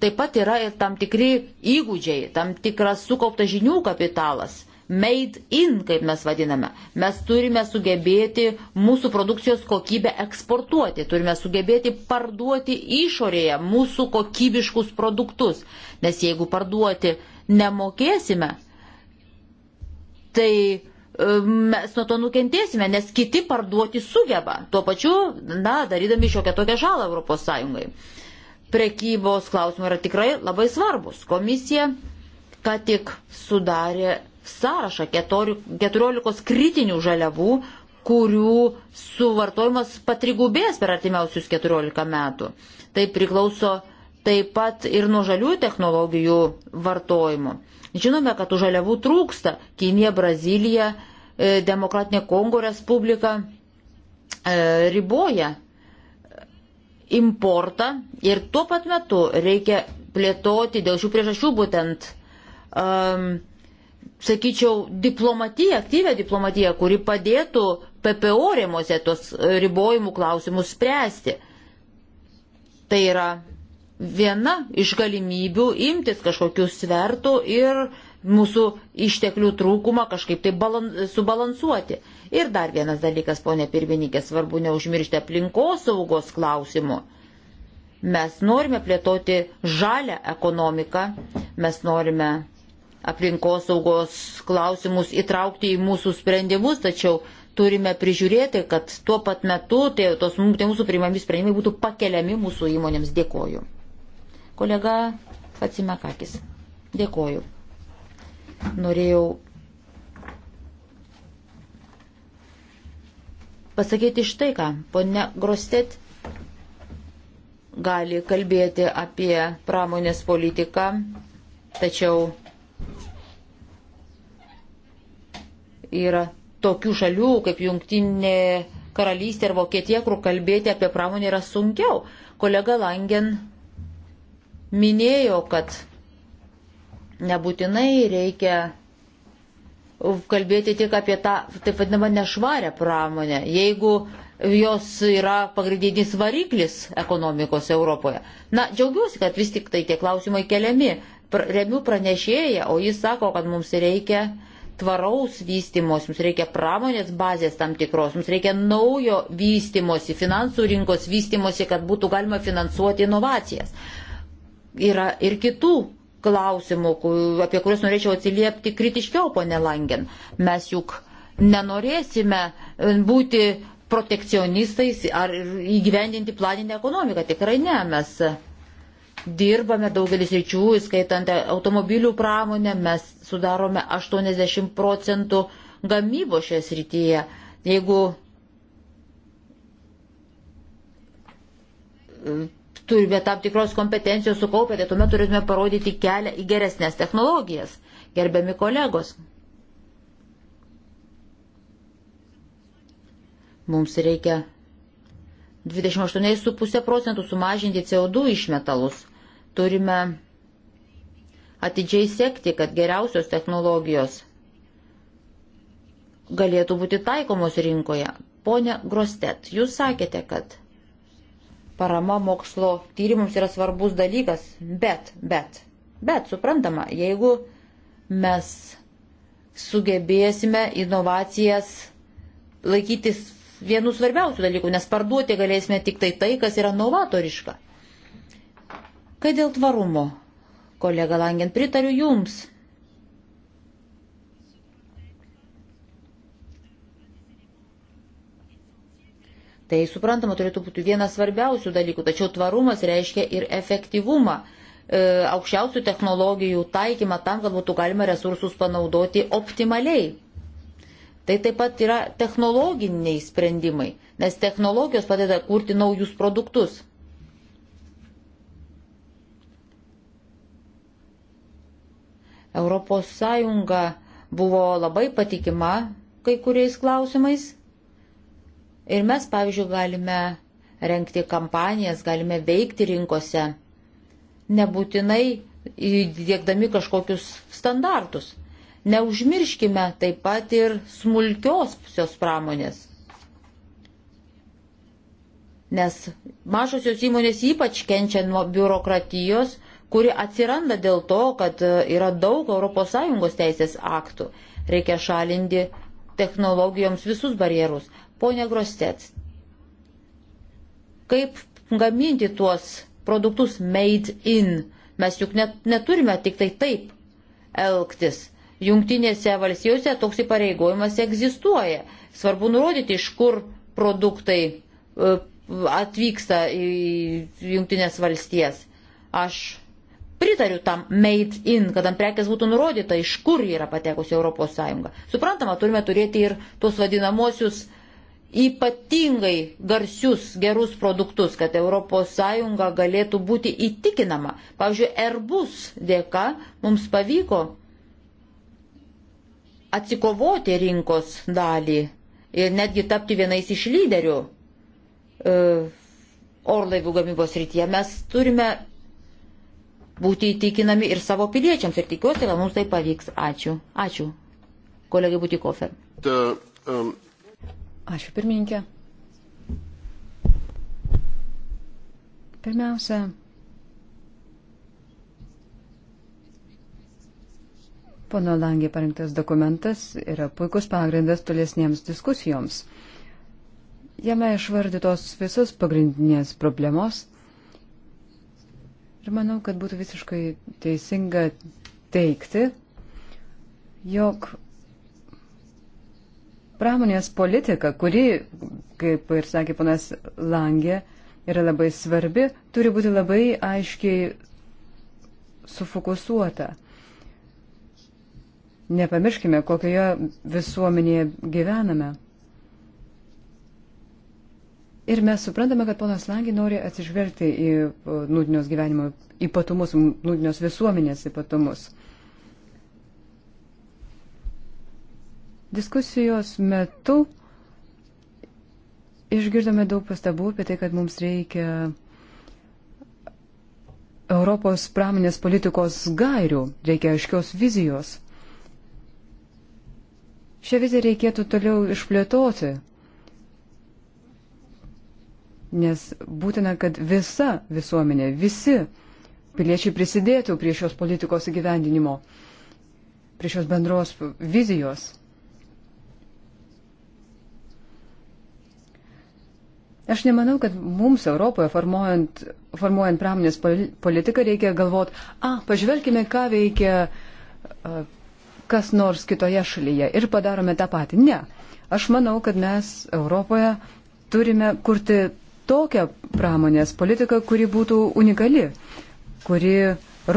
taip pat yra ir tam tikri įgūdžiai, tam tikras sukauptas žinių kapitalas. Made in, kaip mes vadiname. Mes turime sugebėti mūsų produkcijos kokybę eksportuoti, turime sugebėti parduoti išorėje mūsų kokybiškus produktus. Nes jeigu parduoti nemokėsime, tai e, mes nuo to nukentėsime, nes kiti parduoti sugeba, tuo pačiu, na, darydami šiokią tokią žalą Europos Sąjungai. Prekybos klausimai yra tikrai labai svarbus. Komisija ką tik sudarė sąrašą 14 kritinių žaliavų, kurių suvartojimas patrigubės per artimiausius 14 metų. Tai priklauso taip pat ir nuo žaliųjų technologijų vartojimo. Žinome, kad tų žaliavų trūksta Kinija, Brazilija, e, Demokratinė Kongo Respublika e, riboja importą ir tuo pat metu reikia plėtoti dėl šių priežasčių būtent, um, sakyčiau, diplomatiją, aktyvę diplomatiją, kuri padėtų PPO rėmose tuos ribojimų klausimus spręsti. Tai yra viena iš galimybių imtis kažkokių svertų ir mūsų išteklių trūkumą kažkaip tai balan, subalansuoti. Ir dar vienas dalykas, ponė pirmininkė, svarbu neužmiršti aplinkos saugos klausimų. Mes norime plėtoti žalę ekonomiką, mes norime aplinkos saugos klausimus įtraukti į mūsų sprendimus, tačiau turime prižiūrėti, kad tuo pat metu tai, tos, tai mūsų priimami sprendimai būtų pakeliami mūsų įmonėms. Dėkoju. Kolega Fatsimekakis, dėkoju. Norėjau pasakyti štai ką. Pone Grostet gali kalbėti apie pramonės politiką, tačiau yra tokių šalių kaip Junktinė karalystė ir Vokietija, kur kalbėti apie pramonę yra sunkiau. Kolega Langen minėjo, kad nebūtinai reikia kalbėti tik apie tą taip vadinamą nešvarę pramonę, jeigu jos yra pagrindinis variklis ekonomikos Europoje. Na, džiaugiuosi, kad vis tik tai tie klausimai keliami. Remiu pranešėją, o jis sako, kad mums reikia tvaraus vystimos, mums reikia pramonės bazės tam tikros, mums reikia naujo vystimosi, finansų rinkos vystimosi, kad būtų galima finansuoti inovacijas yra ir kitų klausimų, apie kuriuos norėčiau atsiliepti kritiškiau, ponė Langen. Mes juk nenorėsime e, būti protekcionistais ar įgyvendinti planinę ekonomiką. Tikrai ne, mes dirbame daugelis ryčių, įskaitant automobilių pramonę, mes sudarome 80 procentų gamybo šioje srityje. Jeigu e, turime tam tikros kompetencijos sukaupę, tai tuomet turėtume parodyti kelią į geresnės technologijas, gerbiami kolegos. Mums reikia 28,5 procentų sumažinti CO2 išmetalus. Turime atidžiai sekti, kad geriausios technologijos galėtų būti taikomos rinkoje. Pone Grostet, jūs sakėte, kad Parama mokslo tyrimams yra svarbus dalykas, bet, bet, bet, suprantama, jeigu mes sugebėsime inovacijas laikytis vienų svarbiausių dalykų, nes parduoti galėsime tik tai tai, kas yra novatoriška. Kai dėl tvarumo, kolega Langen, pritariu Jums Tai suprantama, turėtų būti vienas svarbiausių dalykų, tačiau tvarumas reiškia ir efektyvumą, e, aukščiausių technologijų taikymą tam, kad būtų galima resursus panaudoti optimaliai. Tai taip pat yra technologiniai sprendimai, nes technologijos padeda kurti naujus produktus. Europos Sąjunga buvo labai patikima kai kuriais klausimais Ir mes, pavyzdžiui, galime renkti kampanijas, galime veikti rinkose, nebūtinai įdėkdami kažkokius standartus. Neužmirškime taip pat ir smulkiosios pramonės. Nes mažosios įmonės ypač kenčia nuo biurokratijos, kuri atsiranda dėl to, kad yra daug ES teisės aktų. Reikia šalinti technologijoms visus barjerus. Pone Grostet, kaip gaminti tuos produktus made in? Mes juk net, neturime tik tai taip elgtis. Jungtinėse valstijose toks įpareigojimas egzistuoja. Svarbu nurodyti, iš kur produktai e, atvyksta į Jungtinės valstijas. Aš pritariu tam made in, kad ant prekės būtų nurodyta, iš kur yra patekusi ES. Suprantama, turime turėti ir tuos vadinamosius uh, ypatingai garsius gerus produktus, kad ES galėtų būti įtikinama. Pavyzdžiui, Airbus dėka mums pavyko atsikovoti rinkos dalį ir netgi tapti vienais iš lyderių e, orlaivių gamybos rytyje. Mes turime būti įtikinami ir savo piliečiams ir tikiuosi, kad mums tai pavyks. Ačiū. Ačiū. Kolegai Butikofer. The, um... Ačiū pirmininkė. Pirmiausia, pono Langė parinktas dokumentas yra puikus pagrindas tolesniems diskusijoms. Jame išvardytos visos pagrindinės problemos ir manau, kad būtų visiškai teisinga teikti, jog pramonės politika, kuri, kaip ir sakė ponas Langė, yra labai svarbi, turi būti labai aiškiai sufokusuota. Nepamirškime, kokioje visuomenėje gyvename. Ir mes suprantame, kad ponas Langė nori atsižvelgti į nūdinios gyvenimo ypatumus, nūdinios visuomenės ypatumus. Diskusijos metu išgirdome daug pastabų apie tai, kad mums reikia Europos pramonės politikos gairių, reikia aiškios vizijos. Šią viziją reikėtų toliau išplėtoti, nes būtina, kad visa visuomenė, visi piliečiai prisidėtų prie šios politikos įgyvendinimo, prie šios bendros vizijos. Aš nemanau, kad mums Europoje formuojant, formuojant pramonės politiką reikia galvot, a, pažvelkime, ką veikia kas nors kitoje šalyje ir padarome tą patį. Ne. Aš manau, kad mes Europoje turime kurti tokią pramonės politiką, kuri būtų unikali, kuri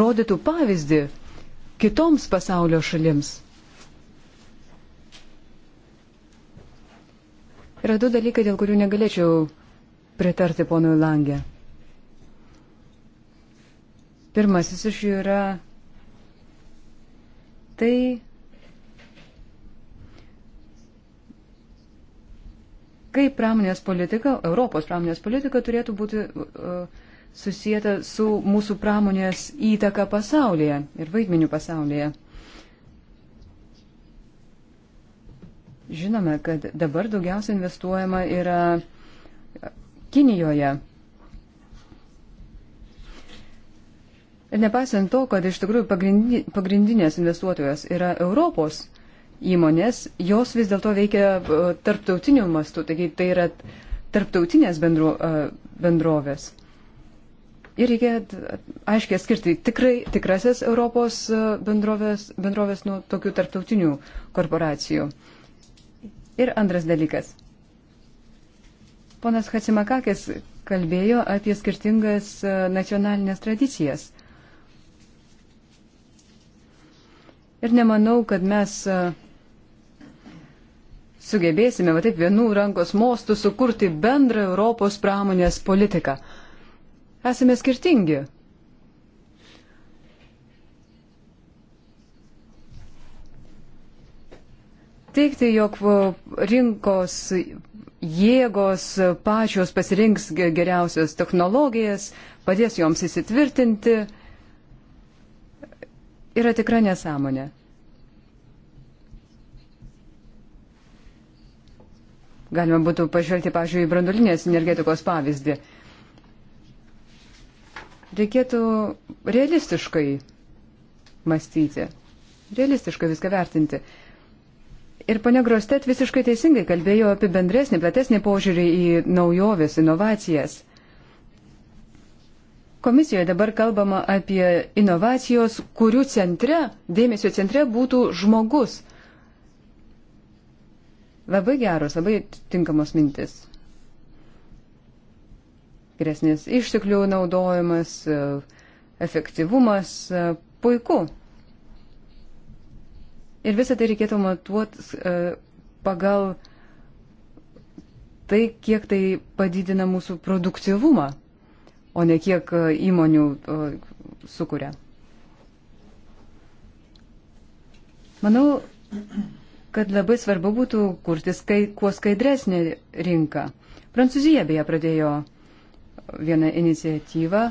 rodytų pavyzdį kitoms pasaulio šalims. Yra du dalykai, dėl kurių negalėčiau pritarti ponui Langė. Pirmasis iš jų yra tai, kaip pramonės politika, Europos pramonės politika turėtų būti uh, e, susijęta su mūsų pramonės įtaka pasaulyje ir vaidmeniu pasaulyje. Žinome, kad dabar daugiausia investuojama yra Kinijoje. Nepaisant to, kad iš tikrųjų pagrindinės investuotojos yra Europos įmonės, jos vis dėlto veikia e, tarptautiniu mastu, taigi tai yra tarptautinės bendru, e, bendrovės. Ir reikia aiškiai skirti tikrai, tikrasias Europos e, bendrovės, bendrovės nuo tokių tarptautinių korporacijų. Ir antras dalykas. Ponas Hatsimakakis kalbėjo apie skirtingas e, nacionalinės tradicijas. Ir nemanau, kad mes e, sugebėsime, va taip, vienų rankos mostų sukurti bendrą Europos pramonės politiką. Esame skirtingi. teikti, jog e, rinkos jėgos pačios pasirinks geriausias technologijas, padės joms įsitvirtinti, yra tikra nesąmonė. Galima būtų pažvelgti, pažiūrėjau, į brandulinės energetikos pavyzdį. Reikėtų realistiškai mąstyti, realistiškai viską vertinti. Ir ponia Grostet visiškai teisingai kalbėjo apie bendresnį, platesnį požiūrį į naujoves, inovacijas. Komisijoje dabar kalbama apie inovacijos, kurių centre, dėmesio centre būtų žmogus. Labai geros, labai tinkamos mintis. Geresnės išteklių naudojimas, efektyvumas, puiku. Ir visą tai reikėtų matuoti e, pagal tai, kiek tai padidina mūsų produktivumą, o ne kiek e, įmonių e, sukuria. Manau, kad labai svarbu būtų kurti skai, kuo skaidresnį rinką. Prancūzija beje pradėjo vieną iniciatyvą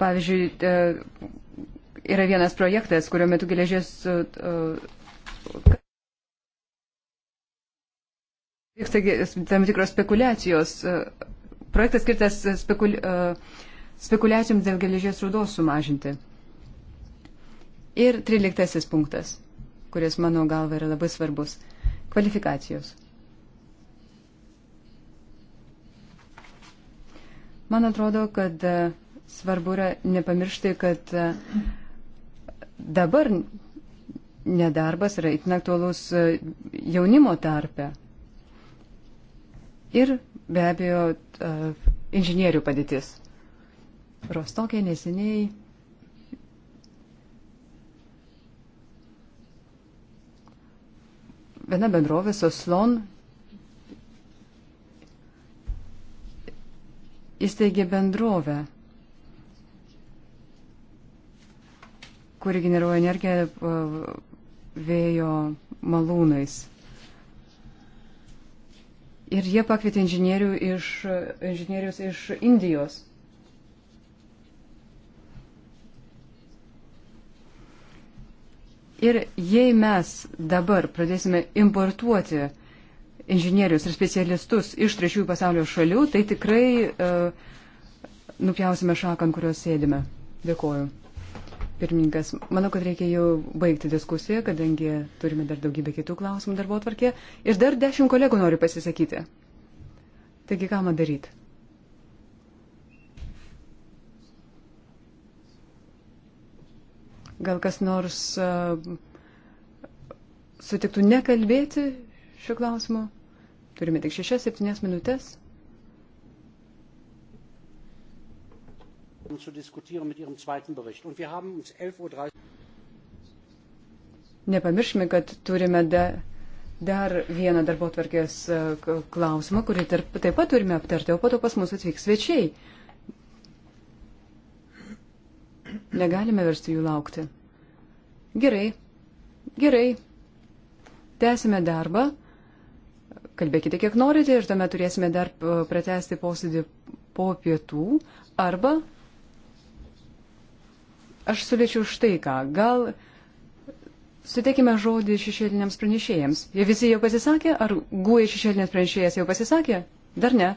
Pavyzdžiui, e, yra vienas projektas, kurio metu geležės. E, vyksta tam tikros spekulacijos. E, projektas skirtas spekul... spekulacijoms dėl geležės rudos sumažinti. Ir tryliktasis punktas, kuris mano galva yra labai svarbus - kvalifikacijos. Man atrodo, kad svarbu yra nepamiršti, kad e, dabar nedarbas yra itin aktualus e, jaunimo tarpe. Ir be abejo e, inžinierių padėtis. Rostokė neseniai viena bendrovė Soslon įsteigė bendrovę kuri generuoja energiją vėjo malūnais. Ir jie pakvietė inžinierių iš, inžinierius iš Indijos. Ir jei mes dabar pradėsime importuoti inžinierius ir specialistus iš trečiųjų pasaulio šalių, tai tikrai uh, nupjausime šaką, ant kurios sėdime. Dėkuoju. Pirmininkas, manau, kad reikia jau baigti diskusiją, kadangi turime dar daugybę kitų klausimų darbo atvarkė. Ir dar dešimt kolegų nori pasisakyti. Taigi, ką man daryti? Gal kas nors uh, sutiktų nekalbėti šiuo klausimu? Turime tik šešias, septynias minutės. Um zu diskutieren mit Ihrem zweiten Bericht. Und wir haben uns 11.30 Uhr. Nepamirškime, kad turime da, dar vieną darbo tvarkės e, klausimą, kurį tarp, taip pat turime aptarti, o po to pas mus atvyks svečiai. Negalime versti jų laukti. Gerai, gerai. Tęsime darbą. Kalbėkite, kiek norite ir tuomet turėsime dar e, pratesti posėdį po pietų arba Aš sulėčiau štai ką. Gal suteikime žodį šešėliniams pranešėjams. Jie visi jau pasisakė? Ar guoja šešėlinės pranešėjas jau pasisakė? Dar ne.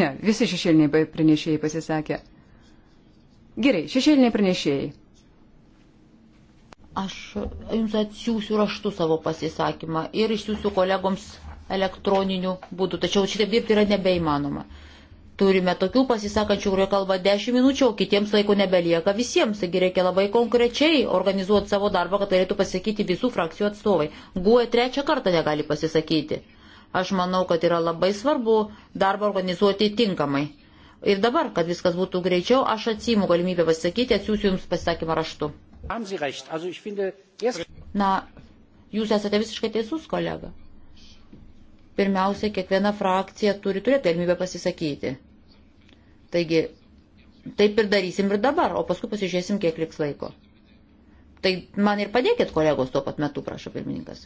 Ne, visi šešėliniai pranešėjai pasisakė. Gerai, šešėliniai pranešėjai. Aš jums atsiųsiu raštu savo pasisakymą ir išsiųsiu kolegoms elektroniniu būdu, tačiau šitaip dirbti yra nebeįmanoma. Turime tokių pasisakančių, kurie kalba 10 minučių, o kitiems laiko nebelieka visiems. Taigi reikia labai konkrečiai organizuoti savo darbą, kad galėtų pasakyti visų frakcijų atstovai. Guoja trečią kartą negali pasisakyti. Aš manau, kad yra labai svarbu darbą organizuoti tinkamai. Ir dabar, kad viskas būtų greičiau, aš atsimu galimybę pasisakyti, atsiųsiu Jums pasisakymą raštu. Na, Jūs esate visiškai teisus, kolega pirmiausia, kiekviena frakcija turi turėti galimybę pasisakyti. Taigi, taip ir darysim ir dabar, o paskui pasižiūrėsim, kiek liks laiko. Tai man ir padėkit kolegos tuo pat metu, prašo pirmininkas.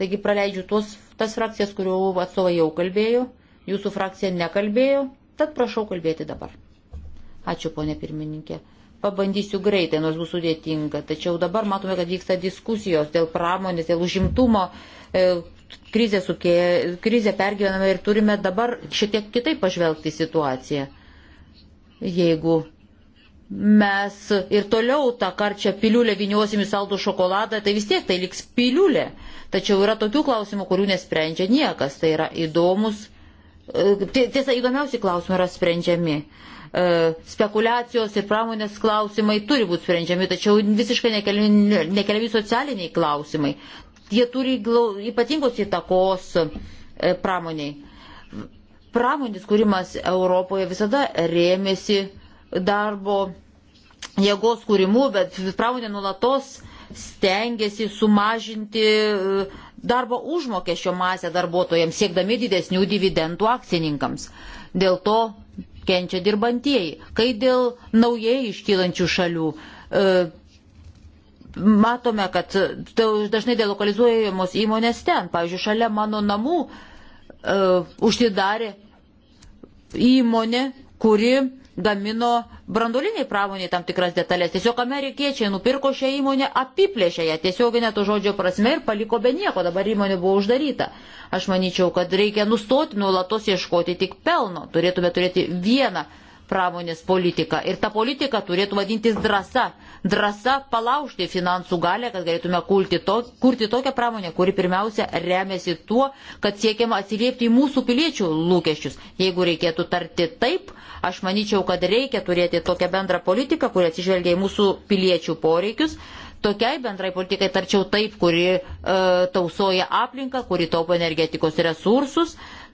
Taigi praleidžiu tuos, tas frakcijas, kurių atstovai jau kalbėjo, jūsų frakcija nekalbėjo, tad prašau kalbėti dabar. Ačiū, ponė pirmininkė. Pabandysiu greitai, nors bus sudėtinga, tačiau dabar matome, kad vyksta diskusijos dėl pramonės, dėl užimtumo, e, krizę, sukė, krizę pergyvename ir turime dabar šiek tiek kitaip pažvelgti situaciją. Jeigu mes ir toliau tą karčią piliulę viniosim į saldų šokoladą, tai vis tiek tai liks piliulė. Tačiau yra tokių klausimų, kurių nesprendžia niekas. Tai yra įdomus. E, tiesa, įdomiausi klausimai yra sprendžiami. E, Spekulacijos ir pramonės klausimai turi būti sprendžiami, tačiau visiškai nekeliami socialiniai klausimai. Jie turi ypatingos įtakos e, pramoniai. Pramonės kūrimas Europoje visada rėmėsi darbo jėgos kūrimu, bet pramonė nulatos stengiasi sumažinti e, darbo užmokesčio masę darbuotojams, siekdami didesnių dividendų akcininkams. Dėl to kenčia dirbantieji. Kai dėl naujai iškylančių šalių e, matome, kad dažnai delokalizuojamos įmonės ten. Pavyzdžiui, šalia mano namų uh, užsidarė įmonė, kuri gamino brandoliniai pramoniai tam tikras detalės. Tiesiog amerikiečiai nupirko šią įmonę, apiplėšė ją tiesioginė to žodžio prasme ir paliko be nieko, dabar įmonė buvo uždaryta. Aš manyčiau, kad reikia nustoti nuolatos ieškoti tik pelno, turėtume turėti vieną pramonės politiką. Ir ta politika turėtų vadintis drąsa. Drąsa palaužti finansų galę, kad galėtume kurti, to, kurti tokią pramonę, kuri pirmiausia remiasi tuo, kad siekiama atsiliepti į mūsų piliečių lūkesčius. Jeigu reikėtų tarti taip, aš manyčiau, kad reikia turėti tokią bendrą politiką, kuri atsižvelgia į mūsų piliečių poreikius tokiai bendrai politikai tarčiau taip, kuri e, tausoja aplinką, kuri taupo energetikos resursus,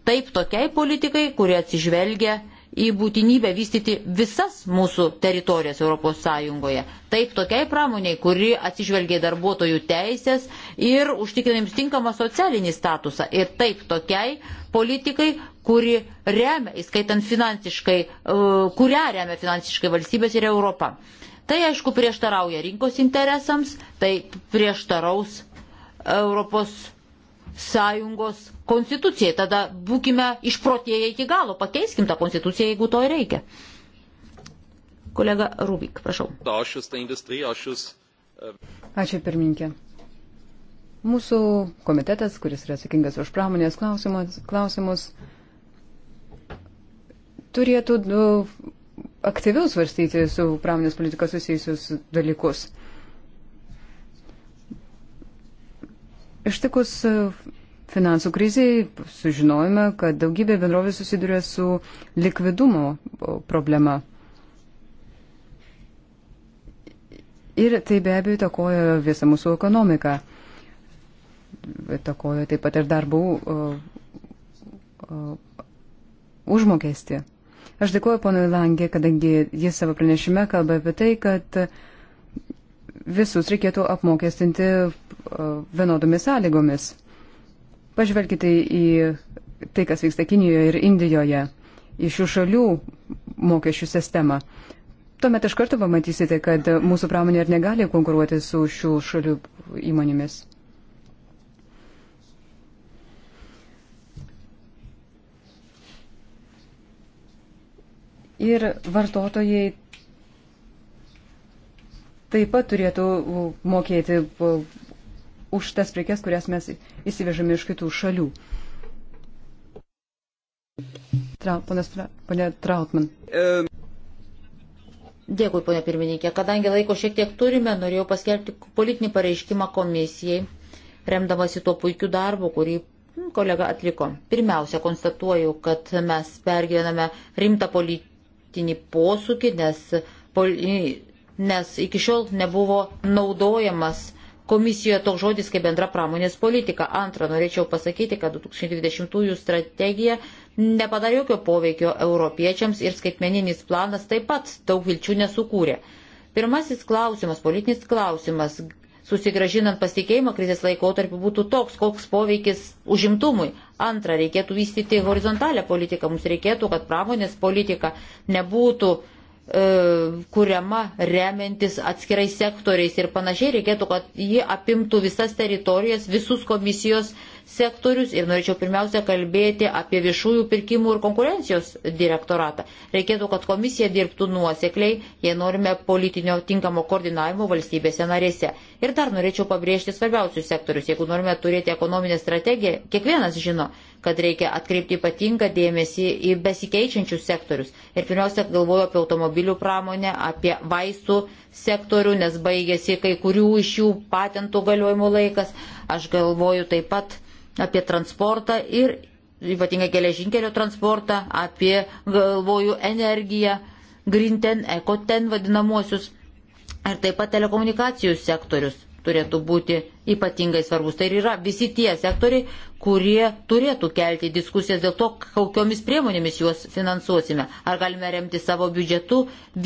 taip tokiai politikai, kuri atsižvelgia į būtinybę vystyti visas mūsų teritorijas ES. Taip tokiai pramoniai, kuri atsižvelgia į darbuotojų teisės ir užtikrina jums tinkamą socialinį statusą. Ir taip tokiai politikai, kuri remia, įskaitant finansiškai, e, kurią remia finansiškai valstybės ir Europa. Tai aišku prieštarauja rinkos interesams, tai prieštaraus Europos Sąjungos konstitucijai. Tada būkime išprotėję iki galo, pakeiskim tą konstituciją, jeigu to reikia. Kolega Rubik, prašau. Tai e, Ačiū pirmininkė. Mūsų komitetas, kuris yra atsakingas už pramonės klausimus, klausimus turėtų nu, aktyviau svarstyti su pramonės politika susijusius dalykus. Ištikus finansų kriziai sužinojome, kad daugybė bendrovė susiduria su likvidumo problema. Ir tai be abejo įtakojo visą mūsų ekonomiką. Įtakojo taip pat ir darbų užmokesti. Aš dėkuoju ponui Langė, kadangi jis savo pranešime kalba apie tai, kad visus reikėtų apmokestinti vienodomis sąlygomis. Pažvelkite į tai, kas vyksta Kinijoje ir Indijoje, į šių šalių mokesčių sistemą. Tuomet iš karto pamatysite, kad mūsų pramonė ir negali konkuruoti su šių šalių įmonėmis. Ir vartotojai taip pat turėtų mokėti už tas prekes, kurias mes įsivežame iš kitų šalių. Trau, ponas, ponė Trautman. Dėkui, ponė pirmininkė. Kadangi laiko šiek tiek turime, norėjau paskelbti politinį pareiškimą komisijai, remdamasi tuo puikiu darbu, kurį kolega atliko. Pirmiausia, konstatuoju, kad mes pergyvename rimtą politinį posūkį, nes, poli, nes iki šiol nebuvo naudojamas komisijoje toks žodis kaip bendra pramonės politika. Antra, norėčiau pasakyti, kad 2020 strategija nepadarė jokio poveikio europiečiams ir skaitmeninis planas taip pat daug vilčių nesukūrė. Pirmasis klausimas, politinis klausimas, susigražinant pasitikėjimą krizės laikotarpiu būtų toks, koks poveikis užimtumui. Antra, reikėtų vystyti horizontalią politiką. Mums reikėtų, kad pramonės politika nebūtų E, kuriama remiantis atskirais sektoriais ir panašiai, reikėtų, kad ji apimtų visas teritorijas, visus komisijos sektorius ir norėčiau pirmiausia kalbėti apie viešųjų pirkimų ir konkurencijos direktoratą. Reikėtų, kad komisija dirbtų nuosekliai, jei norime politinio tinkamo koordinavimo valstybėse narėse. Ir dar norėčiau pabrėžti svarbiausius sektorius. Jeigu norime turėti ekonominę strategiją, kiekvienas žino, kad reikia atkreipti ypatingą dėmesį į besikeičiančius sektorius. Ir pirmiausia, galvoju apie automobilių pramonę, apie vaistų sektorių, nes baigėsi kai kurių iš jų patentų galiojimo laikas. Aš galvoju taip pat apie transportą ir ypatingai geležinkelio transportą, apie galvoju energiją, Grinten, Ekoten vadinamuosius. Ir taip pat telekomunikacijų sektorius turėtų būti ypatingai svarbus. Tai yra visi tie sektoriai, kurie turėtų kelti diskusijas dėl to, kokiomis priemonėmis juos finansuosime. Ar galime remti savo biudžetu?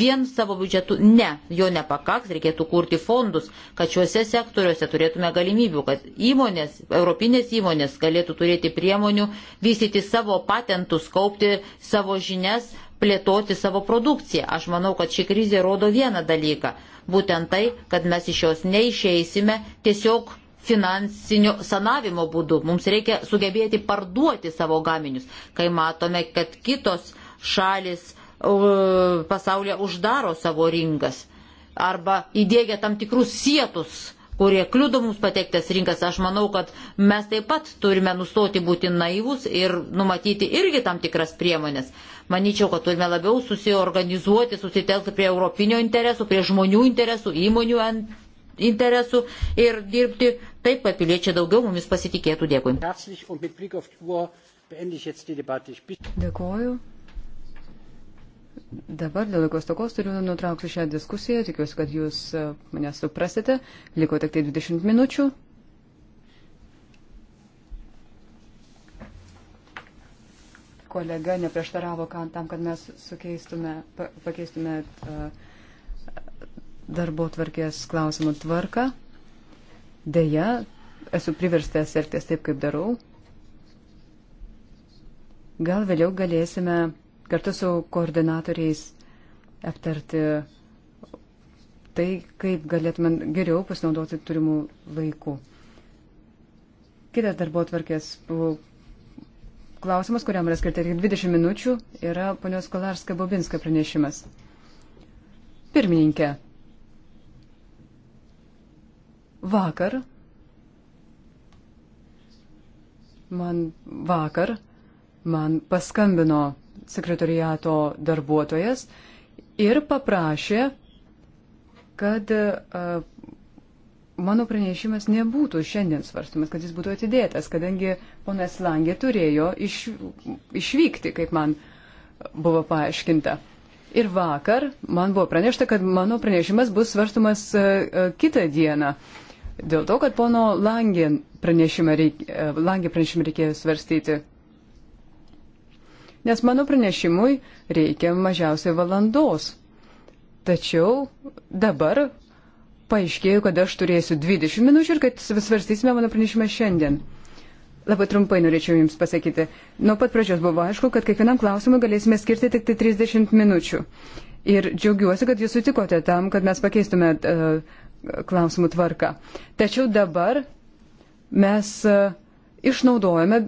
Vien savo biudžetu ne, jo nepakaks, reikėtų kurti fondus, kad šiuose sektoriuose turėtume galimybių, kad įmonės, europinės įmonės galėtų turėti priemonių, vystyti savo patentus, kaupti savo žinias, plėtoti savo produkciją. Aš manau, kad ši krizė rodo vieną dalyką būtent tai, kad mes iš jos neišeisime tiesiog finansinio sanavimo būdu. Mums reikia sugebėti parduoti savo gaminius, kai matome, kad kitos šalis e, pasaulyje uždaro savo rinkas arba įdėgia tam tikrus sietus kurie kliudo mums patektas rinkas. Aš manau, kad mes taip pat turime nustoti būti naivus ir numatyti irgi tam tikras priemonės. Manyčiau, kad turime labiau susiorganizuoti, susitelkti prie europinio interesų, prie žmonių interesų, įmonių interesų ir dirbti taip, kad piliečiai daugiau mumis pasitikėtų. Dėkui. Dėkuoju. Dabar dėl laikos tokos turiu nutraukti šią diskusiją. Tikiuosi, kad jūs e, mane suprasite. Liko tik tai 20 minučių. kolega neprieštaravo tam, kad mes sukeistume, pakeistume uh, darbo tvarkės klausimų tvarką. Deja, esu priverstas elgtis taip, kaip darau. Gal vėliau galėsime kartu su koordinatoriais aptarti tai, kaip galėtume geriau pasinaudoti turimų laikų. Kitas darbo tvarkės klausimas, kuriam yra skirta tik 20 minučių, yra ponios Kolarska Bobinska pranešimas. Pirmininkė. Vakar. Man vakar man paskambino sekretariato darbuotojas ir paprašė, kad mano pranešimas nebūtų šiandien svarstumas, kad jis būtų atidėtas, kadangi ponas Langė turėjo iš, išvykti, kaip man buvo paaiškinta. Ir vakar man buvo pranešta, kad mano pranešimas bus svarstumas e, e, kitą dieną. Dėl to, kad pono Langė pranešimą, reik, e, Langė pranešimą reikėjo svarstyti. Nes mano pranešimui reikia mažiausiai valandos. Tačiau dabar paaiškėjo, kad aš turėsiu 20 minučių ir kad svarstysime mano pranešimą šiandien. Labai trumpai norėčiau Jums pasakyti. Nuo pat pradžios buvo aišku, kad kiekvienam klausimui galėsime skirti tik tai 30 minučių. Ir džiaugiuosi, kad Jūs sutikote tam, kad mes pakeistume uh, klausimų tvarką. Tačiau dabar mes uh, išnaudojame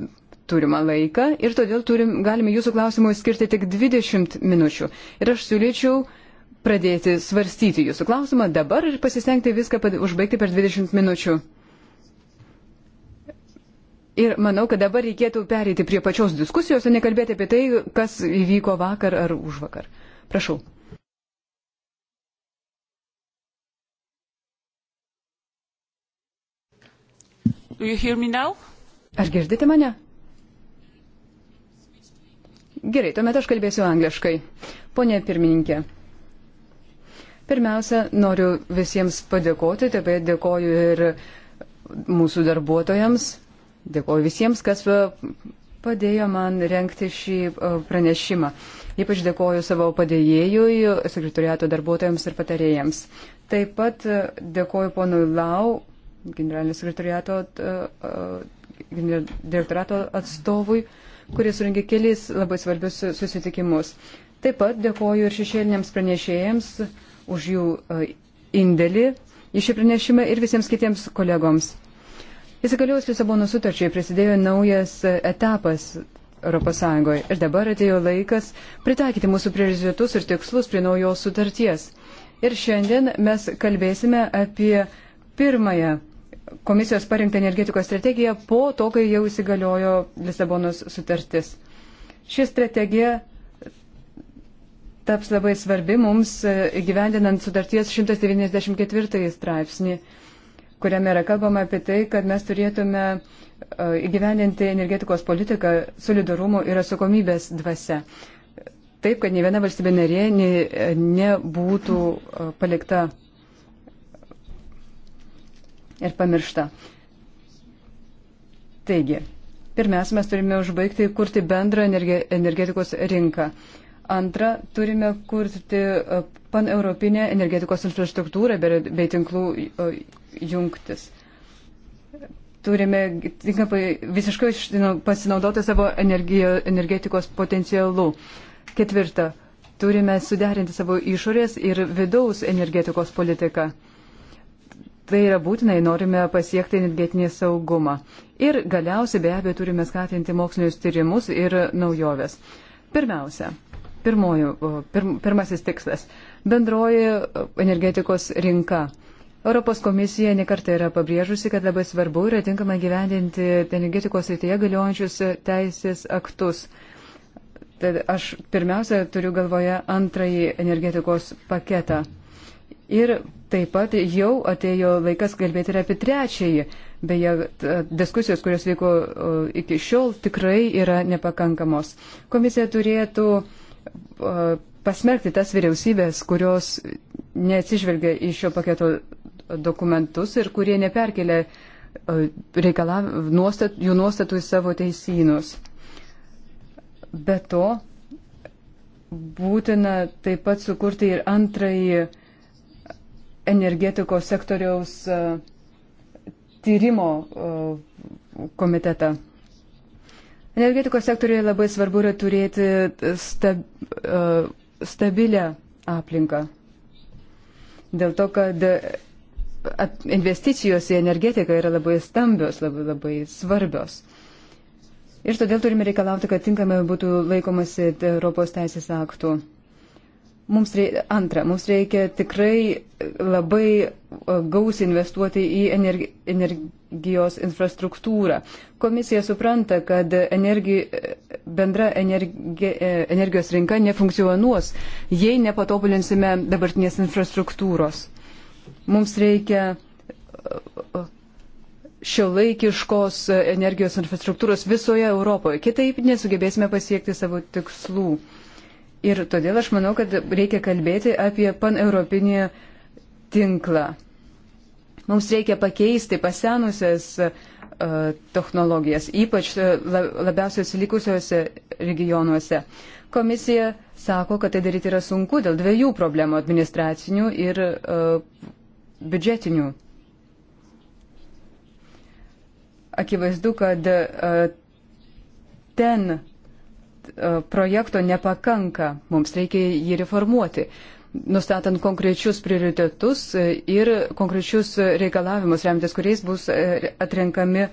turimą laiką ir todėl turim, galime Jūsų klausimui skirti tik 20 minučių. Ir aš siūlyčiau uh, pradėti svarstyti jūsų klausimą dabar ir pasistengti viską užbaigti per 20 minučių. Ir manau, kad dabar reikėtų perėti prie pačios diskusijos, o nekalbėti apie tai, kas įvyko vakar ar už vakar. Prašau. Ar girdite mane? Gerai, tuomet aš kalbėsiu angliškai. Pone pirmininkė. Pirmiausia, noriu visiems padėkoti, taip pat dėkoju ir mūsų darbuotojams, dėkoju visiems, kas e, padėjo man renkti šį e, pranešimą. Ypač dėkoju savo padėjėjui, sekretoriato darbuotojams ir patarėjams. Taip pat e, dėkoju ponui Lau, generalinio sekretoriato direktorato atstovui, kuris surinkė kelis labai svarbius susitikimus. Taip pat dėkoju ir šešėliniams pranešėjams už jų e, indėlį į šį pranešimą ir visiems kitiems kolegoms. Įsigaliojus Lisabono sutarčiai prasidėjo naujas etapas ES ir dabar atėjo laikas pritaikyti mūsų prioritetus ir tikslus prie naujos sutarties. Ir šiandien mes kalbėsime apie pirmąją komisijos parinktą energetikos strategiją po to, kai jau įsigaliojo Lisabonos sutartis. Ši strategija taps labai svarbi mums e, gyvendinant sutarties 194 straipsnį, kuriame yra kalbama apie tai, kad mes turėtume e, įgyvendinti energetikos politiką solidarumo ir atsakomybės dvasia. Taip, kad ne viena valstybė narė nebūtų e, palikta ir pamiršta. Taigi, pirmiausia, mes turime užbaigti kurti bendrą energetikos rinką. Antra, turime kurti e, paneuropinę energetikos infrastruktūrą bei tinklų e, jungtis. Turime tinkamai visiškai pasinaudoti savo energijo, energetikos potencialu. Ketvirta, turime suderinti savo išorės ir vidaus energetikos politiką. Tai yra būtinai norime pasiekti energetinį saugumą. Ir galiausiai be abejo turime skatinti mokslinius tyrimus ir naujoves. Pirmiausia, pirmojo, pirm, pirmasis tikslas - bendroji energetikos rinka. Europos komisija nekartą yra pabrėžusi, kad labai svarbu yra tinkamai gyvendinti energetikos rytyje galiojančius teisės aktus. Tad aš pirmiausia turiu galvoje antrąjį energetikos paketą. Ir taip pat jau atėjo laikas kalbėti ir apie trečiąjį. Beje, diskusijos, kurios vyko iki šiol, tikrai yra nepakankamos. Komisija turėtų uh, pasmerkti tas vyriausybės, kurios neatsižvelgia į šio paketo dokumentus ir kurie neperkelia reikalav, nuostat, jų nuostatų į savo teisynus. Be to, būtina taip pat sukurti ir antrąjį energetikos sektoriaus tyrimo komitetą. Energetikos sektoriuje labai svarbu yra turėti stab, e, stabilę aplinką. Dėl to, kad investicijos į energetiką yra labai stambios, labai, labai svarbios. Ir todėl turime reikalauti, kad tinkamai būtų laikomasi Europos teisės aktų. Mums reikia, antra, mums reikia tikrai labai gausiai investuoti į energi, energi, energijos infrastruktūrą. Komisija supranta, kad energi, bendra energi, e, energijos rinka nefunkcionuos, jei nepatobulinsime dabartinės infrastruktūros. Mums reikia e, e, šio laikiškos energijos infrastruktūros visoje Europoje. Kitaip nesugebėsime pasiekti savo tikslų. Ir todėl aš manau, kad reikia kalbėti apie paneuropinį tinklą. Mums reikia pakeisti pasenusias e, technologijas, ypač e, labiausiai atsilikusiuose regionuose. Komisija sako, kad tai daryti yra sunku dėl dviejų problemų - administracinių ir uh, biudžetinių. Akivaizdu, kad uh, ten uh, projekto nepakanka, mums reikia jį reformuoti. Uh, nustatant konkrečius prioritetus ir konkrečius reikalavimus, remtis kuriais bus e, atrenkami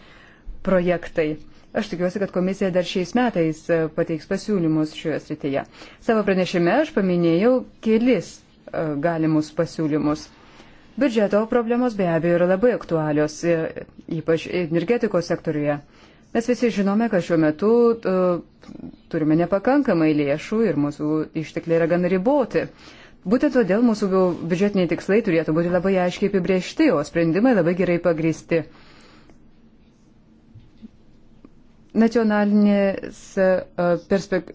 projektai. Aš tikiuosi, kad komisija dar šiais metais e, pateiks pasiūlymus šioje srityje. Savo pranešime aš paminėjau kelis e, galimus pasiūlymus. Biudžeto problemos be abejo yra labai aktualios, ypač energetikos sektoriuje. Mes visi žinome, kad šiuo metu uh, turime nepakankamai lėšų ir mūsų ištekliai yra gan riboti. Uh, Būtent todėl mūsų biudžetiniai tikslai turėtų būti labai aiškiai apibriežti, o sprendimai labai gerai pagristi. Nacionalinės e, perspek...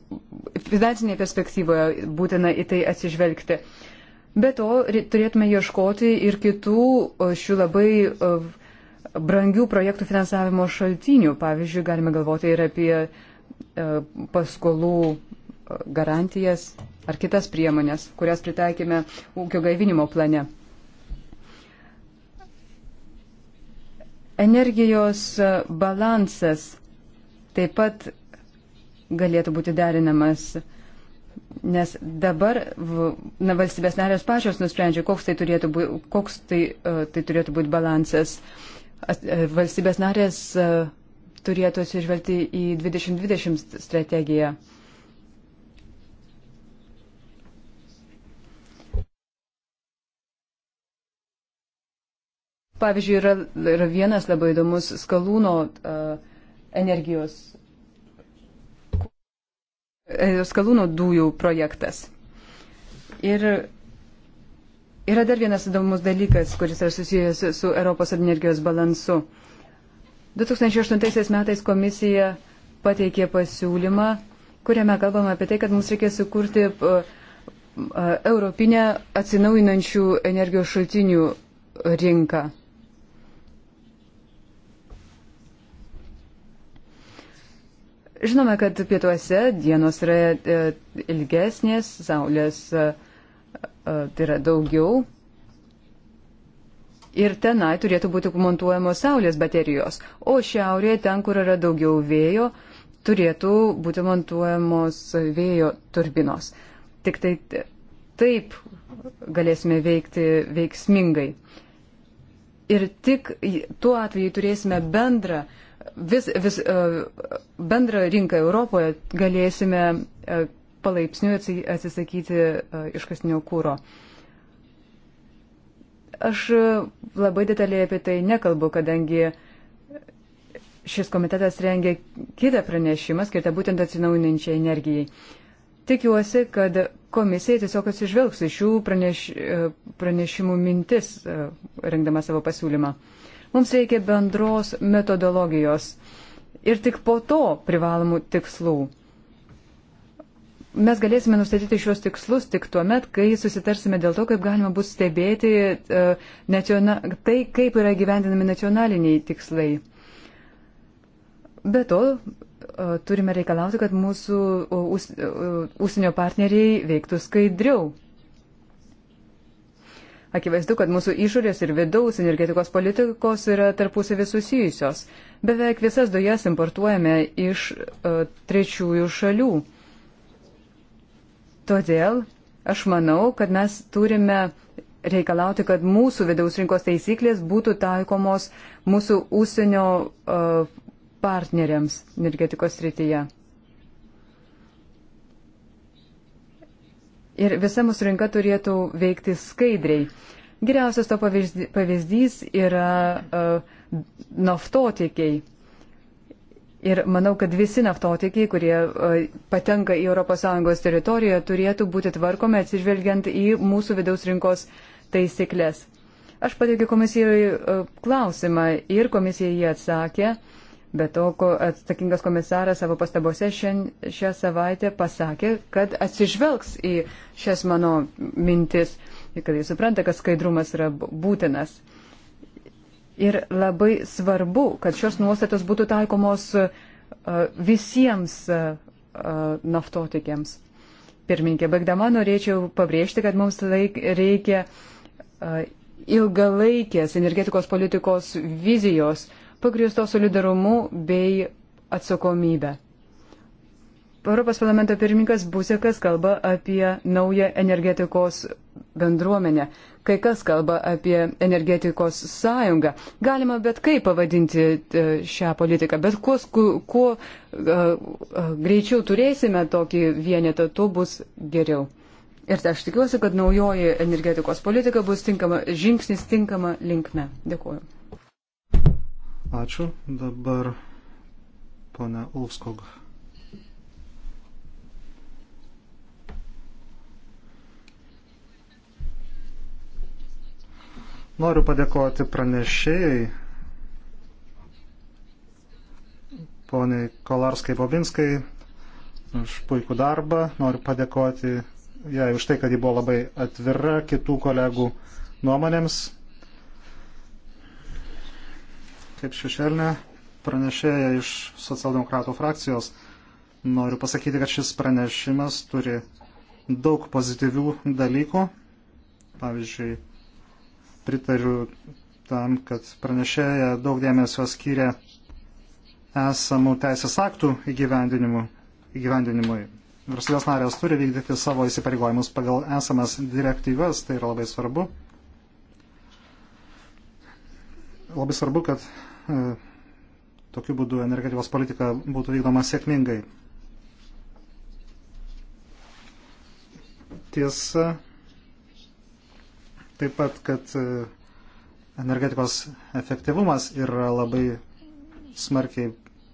finansinėje perspektyvoje būtina į tai atsižvelgti. Be to, turėtume ieškoti ir kitų e, šių labai e, brangių projektų finansavimo šaltinių. Pavyzdžiui, galime galvoti ir apie paskolų garantijas ar kitas priemonės, kurias pritaikėme ūkio gaivinimo plane. Energijos balansas taip pat galėtų būti derinamas, nes dabar na, valstybės narės pačios nusprendžia, koks tai turėtų, bū, koks tai, e, tai turėtų būti balansas. E, valstybės narės e, turėtų atsižvelgti į 2020 strategiją. Pavyzdžiui, yra, yra vienas labai įdomus skalūno uh, energijos, e, skalūno dujų projektas. Ir yra dar vienas įdomus dalykas, kuris yra susijęs su Europos energijos balansu. 2008 metais komisija pateikė pasiūlymą, kuriame kalbama apie tai, kad mums reikia sukurti uh, uh, europinę atsinaujinančių energijos šaltinių rinką. Žinome, kad pietuose dienos yra e, ilgesnės, saulės e, e, tai yra daugiau. Ir tenai turėtų būti montuojamos saulės baterijos. O šiaurėje, ten, kur yra daugiau vėjo, turėtų būti montuojamos vėjo turbinos. Tik tai taip galėsime veikti veiksmingai. Ir tik tuo atveju turėsime bendrą uh, vis, vis, e, bendrą rinką Europoje galėsime e, palaipsniui atsisakyti e, iškastinio kūro. Aš labai detaliai apie tai nekalbu, kadangi šis komitetas rengia kitą pranešimą skirtą būtent atsinaujinančiai energijai. Tikiuosi, kad komisija tiesiog atsižvelgs iš šių praneš, pranešimų mintis, rengdama savo pasiūlymą. Mums reikia bendros metodologijos ir tik po to privalomų tikslų. Mes galėsime nustatyti šios tikslus tik tuo met, kai susitarsime dėl to, kaip galima bus stebėti uh, naciona, tai, kaip yra gyvendinami nacionaliniai tikslai. Be to, uh, turime reikalauti, kad mūsų užsienio e, uh, partneriai veiktų skaidriau. Akivaizdu, kad mūsų išorės ir vidaus energetikos politikos yra tarpusavį susijusios. Beveik visas dujas importuojame iš uh, trečiųjų šalių. Todėl aš manau, kad mes turime reikalauti, kad mūsų vidaus rinkos taisyklės būtų taikomos mūsų ūsienio uh, e, partneriams energetikos srityje. ir visa mūsų rinka turėtų veikti skaidriai. Geriausias to pavyzdys yra uh, naftotiekiai. Ir manau, kad visi naftotiekiai, kurie uh, patenka į ES teritoriją, turėtų būti tvarkomi atsižvelgiant į mūsų vidaus rinkos taisyklės. Aš pateikiu komisijai uh, klausimą ir komisija jį atsakė. Uh, Bet to, ko atsakingas komisaras savo pastabose šią savaitę pasakė, kad atsižvelgs į šias mano mintis ir kad jis supranta, kad skaidrumas yra būtinas. Ir labai svarbu, kad šios nuostatos būtų taikomos visiems naftotikiams. Pirminkė, baigdama norėčiau pabrėžti, kad mums laik, reikia ilgalaikės energetikos politikos vizijos, pagriusto solidarumu bei atsakomybę. Europos parlamento pirmininkas Busekas kalba apie naują energetikos bendruomenę. Kai kas kalba apie energetikos sąjungą. Galima bet kaip pavadinti e, šią politiką, bet kuo, kuo e, e, greičiau turėsime tokį vienetą, tuo bus geriau. Ir aš tikiuosi, kad naujoji energetikos politika bus tinkama, žingsnis tinkama linkme. Dėkuoju. Ačiū. Dabar ponia Ulskog. Noriu padėkoti pranešėjai, poniai Kolarskai Bobinskai, už puikų darbą. Noriu padėkoti jai už tai, kad ji buvo labai atvira kitų kolegų nuomonėms kaip šešėlinė pranešėja iš socialdemokratų frakcijos. Noriu pasakyti, kad šis pranešimas turi daug pozityvių dalykų. Pavyzdžiui, pritariu tam, kad pranešėja daug dėmesio skyrė esamų teisės aktų įgyvendinimui. Varsybės narės turi vykdyti savo įsipareigojimus pagal esamas direktyvas, tai yra labai svarbu. labai svarbu, kad e, tokiu būdu energetikos politika būtų vykdoma sėkmingai. Tiesa, taip pat, kad e, energetikos efektyvumas yra labai smarkiai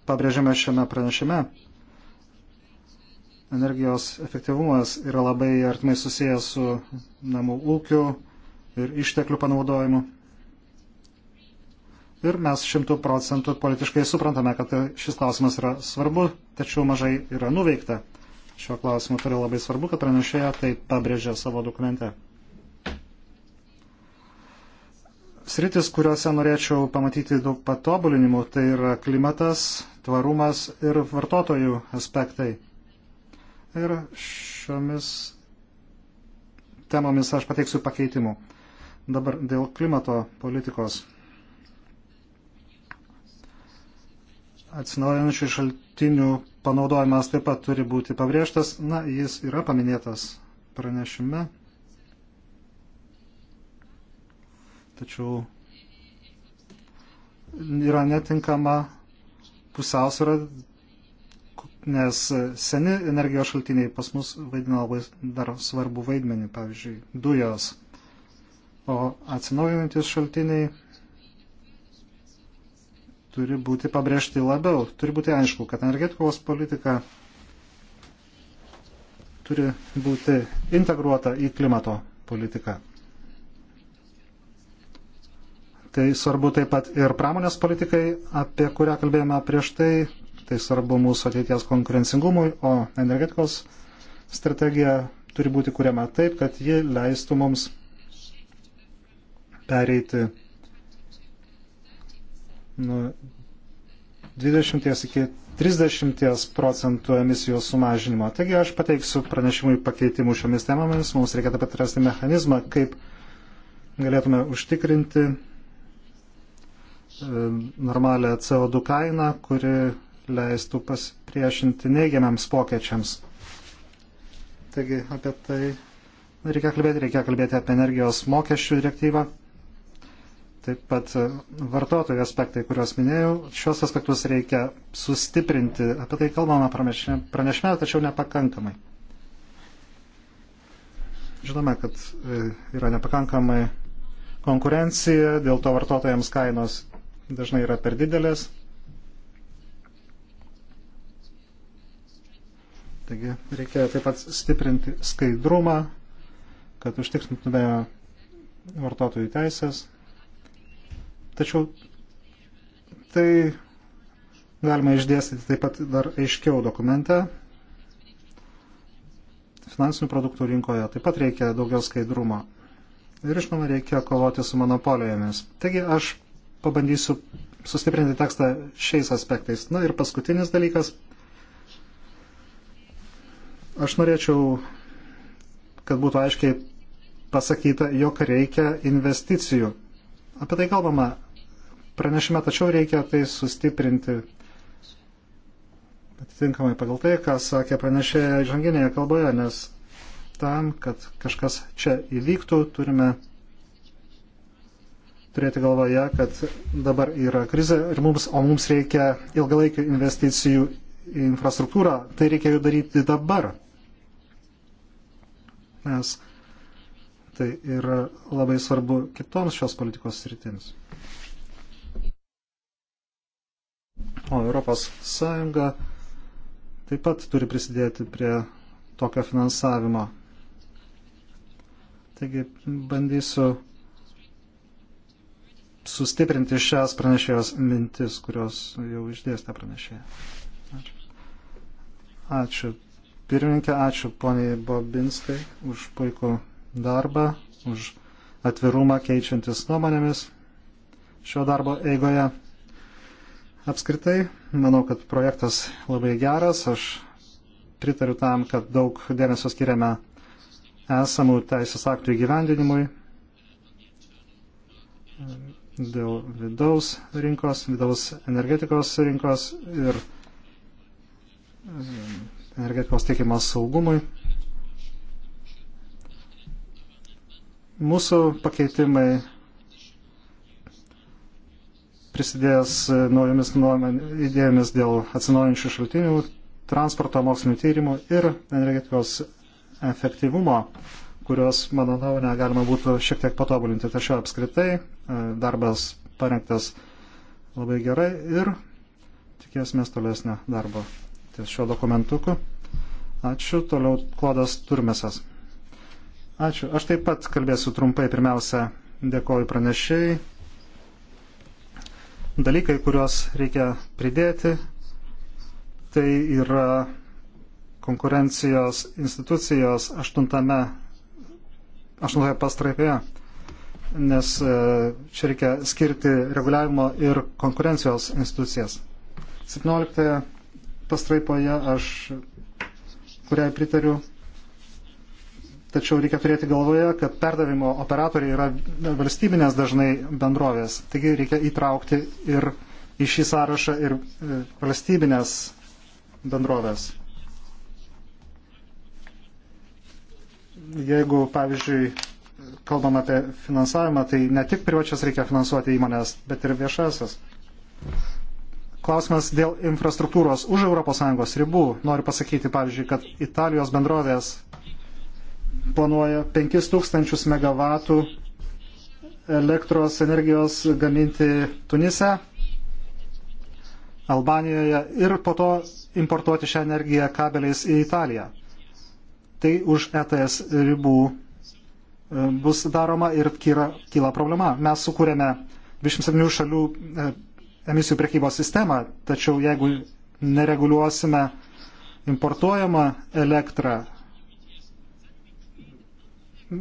pabrėžiama šiame pranešime. Energijos efektyvumas yra labai artimai susijęs su namų ūkiu ir išteklių panaudojimu. Ir mes šimtų procentų politiškai suprantame, kad šis klausimas yra svarbu, tačiau mažai yra nuveikta. Šiuo klausimu turi labai svarbu, kad pranešėja tai pabrėžė savo dokumente. Sritis, kuriuose norėčiau pamatyti daug patobulinimų, tai yra klimatas, tvarumas ir vartotojų aspektai. Ir šiomis temomis aš pateiksiu pakeitimų. Dabar dėl klimato politikos. atsinaujančių šaltinių panaudojimas taip pat turi būti pabrėžtas. Na, jis yra paminėtas pranešime. Tačiau yra netinkama pusiausvėra, nes seni energijos šaltiniai pas mus vaidina labai dar svarbu vaidmenį, pavyzdžiui, dujos. O atsinaujantis šaltiniai turi būti pabrėžti labiau. Turi būti aišku, kad energetikos politika turi būti integruota į klimato politiką. Tai svarbu taip pat ir pramonės politikai, apie kurią kalbėjome prieš tai. Tai svarbu mūsų ateities konkurencingumui, o energetikos strategija turi būti kuriama taip, kad ji leistų mums pereiti nuo 20 iki 30 procentų emisijų sumažinimo. Taigi aš pateiksiu pranešimui pakeitimų šiomis temomis, mums reikia taip pat rasti mechanizmą, kaip galėtume užtikrinti e, normalią CO2 kainą, kuri leistų pasipriešinti neigiamiams pokėčiams. Taigi apie tai reikia kalbėti, reikia kalbėti apie energijos mokesčių direktyvą. Taip pat e, vartotojų aspektai, kuriuos minėjau, šios aspektus reikia sustiprinti. Apie tai kalbama pranešime, tačiau nepakankamai. Žinome, kad e, yra nepakankamai konkurencija, dėl to vartotojams kainos dažnai yra per didelės. Taigi reikia taip pat stiprinti skaidrumą, kad užtikrintume vartotojų teisės. Tačiau tai galima išdėstyti taip pat dar aiškiau dokumente. Finansinių produktų rinkoje taip pat reikia daugiau skaidrumo. Ir žinoma, reikia kovoti su monopolijomis. Taigi aš pabandysiu sustiprinti tekstą šiais aspektais. Na ir paskutinis dalykas. Aš norėčiau, kad būtų aiškiai pasakyta, jog reikia investicijų. Apie tai kalbama pranešime, tačiau reikia tai sustiprinti atitinkamai pagal tai, ką sakė pranešėja žanginėje kalboje, nes tam, kad kažkas čia įvyktų, turime turėti galvoje, kad dabar yra krize ir mums, o mums reikia ilgalaikių investicijų į infrastruktūrą, tai reikia jų daryti dabar. Nes tai yra labai svarbu kitoms šios politikos sritims. o Europos Sąjunga taip pat turi prisidėti prie tokio finansavimo. Taigi bandysiu sustiprinti šias pranešėjos mintis, kurios jau išdėstė pranešėja. Ačiū. ačiū. Pirmininkė, ačiū poniai Bobinskai už puikų darbą, už atvirumą keičiantis nuomonėmis šio darbo eigoje. Apskritai, manau, kad projektas labai geras. Aš pritariu tam, kad daug dėmesio skiriame esamų teisės aktų įgyvendinimui dėl vidaus rinkos, vidaus energetikos rinkos ir um, energetikos tiekimas saugumui. Mūsų pakeitimai prisidės e, naujomis idėjomis dėl atsinaujančių šaltinių, transporto mokslinių tyrimų ir energetikos efektyvumo, kurios, mano nuomonė, galima būtų šiek tiek patobulinti. Tačiau apskritai e, darbas parengtas labai gerai ir tikėsime tolesnio darbo ties šiuo dokumentuku. Ačiū. Toliau klodas Turmesas. Ačiū. Aš taip pat kalbėsiu trumpai. Pirmiausia, dėkoju pranešėjai dalykai, kuriuos reikia pridėti, tai yra konkurencijos institucijos aštuntame, aštuntoje pastraipėje, nes e, čia reikia skirti reguliavimo ir konkurencijos institucijas. 17 pastraipoje aš, kuriai pritariu, Tačiau reikia turėti galvoje, kad perdavimo operatoriai yra valstybinės dažnai bendrovės. Taigi reikia įtraukti ir į šį sąrašą ir e, valstybinės bendrovės. Jeigu, pavyzdžiui, kalbam apie finansavimą, tai ne tik privačias reikia finansuoti įmonės, bet ir viešasis. Klausimas dėl infrastruktūros už ES ribų. Noriu pasakyti, pavyzdžiui, kad Italijos bendrovės planuoja 5000 MW elektros energijos gaminti Tunise, Albanijoje ir po to importuoti šią energiją kabeliais į Italiją. Tai už ETS ribų e, bus daroma ir kyla, kyla problema. Mes sukūrėme 27 šalių e, emisijų prekybos sistemą, tačiau jeigu nereguliuosime importuojamą elektrą,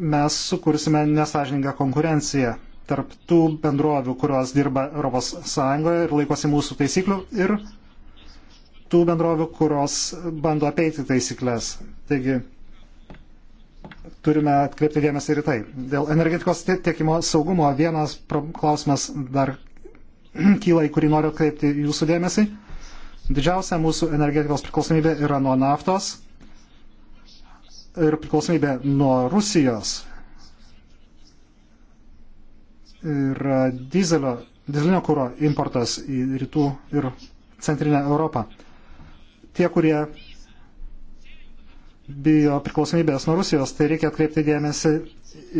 mes sukursime nesažiningą konkurenciją tarp tų bendrovių, kurios dirba ES ir laikosi mūsų taisyklių, ir tų bendrovių, kurios bando apeiti taisyklės. Taigi turime atkreipti dėmesį ir tai. Dėl energetikos tiekimo saugumo vienas klausimas dar [CLEARS THROAT] kyla, į kurį noriu atkreipti jūsų dėmesį. Didžiausia mūsų energetikos priklausomybė yra nuo naftos ir priklausomybė nuo Rusijos ir dizelio, dizelinio kūro importas į rytų ir centrinę Europą. Tie, kurie bijo priklausomybės nuo Rusijos, tai reikia atkreipti dėmesį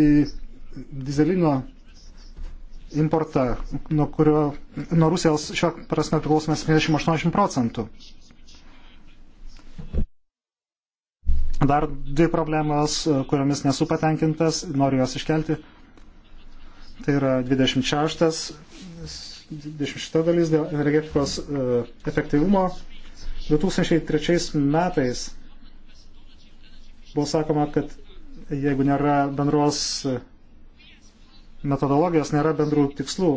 į dizelino importą, nuo, kurio, nuo Rusijos šiuo prasme priklausome 70-80 procentų. Dar dvi problemas, e, kuriomis nesu patenkintas, noriu jas iškelti. Tai yra 26, 26 dalis dėl energetikos e, efektyvumo. 2003 metais buvo sakoma, kad jeigu nėra bendros e, metodologijos, nėra bendrų tikslų.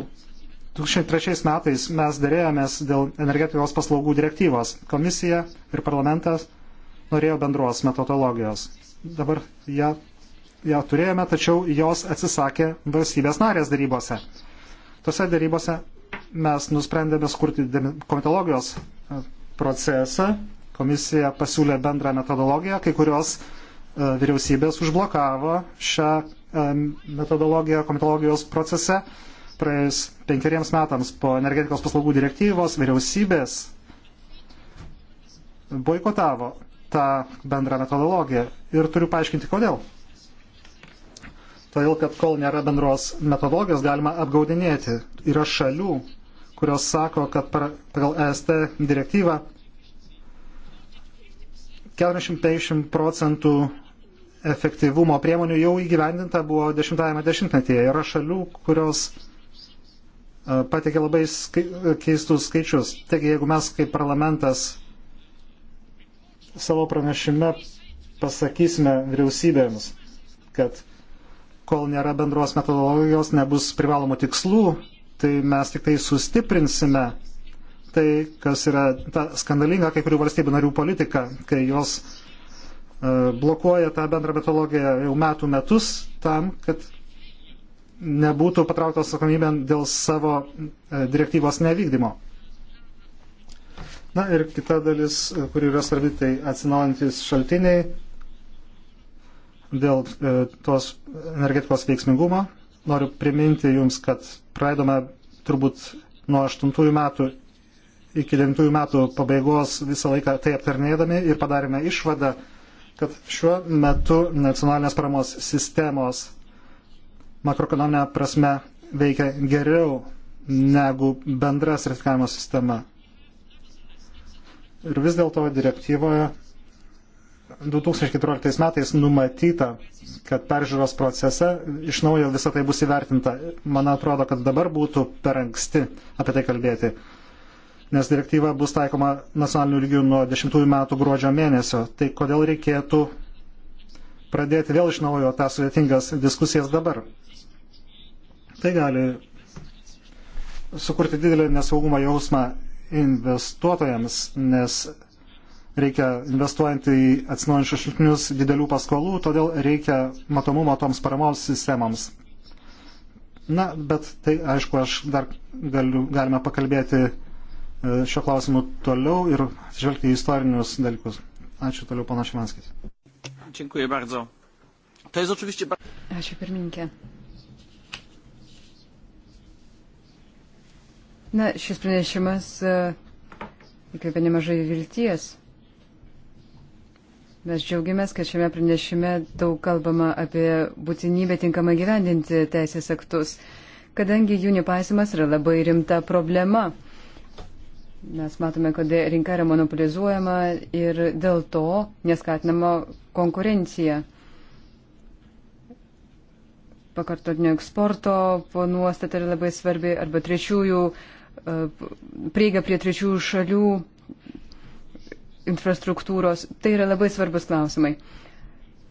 2003 metais mes dėrėjomės dėl energetikos paslaugų direktyvos. Komisija ir parlamentas norėjo bendros metodologijos. Dabar ją, ją turėjome, tačiau jos atsisakė valstybės narės darybose. Tose darybose mes nusprendėme skurti komitologijos e, procesą. Komisija pasiūlė bendrą metodologiją, kai kurios e, vyriausybės užblokavo šią e, metodologiją komitologijos procese. Praėjus penkeriems metams po energetikos paslaugų direktyvos vyriausybės boikotavo tą bendrą metodologiją. Ir turiu paaiškinti, kodėl. Todėl, kad kol nėra bendros metodologijos, galima apgaudinėti. Yra šalių, kurios sako, kad pagal EST direktyvą 40-50 procentų efektyvumo priemonių jau įgyvendinta buvo 10-ame dešimtmetyje. Yra šalių, kurios e, pateikė labai skai, keistus skaičius. Taigi, jeigu mes kaip parlamentas savo pranešime pasakysime vyriausybėms, kad kol nėra bendros metodologijos, nebus privalomų tikslų, tai mes tik tai sustiprinsime tai, kas yra ta skandalinga kai kurių valstybių narių politika, kai jos e, blokuoja tą bendrą metodologiją jau metų metus tam, kad nebūtų patrauktos atsakomybėn dėl savo e, direktyvos nevykdymo. Na ir kita dalis, e, kuri yra svarbi, tai atsinaujantis šaltiniai dėl e, tos energetikos veiksmingumo. Noriu priminti Jums, kad praeidome turbūt nuo 8 metų iki 9 metų pabaigos visą laiką tai aptarnėdami ir padarėme išvadą, kad šiuo metu nacionalinės paramos sistemos makroekonominė prasme veikia geriau negu bendra sertifikavimo sistema. Ir vis dėlto direktyvoje 2014 metais numatyta, kad peržiūros procese iš naujo visą tai bus įvertinta. Man atrodo, kad dabar būtų per anksti apie tai kalbėti, nes direktyva bus taikoma nacionaliniu lygiu nuo 10 metų gruodžio mėnesio. Tai kodėl reikėtų pradėti vėl iš naujo tą sudėtingas diskusijas dabar? Tai gali sukurti didelį nesaugumo jausmą investuotojams, nes reikia investuojant į atsinaujančius šaltinius didelių paskolų, todėl reikia matomumo toms paramos sistemams. Na, bet tai, aišku, aš dar galiu, galime pakalbėti e, šio klausimu toliau ir žvelgti į istorinius dalykus. Ačiū toliau, pana Šimanskis. Dziękuję bardzo. To jest oczywiście... Ačiū pirmininkė. Na, šis pranešimas e, įkvėpė nemažai vilties. Mes džiaugiamės, kad šiame pranešime daug kalbama apie būtinybę tinkamai gyvendinti teisės aktus, kadangi jų nepaisimas yra labai rimta problema. Mes matome, kad rinka yra monopolizuojama ir dėl to neskatinama konkurencija. Pakartotinio eksporto nuostata yra labai svarbi arba trečiųjų uh, prieiga prie trečių šalių infrastruktūros. Tai yra labai svarbus klausimai.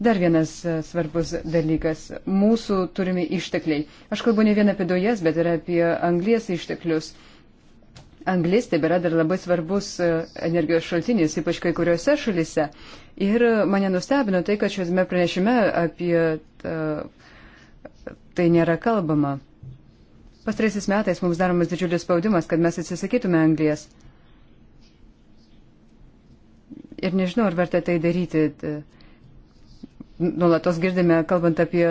Dar vienas e, svarbus dalykas - mūsų turimi ištekliai. Aš kalbu ne vien apie dujas, bet ir apie anglies išteklius. Anglis taip yra dar labai svarbus e, energijos šaltinis, ypač kai kuriuose šalise. Ir mane nustebino tai, kad šiame pranešime apie ta, e, tai nėra kalbama. Pastraisiais metais mums daromas didžiulis spaudimas, kad mes atsisakytume anglijas. Ir nežinau, ar verta tai daryti. Nulatos girdime, kalbant apie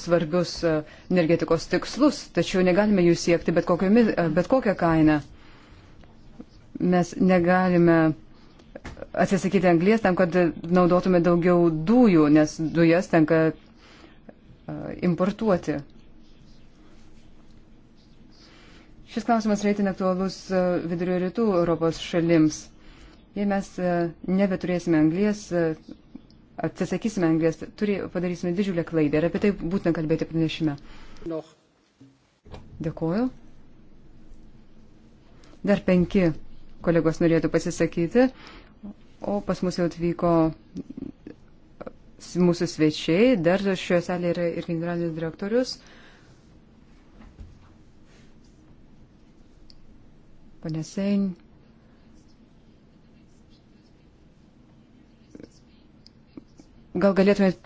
svarbius e, energetikos tikslus, tačiau negalime jų siekti bet, kokiomis, e, bet kokią kainą. Mes negalime atsisakyti anglies tam, kad naudotume daugiau dujų, nes dujas tenka e, importuoti. Šis klausimas yra itin aktualus e, vidurio rytų Europos šalims. Jei mes e, nebeturėsime anglės, e, atsisakysime anglės, turi, padarysime didžiulę klaidą ir apie tai būtent kalbėti pranešime. Dėkuoju. Dar penki kolegos norėtų pasisakyti, o pas mus jau atvyko mūsų svečiai, dar šioje salėje yra ir generalinis direktorius ponė Sein. Gal galėtumėt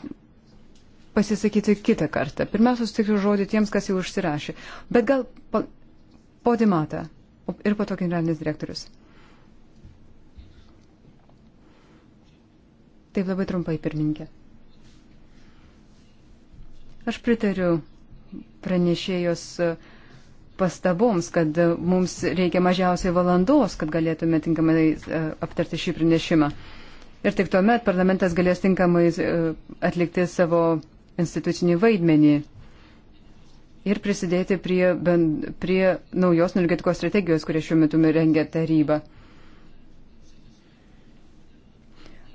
pasisakyti kitą kartą. Pirmiausia, sutiksiu žodį tiems, kas jau užsirašė. Bet gal po, po dimatą ir po to generalinis direktorius. Taip labai trumpai, pirmininkė. Aš pritariu pranešėjos uh, pastaboms, kad mums reikia mažiausiai valandos, kad galėtume tinkamai e, aptarti šį pranešimą. Ir tik tuomet parlamentas galės tinkamai e, atlikti savo institucinį vaidmenį ir prisidėti prie, bend, prie naujos energetikos strategijos, kurią šiuo metu rengia taryba.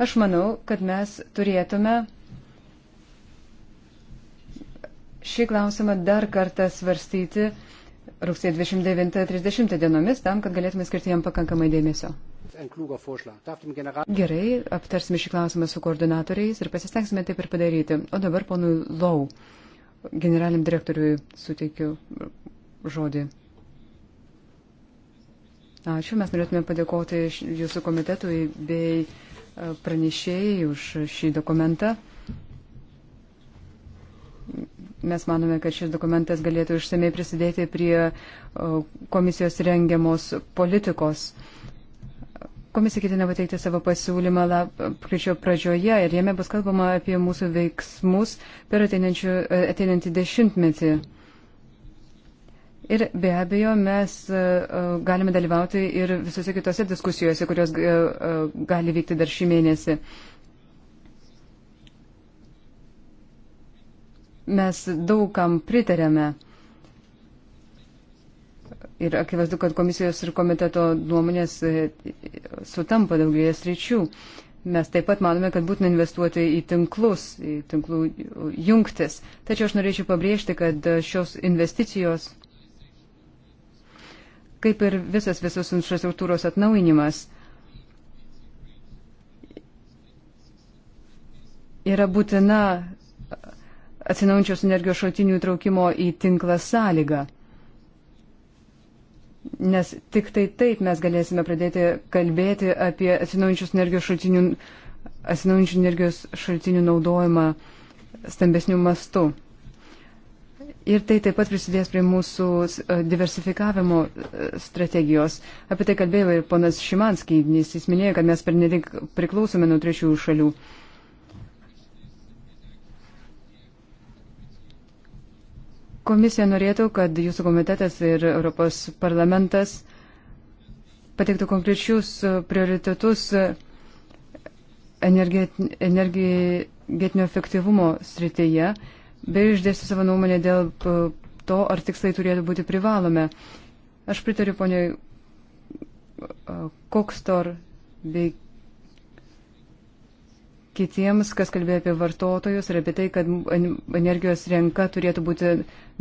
Aš manau, kad mes turėtume šį klausimą dar kartą svarstyti rugsėjo 29-30 dienomis tam, kad galėtume skirti jam pakankamai dėmesio. Gerai, aptarsime šį klausimą su koordinatoriais ir pasistengsime taip ir padaryti. O dabar ponui Lau, generaliniam direktoriui suteikiu žodį. Ačiū, mes norėtume padėkoti jūsų komitetui bei e, pranešėjai už šį dokumentą mes manome, kad šis dokumentas galėtų išsamei prisidėti prie komisijos rengiamos politikos. Komisija ketina pateikti savo pasiūlymą lapkričio pradžioje ir jame bus kalbama apie mūsų veiksmus per e, ateinantį dešimtmetį. Ir be abejo, mes e, e, galime dalyvauti ir visose kitose diskusijose, kurios gali vykti dar šį mėnesį. Mes daugam pritarėme. Ir akivaizdu, kad komisijos ir komiteto nuomonės e, sutampa daugelėje sričių. Mes taip pat manome, kad būtina investuoti į tinklus, į tinklų jungtis. Tačiau aš norėčiau pabrėžti, kad šios investicijos, kaip ir visas visos infrastruktūros atnauinimas, yra būtina atsinaujančios energijos šaltinių įtraukimo į tinklą sąlygą. Nes tik tai taip mes galėsime pradėti kalbėti apie atsinaujančios energijos šaltinių, atsinaujančių energijos šaltinių naudojimą stambesnių mastų. Ir tai taip pat prisidės prie mūsų e, diversifikavimo e, strategijos. Apie tai kalbėjo ir ponas Šimanskiai, nes jis minėjo, kad mes pernedik priklausome nuo trečiųjų šalių. Uh, Komisija norėtų, kad jūsų komitetas ir Europos parlamentas pateiktų konkrečius e, prioritetus e, energetinio efektyvumo srityje, bei išdėsti savo nuomonę dėl to, ar tikslai turėtų būti privalome. Aš pritariu poniai e, Kokstor bei kitiems, kas kalbėjo apie vartotojus ir apie tai, kad energijos renka turėtų būti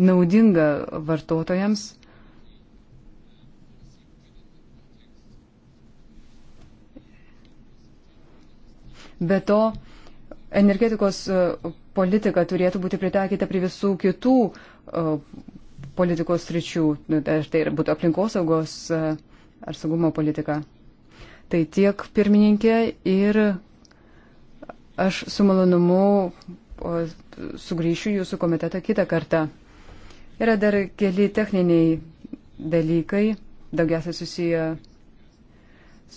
naudinga vartotojams. Be to, energetikos e, politika turėtų būti pritaikyta prie visų kitų e, politikos sričių, ar nu, tai, tai būtų aplinkosaugos e, ar saugumo politika. Tai tiek pirmininkė ir Aš su malonumu sugrįšiu jūsų komitetą kitą kartą. Yra dar keli techniniai dalykai, daugiausia susiję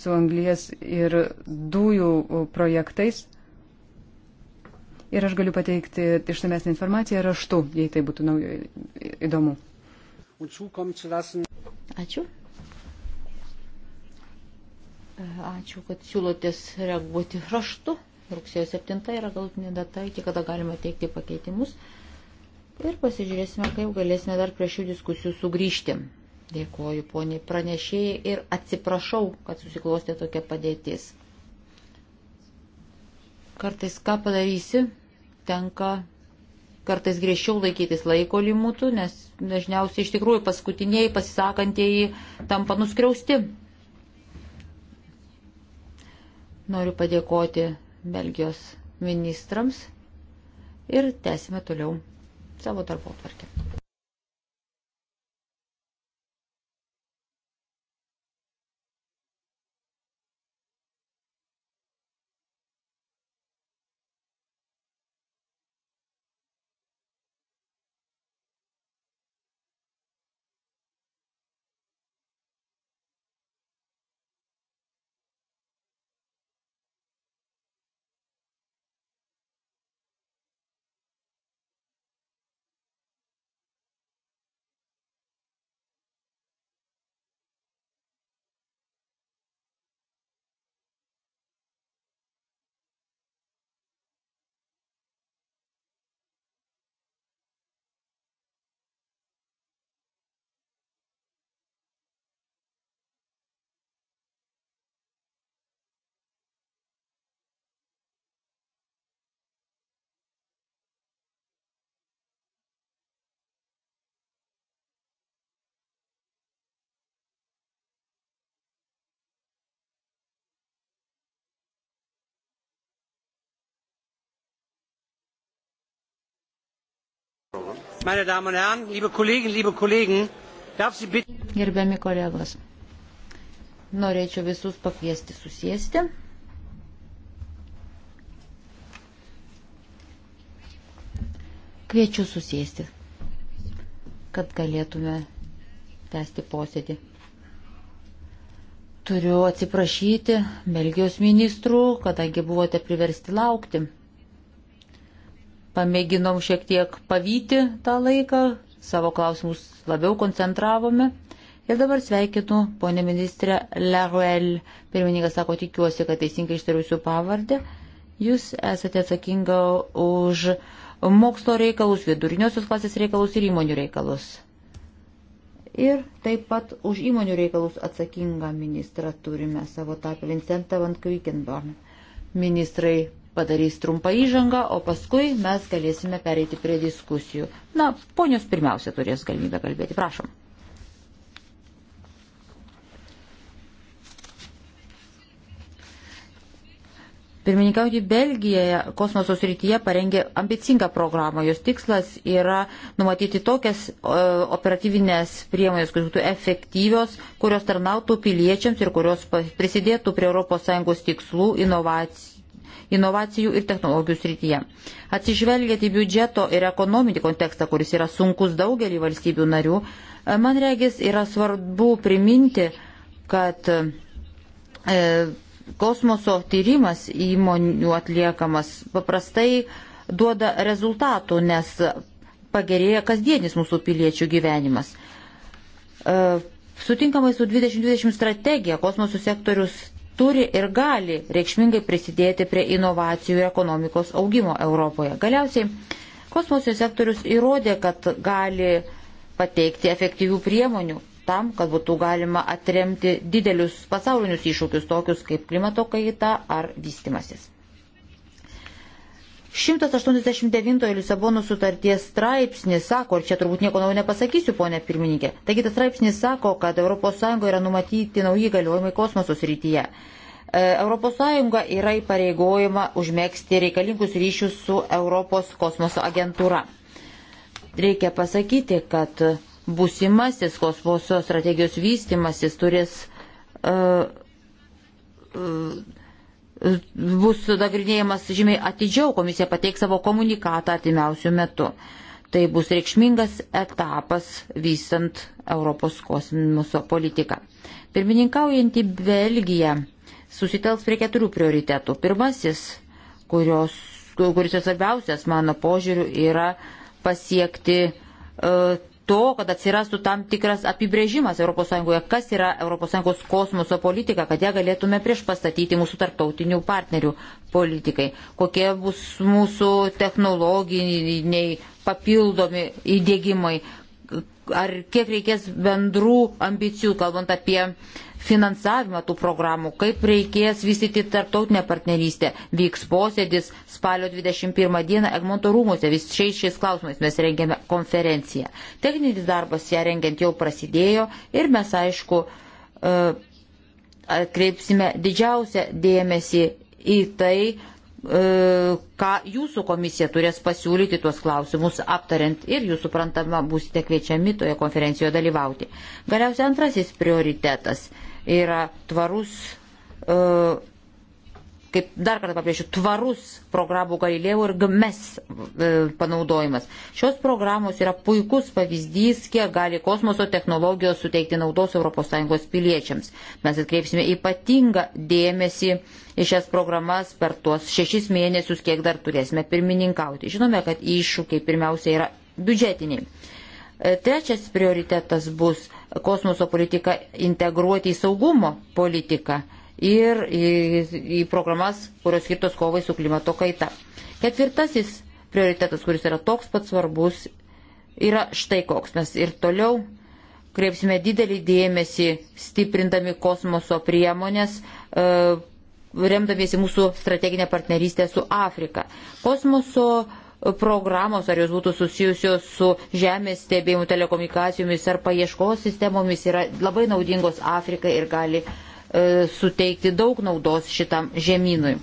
su anglijas ir dujų projektais. Ir aš galiu pateikti išsamesnį informaciją raštu, jei tai būtų naujo, įdomu. Ačiū. Ačiū, kad siūlotės reaguoti raštu. Rugsėjo 7 yra galutinė data, iki kada galima teikti pakeitimus. Ir pasižiūrėsime, kaip galėsime dar prie šių diskusijų sugrįžti. Dėkuoju poniai pranešėjai ir atsiprašau, kad susiklostė tokia padėtis. Kartais ką padarysi, tenka kartais griežčiau laikytis laiko limutų, nes dažniausiai iš tikrųjų paskutiniai pasisakantieji tampa nuskriausti. Noriu padėkoti Belgijos ministrams ir tęsime toliau savo darbo tvarkę. Meine Damen und Herren, liebe Kollegen, liebe Kollegen, darf Sie bitten. Gerbiami kolegos, norėčiau visus pakviesti susėsti. Kviečiu susėsti, kad galėtume tęsti posėdį. Turiu atsiprašyti Belgijos ministrų, kadangi buvote priversti laukti pamėginom šiek tiek pavyti tą laiką, savo klausimus labiau koncentravome. Ir dabar sveikinu, ponė ministrė Leruel. Pirmininkas sako, tikiuosi, kad teisingai ištariu jūsų pavardę. Jūs esate atsakinga už mokslo reikalus, viduriniosios klasės reikalus ir įmonių reikalus. Ir taip pat už įmonių reikalus atsakingą ministrą turime savo tapę Vincentą Van Kvikenborn. Ministrai padarys trumpą įžangą, o paskui mes galėsime pereiti prie diskusijų. Na, ponios pirmiausia turės galimybę kalbėti. Prašom. Pirmininkauti Belgijoje kosmoso srityje parengė ambicingą programą. Jos tikslas yra numatyti tokias operatyvinės priemonės, kurios būtų efektyvios, kurios tarnautų piliečiams ir kurios prisidėtų prie ES tikslų inovacijų inovacijų ir technologijų srityje. Atsižvelgiant į biudžeto ir ekonominį kontekstą, kuris yra sunkus daugelį valstybių narių, e, man regis yra svarbu priminti, kad e, kosmoso tyrimas įmonių atliekamas paprastai duoda rezultatų, nes pagerėja kasdienis mūsų piliečių gyvenimas. E, Sutinkamai su 2020 strategija kosmoso sektorius turi ir gali reikšmingai prisidėti prie inovacijų ir ekonomikos augimo Europoje. Galiausiai kosmoso sektorius įrodė, kad gali pateikti efektyvių priemonių tam, kad būtų galima atremti didelius pasaulinius iššūkius, tokius kaip klimato kaita ar vystimasis. 189 Lisabono sutarties straipsnis sako, ir čia turbūt nieko naujo nepasakysiu, ponė pirmininkė, taigi tas straipsnis sako, kad ES yra numatyti nauji galiojimai kosmoso srityje. ES yra įpareigojama užmėgsti reikalingus ryšius su Europos kosmoso agentūra. Reikia pasakyti, kad busimasis kosmoso strategijos vystimasis turės uh, uh, bus nagrinėjamas žymiai atidžiau, komisija pateiks savo komunikatą atimiausių metų. Tai bus reikšmingas etapas vystant Europos kosmoso politiką. Pirmininkaujantį Belgiją susitelks prie keturių prioritetų. Pirmasis, kurios, kuris yra svarbiausias mano požiūriu, yra pasiekti uh, to, kad atsirastų tam tikras apibrėžimas ES, kas yra ES kosmoso politika, kad ją galėtume prieš pastatyti mūsų tarptautinių partnerių politikai, kokie bus mūsų technologiniai papildomi įdėgymai, ar kiek reikės bendrų ambicijų, kalbant apie finansavimą tų programų, kaip reikės vystyti tarptautinę partnerystę. Vyks posėdis spalio 21 dieną Egmonto rūmose, vis šiais šiais klausimais mes rengėme konferenciją. Techninis darbas ją rengiant jau prasidėjo ir mes aišku e, atkreipsime didžiausią dėmesį į tai, E, ką jūsų komisija turės pasiūlyti tuos klausimus aptariant ir jūs suprantama būsite kviečiami toje konferencijoje dalyvauti. Galiausiai antrasis prioritetas yra tvarus uh, kaip dar kartą pabrėšiu, tvarus programų Galilėjo ir GMES e, panaudojimas. Šios programos yra puikus pavyzdys, kiek gali kosmoso technologijos suteikti naudos ES piliečiams. Mes atkreipsime ypatingą dėmesį į šias programas per tuos šešis mėnesius, kiek dar turėsime pirmininkauti. Žinome, kad iššūkiai pirmiausia yra biudžetiniai. E, trečias prioritetas bus kosmoso politika integruoti į saugumo politiką ir į, į programas, kurios skirtos kovai su klimato kaita. Ketvirtasis prioritetas, kuris yra toks pat svarbus, yra štai koks. Mes ir toliau kreipsime didelį dėmesį stiprindami kosmoso priemonės, e, remdamiesi mūsų strateginę partnerystę su Afrika. Kosmoso programos, ar jos būtų susijusios su žemės stebėjimu telekomunikacijomis ar paieškos sistemomis, yra labai naudingos Afrikai ir gali E, suteikti daug naudos šitam žemynui.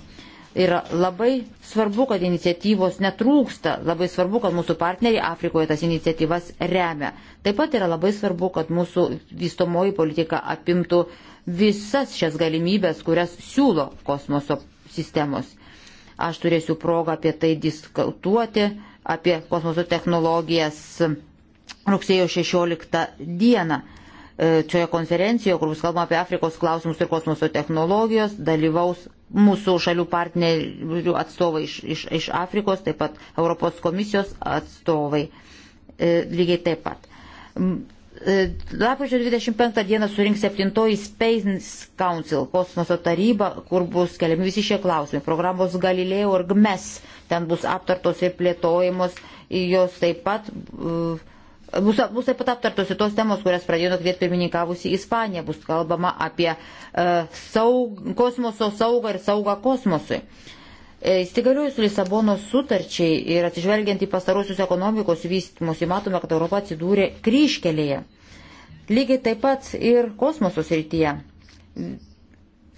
Ir labai svarbu, kad iniciatyvos netrūksta, labai svarbu, kad mūsų partneriai Afrikoje tas iniciatyvas remia. Taip pat yra labai svarbu, kad mūsų vystomoji politika apimtų visas šias galimybės, kurias siūlo kosmoso sistemos. Aš turėsiu progą apie tai diskutuoti, apie kosmoso technologijas rugsėjo 16 dieną šioje konferencijoje, kur bus kalbama apie Afrikos klausimus ir kosmoso technologijos, dalyvaus mūsų šalių partnerių atstovai iš, iš, iš Afrikos, taip pat Europos komisijos atstovai e, lygiai taip pat. E, lapkričio 25 dieną surinks 7 Space Council kosmoso taryba, kur bus keliami visi šie klausimai. Programos Galilėjo ir GMES ten bus aptartos ir plėtojamos, jos taip pat uh, Bus, bus taip pat aptartos tos temos, kurias pradėjo kviet pirmininkavusi Ispanija. Bus kalbama apie uh, saug, kosmoso saugą ir saugą kosmosui. E, įsigaliojus Lisabonos sutarčiai ir atsižvelgiant į pastarosius ekonomikos vystymus, matome, kad Europa atsidūrė kryškelėje. Lygiai taip pat ir kosmoso srityje.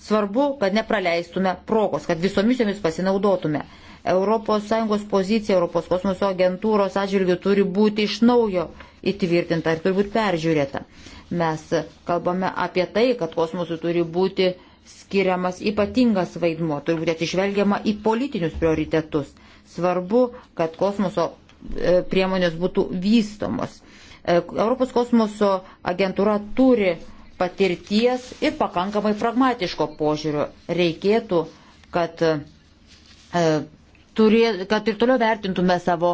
Svarbu, kad nepraleistume progos, kad visomis jomis pasinaudotume. Uh, ES pozicija Europos kosmoso agentūros atžvilgių turi būti iš naujo įtvirtinta ir turi būti peržiūrėta. Mes kalbame apie tai, kad kosmosui turi būti skiriamas ypatingas vaidmuo, turi būti atsižvelgiama į politinius prioritetus. Svarbu, kad kosmoso e, priemonės būtų vystomos. E, Europos kosmoso agentūra turi patirties ir pakankamai pragmatiško požiūrio. Reikėtų, kad e, turė, kad ir toliau vertintume savo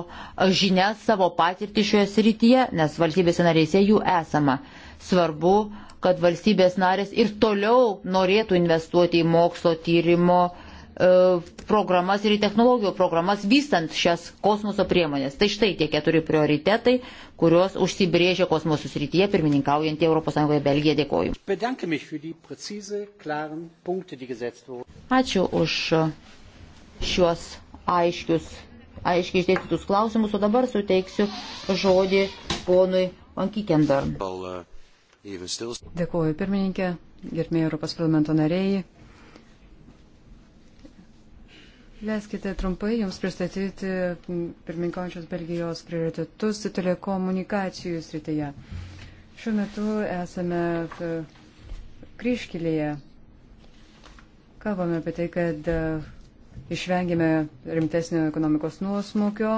žinias, savo patirtį šioje srityje, nes valstybėse narėse jų esama. Svarbu, kad valstybės narės ir toliau norėtų investuoti į mokslo tyrimo e, programas ir į technologijų programas, vystant šias kosmoso priemonės. Tai štai tie keturi prioritetai, kuriuos užsibrėžė kosmoso srityje pirmininkaujantį ES Belgiją. Dėkoju. Ačiū už šiuos aiškius, aiškiai išdėstytus klausimus, o dabar suteiksiu žodį ponui Ankikendar. Uh, Dėkuoju pirmininkė, gerbėjai Europos parlamento nariai. Leiskite trumpai Jums pristatyti pirmininkaujančios Belgijos prioritetus telekomunikacijų srityje. Šiuo metu esame kryškelėje. Kalbame apie tai, kad išvengėme rimtesnio ekonomikos nuosmukio,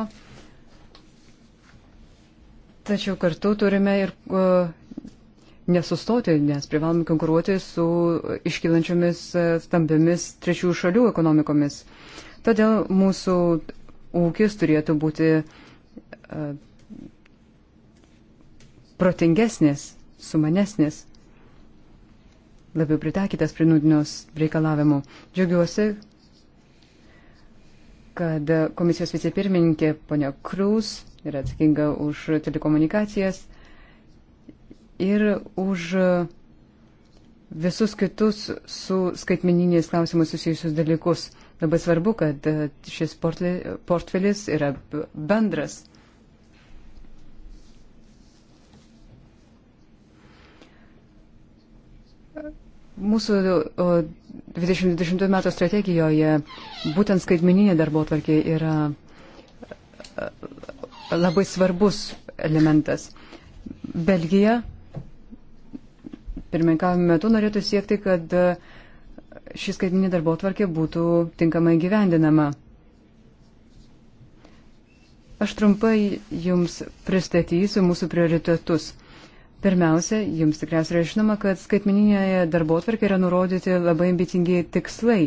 tačiau kartu turime ir e, nesustoti, nes privalome konkuruoti su iškilančiomis e, stambiamis trečių šalių ekonomikomis. Todėl mūsų ūkis turėtų būti e, protingesnis, sumanesnis, labiau pritaikytas prie nūdienos reikalavimų. Džiaugiuosi, kad komisijos vicepirmininkė ponia Krūs yra atsakinga už telekomunikacijas ir už visus kitus su skaitmeniniais klausimais susijusius dalykus. Labai svarbu, kad šis portfelis yra bendras. Mūsų 2020 metų strategijoje būtent skaitmeninė darbo tvarkė yra e, labai svarbus elementas. Belgija pirmininkavimo metu norėtų siekti, kad e, šis skaitminė darbo tvarkė būtų tinkamai gyvendinama. Aš trumpai jums pristatysiu mūsų prioritetus Pirmiausia, jums tikriausiai yra žinoma, kad skaitmeninėje darbo atvarkė yra nurodyti labai ambicingi tikslai.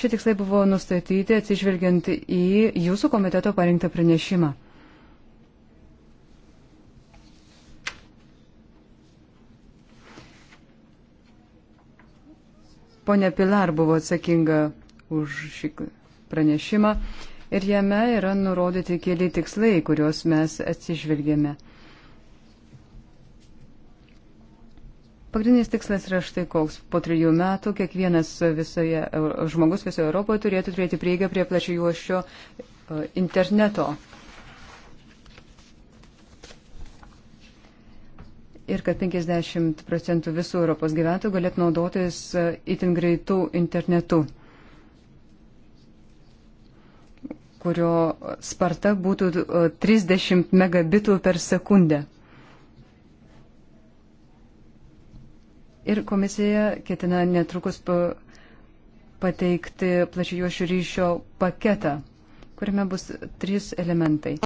Šie tikslai buvo nustatyti atsižvelgiant į jūsų komiteto parinktą pranešimą. Pone Pilar buvo atsakinga už šį pranešimą ir jame yra nurodyti keli tikslai, kuriuos mes atsižvelgėme. Pagrindinis tikslas yra štai koks. Po trijų metų kiekvienas visoje, žmogus visoje Europoje turėtų turėti prieigą prie plačiajuošio e, interneto. Ir kad 50 procentų visų Europos gyventojų galėtų naudotis e, itin greitų internetu, kurio sparta būtų 30 e, megabitų per sekundę. ir komisija ketina netrukus pateikti plačiuošių ryšio paketą, kuriame bus trys elementai.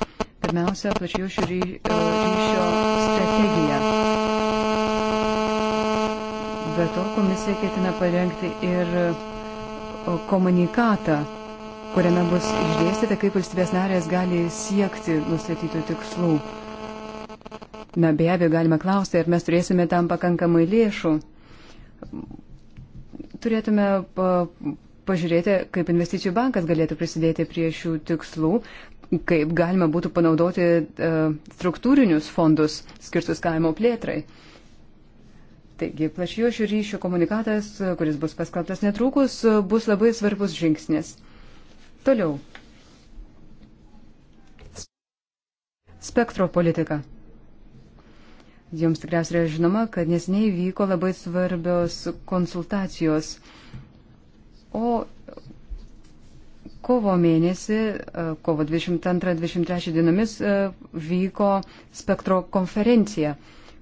Pirmiausia, plačiuošių e, ryšio strategija. Be to, komisija ketina parengti ir komunikatą, kuriame bus išdėstyta, kaip valstybės narės gali siekti nustatytų tikslų. Na, be abejo, galime klausti, ar mes turėsime tam pakankamai lėšų turėtume pažiūrėti, kaip investicijų bankas galėtų prisidėti prie šių tikslų, kaip galima būtų panaudoti e, struktūrinius fondus skirtus kaimo plėtrai. Taigi, plašiuošių ryšių komunikatas, kuris bus paskelbtas netrukus, bus labai svarbus žingsnis. Toliau. Spektro politika. Jums tikriausiai yra žinoma, kad nesiniai vyko labai svarbios konsultacijos. O kovo mėnesį, e, kovo 22-23 dienomis e, vyko spektro konferencija,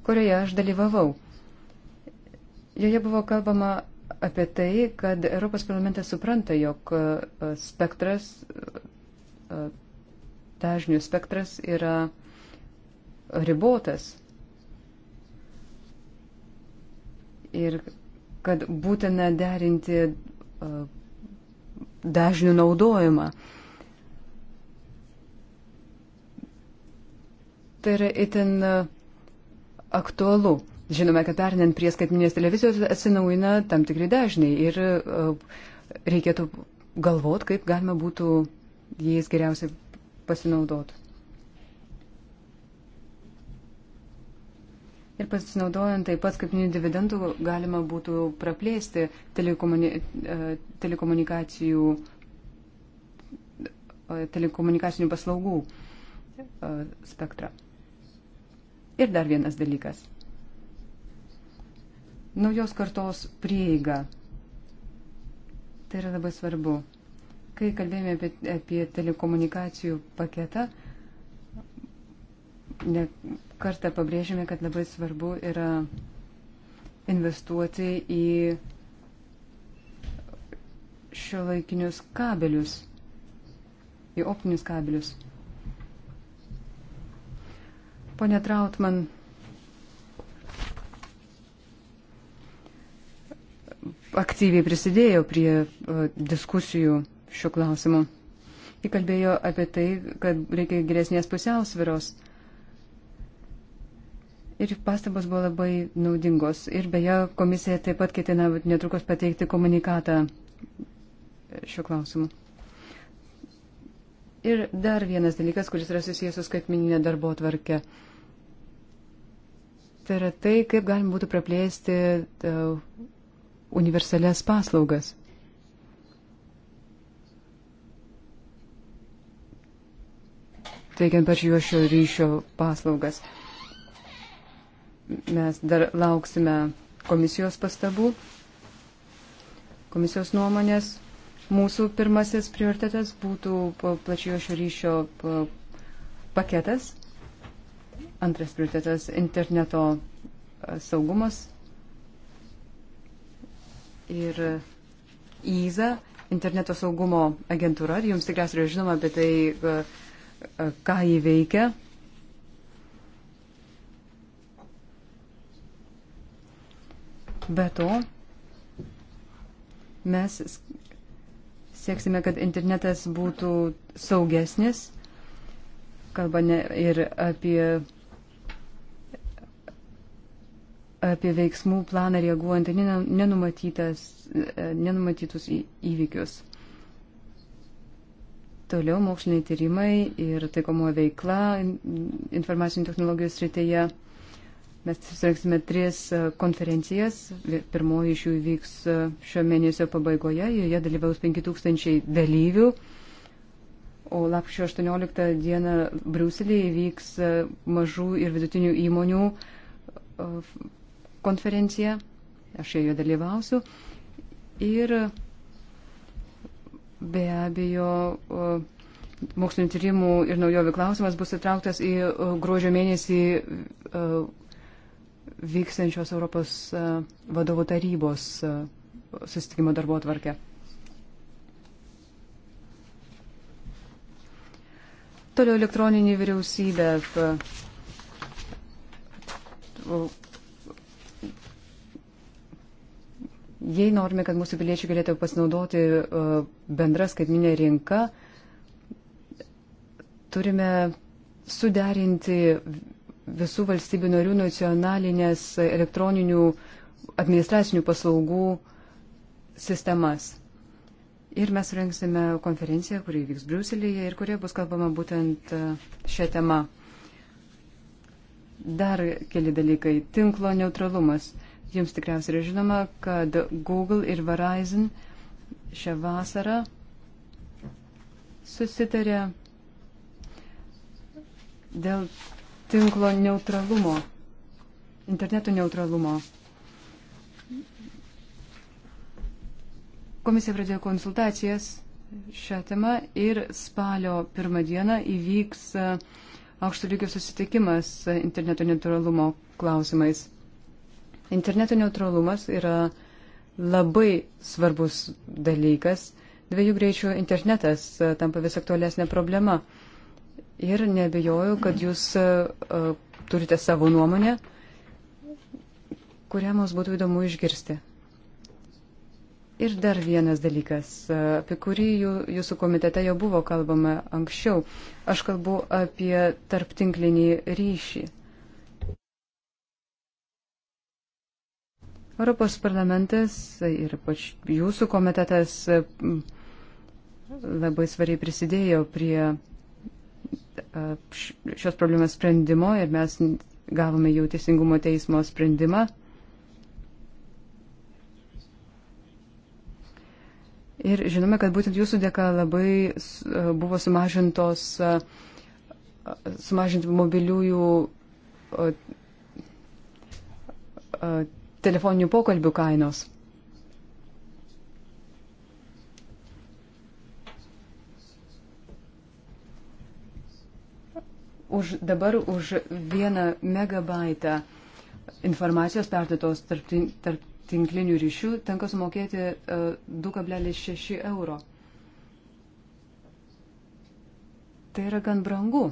kurioje aš dalyvavau. Joje buvo kalbama apie tai, kad Europos parlamentas supranta, jog e, spektras, dažnių spektras yra ribotas. ir kad būtina derinti e, dažnių naudojimą. Tai yra itin e, aktualu. Žinome, kad perinant prie skaitminės televizijos atsinaujina tam tikri dažniai ir e, reikėtų galvot, kaip galima būtų jais geriausiai pasinaudoti. Ir pasinaudojant taip pat skaitinių dividendų galima būtų praplėsti telekomuni, e, telekomunikacijų, e, telekomunikacinių paslaugų e, spektrą. Ir dar vienas dalykas. Naujos kartos prieiga. Tai yra labai svarbu. Kai kalbėjome apie, apie telekomunikacijų paketą, ne, kartą pabrėžėme, kad labai svarbu yra investuoti į šio laikinius kabelius, į optinius kabelius. Pone Trautman, aktyviai prisidėjo prie uh, diskusijų šiuo klausimu. Ji kalbėjo apie tai, kad reikia geresnės pusiausviros ir pastabos buvo labai naudingos. Ir beje, komisija taip pat ketina netrukus pateikti komunikatą šiuo klausimu. Ir dar vienas dalykas, kuris yra susijęs su skaitmininė darbo tvarkė. Tai yra tai, kaip galima būtų praplėsti e, universalias paslaugas. Teikiant pačiu šio ryšio paslaugas mes dar lauksime komisijos pastabų, komisijos nuomonės. Mūsų pirmasis prioritetas būtų plačiojo šio ryšio paketas. Antras prioritetas - interneto saugumas. Ir įza, interneto saugumo agentūra, jums tikriausiai yra žinoma apie tai, ką jį veikia, Be to, mes sieksime, kad internetas būtų saugesnis, kalba ne, ir apie, apie veiksmų planą reaguojant į e, nenumatytus į, įvykius. Toliau moksliniai tyrimai ir taikomo veikla informacinių technologijų srityje. Mes surinksime tris e, konferencijas. Pirmoji iš jų vyks e, šio mėnesio pabaigoje. Joje dalyvaus 5000 dalyvių. O lapkričio 18 dieną Briuselėje vyks e, mažų ir vidutinių įmonių konferencija. Aš joje dalyvausiu. Ir be abejo, mokslinio tyrimų ir naujovių klausimas bus įtrauktas į gruodžio mėnesį vykstančios Europos e, vadovų tarybos e, susitikimo darbo atvarkę. Toliau elektroninė vyriausybė. E, jei norime, kad mūsų piliečiai galėtų pasinaudoti bendrą skaitminę rinką, turime suderinti visų valstybių narių nacionalinės elektroninių administracinių paslaugų sistemas. Ir mes rengsime konferenciją, kuri vyks Briuselėje ir kurioje bus kalbama būtent e, šią temą. Dar keli dalykai. Tinklo neutralumas. Jums tikriausiai yra žinoma, kad Google ir Verizon šią vasarą susitarė dėl tinklo neutralumo, interneto neutralumo. Komisija pradėjo konsultacijas šią temą ir spalio pirmą dieną įvyks e, aukšto lygio susitikimas interneto neutralumo klausimais. Interneto neutralumas yra labai svarbus dalykas. Dviejų greičių internetas e, tampa vis aktualesnė problema ir nebejoju, kad jūs e, e, turite savo nuomonę, kurią mums būtų įdomu išgirsti. Ir dar vienas dalykas, e, apie kurį jūsų komitete jau buvo kalbama anksčiau. Aš kalbu apie tarptinklinį ryšį. Europos parlamentas ir pač jūsų komitetas labai svariai prisidėjo prie šios problemos sprendimo ir mes gavome jau teisingumo teismo sprendimą. Ir žinome, kad būtent jūsų dėka labai buvo sumažintos, sumažinti mobiliųjų telefoninių pokalbių kainos. už, dabar už vieną megabaitą informacijos perduotos tarp, tarp tinklinių ryšių tenka sumokėti 2,6 e, euro. Tai yra gan brangu.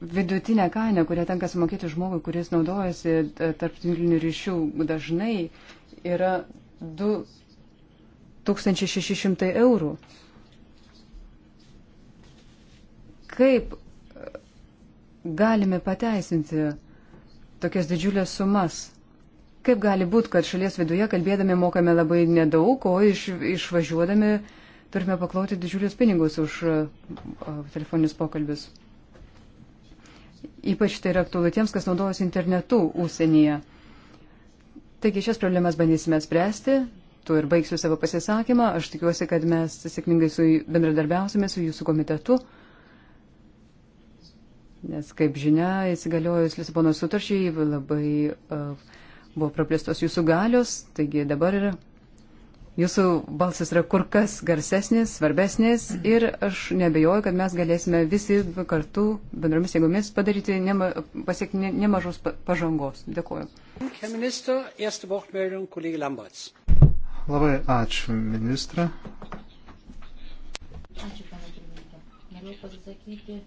vidutinė kaina, kurią tenka sumokėti žmogui, kuris naudojasi e, tarptinklinių ryšių dažnai, yra 2600 eurų. Kaip e, galime pateisinti tokias didžiulės sumas? Kaip gali būti, kad šalies viduje kalbėdami mokame labai nedaug, o iš, išvažiuodami turime paklauti didžiulius pinigus už uh, e, telefoninius pokalbius? Ypač tai yra aktualu tiems, kas naudojasi internetu ūsienyje. Taigi šias problemas bandysime spręsti. Tu ir baigsiu savo pasisakymą. Aš tikiuosi, kad mes sėkmingai su bendradarbiausime su jūsų komitetu. Nes, kaip žinia, įsigaliojus Lisabono sutarčiai labai uh, buvo praplėstos jūsų galios, taigi dabar yra Jūsų balsas yra kur kas garsesnis, svarbesnis ir aš nebejoju, kad mes galėsime visi kartu bendromis jėgomis padaryti nema, pasiekti ne, nemažos pažangos. Dėkuoju. Labai ačiū, ministra. Ačiū, pana pirmininkė. Noriu pasisakyti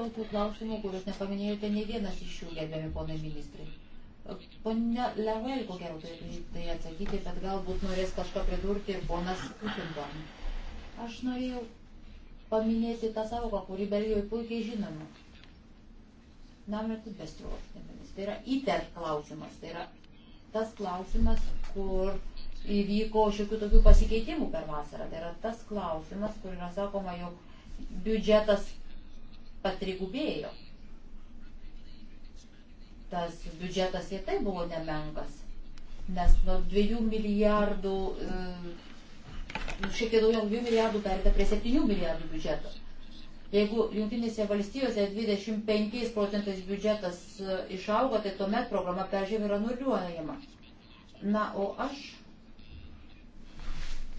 tokių klausimų, kuriuos nepaminėjote ne vienas iš jų, gerbiami ponai ministrai. Pone Level, ko gero turėtų tai atsakyti, bet galbūt norės kažką pridurti ir ponas Kutinbom. Aš norėjau paminėti tą savoką, kurį Belgijoje puikiai žinoma. Nametų bestruoštėmis. Tai yra ITER klausimas. Tai yra tas klausimas, kur įvyko šiokių tokių pasikeitimų per vasarą. Tai yra tas klausimas, kur yra sakoma, jog biudžetas patrigubėjo tas biudžetas ir tai buvo nemenkas, nes nuo 2 milijardų, e, nu, šiek tiek daugiau 2 milijardų perėta prie 7 milijardų biudžeto. Jeigu Junktinėse valstijose 25 procentais biudžetas e, išaugo, tai tuomet programa peržėmė yra nuliuojama. Na, o aš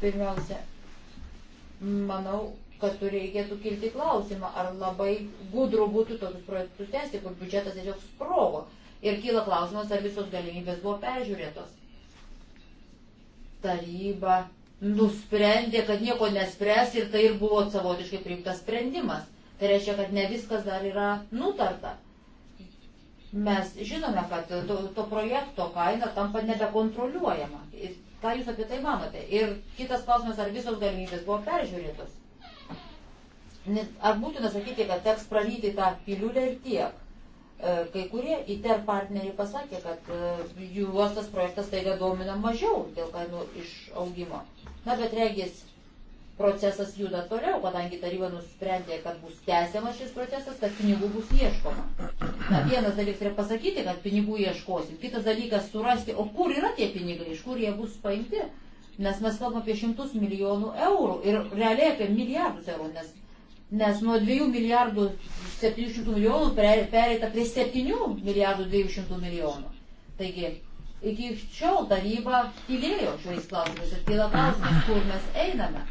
pirmiausia, manau, kad reikėtų kilti klausimą, ar labai gudru būtų tokius projektus tęsti, kur biudžetas tiesiog sprogo. Ir kyla klausimas, ar visos galimybės buvo peržiūrėtos. Taryba nusprendė, kad nieko nespręs ir tai ir buvo savotiškai priimtas sprendimas. Tai reiškia, kad ne viskas dar yra nutarta. Mes žinome, kad to, to projekto kaina tampa nebekontroliuojama. Ir ką Jūs apie tai manote? Ir kitas klausimas, ar visos galimybės buvo peržiūrėtos? Ar būtina sakyti, kad teks praryti tą piliulę ir tiek? E, kai kurie ITER partneriai pasakė, kad e, juos tas projektas taiga domina mažiau dėl kainų išaugimo. Na, bet regis procesas juda toliau, kadangi taryba nusprendė, kad bus tęsiamas šis procesas, kad pinigų bus ieškoma. Na, vienas dalykas yra pasakyti, kad pinigų ieškosim, kitas dalykas surasti, o kur yra tie pinigai, iš kur jie bus paimti nes mes kalbame apie šimtus milijonų eurų ir realiai apie milijardus eurų, nes nes nuo 2 milijardų 700 milijonų pereita prie 7 milijardų 200 milijonų. Taigi, iki šiol taryba tylėjo šiais klausimais ir kyla klausimas, kur mes einame,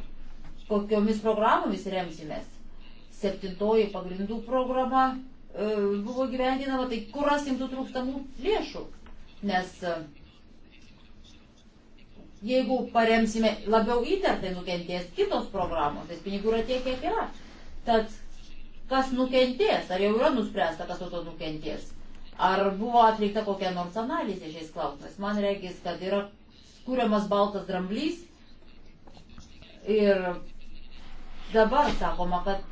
kokiomis programomis remsimės. Septintoji pagrindų programa e, buvo gyvendinama, tai kur rasim tų trūkstamų lėšų, nes e, jeigu paremsime labiau įtartai nukentės kitos programos, nes pinigų yra tiek, kiek yra. Tad kas nukentės, ar jau yra nuspręsta, kas nuo to nukentės, ar buvo atlikta kokia nors analizė šiais klausimais. Man reikės, kad yra kūriamas baltas dramblys ir dabar sakoma, kad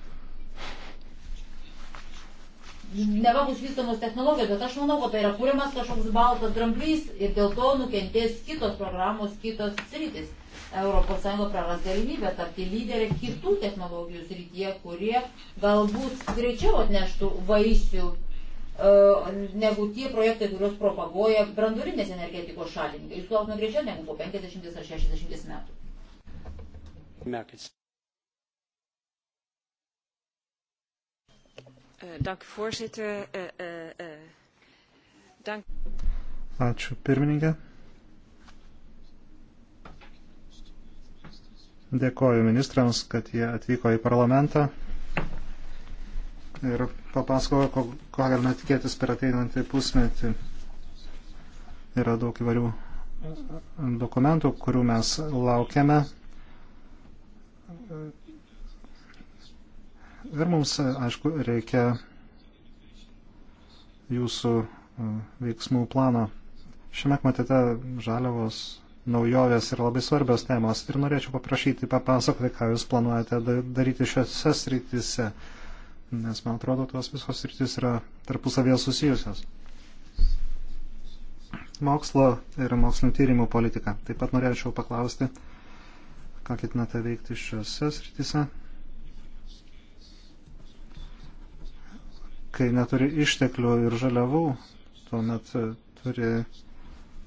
neva bus vystomos technologijos, bet aš manau, kad tai yra kūriamas kažkoks baltas dramblys ir dėl to nukentės kitos programos, kitos sritis. ES praras galimybę tapti lyderė kitų technologijų srityje, kurie galbūt greičiau atneštų vaisių e, negu tie projektai, kuriuos propaguoja brandurinės energetikos šalininkai. Jūs laukime greičiau negu po 50 ar 60 metų. Merkis. Eh, dank u voorzitter. Uh, uh, uh. Dank. Ačiū pirmininkė. Dėkoju ministrams, kad jie atvyko į parlamentą ir papasakojo, ko, ko galime tikėtis per ateinantį pusmetį. Yra daug įvarių dokumentų, kurių mes laukiame. Ir mums, aišku, reikia jūsų e, veiksmų plano. Šiame komitete žaliavos naujovės ir labai svarbios temos. Ir norėčiau paprašyti papasakoti, ką jūs planuojate daryti šiose srityse, nes man atrodo, tos visos sritys yra tarpusavėje susijusios. Mokslo ir mokslinio tyrimų politika. Taip pat norėčiau paklausti, ką ketinate veikti šiose srityse. Kai neturi išteklių ir žaliavų, tuomet turi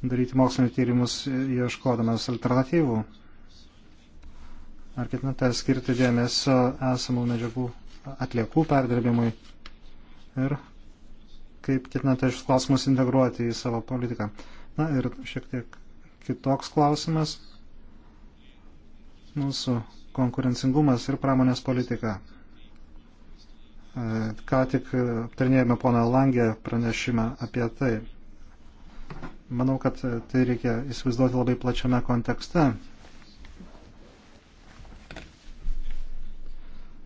daryti mokslinio tyrimus e, ieškodamas alternatyvų? Ar ketinate skirti dėmesio esamų medžiagų atliekų perdirbimui? Ir kaip ketinate šis klausimus integruoti į savo politiką? Na ir šiek tiek kitoks klausimas. Mūsų konkurencingumas ir pramonės politika. E, ką tik aptarnėjome poną Langę pranešimą apie tai. Manau, kad e, tai reikia įsivaizduoti labai plačiame kontekste.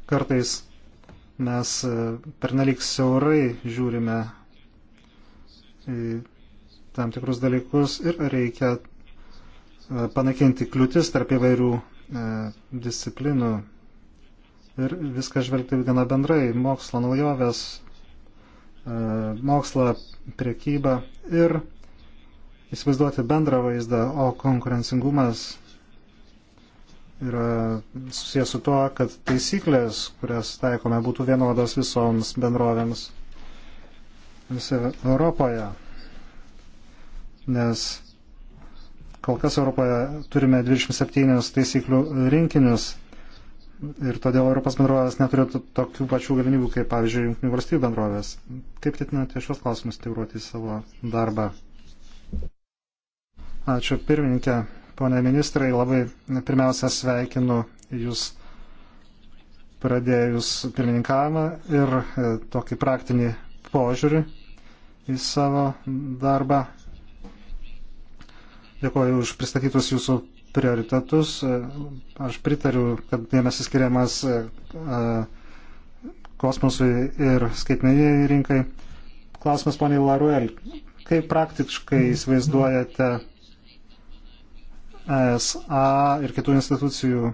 Kartais mes e, pernelyg siaurai žiūrime į tam tikrus dalykus ir reikia e, panaikinti kliūtis tarp įvairių disciplinų ir viską žvelgti gana bendrai - mokslo naujovės, mokslo priekybą ir įsivaizduoti bendrą vaizdą, o konkurencingumas yra susijęs su tuo, kad taisyklės, kurias taikome, būtų vienodos visoms bendrovėms visoje Europoje. Nes kol kas Europoje turime 27 taisyklių rinkinius ir todėl Europos bendrovės neturi tokių pačių galimybių kaip, pavyzdžiui, Junktinių valstybių bendrovės. Kaip ketinate šios klausimus integruoti į savo darbą? Ačiū pirmininkė, ponė ministrai, labai pirmiausia sveikinu Jūs pradėjus pirmininkavimą ir e, tokį praktinį požiūrį į savo darbą. Dėkuoju už pristatytus Jūsų prioritetus. E, aš pritariu, kad dėmesį skiriamas e, kosmosui ir skaitmeniniai rinkai. Klausimas poniai Laruel, kaip praktiškai įsivaizduojate ESA ir kitų institucijų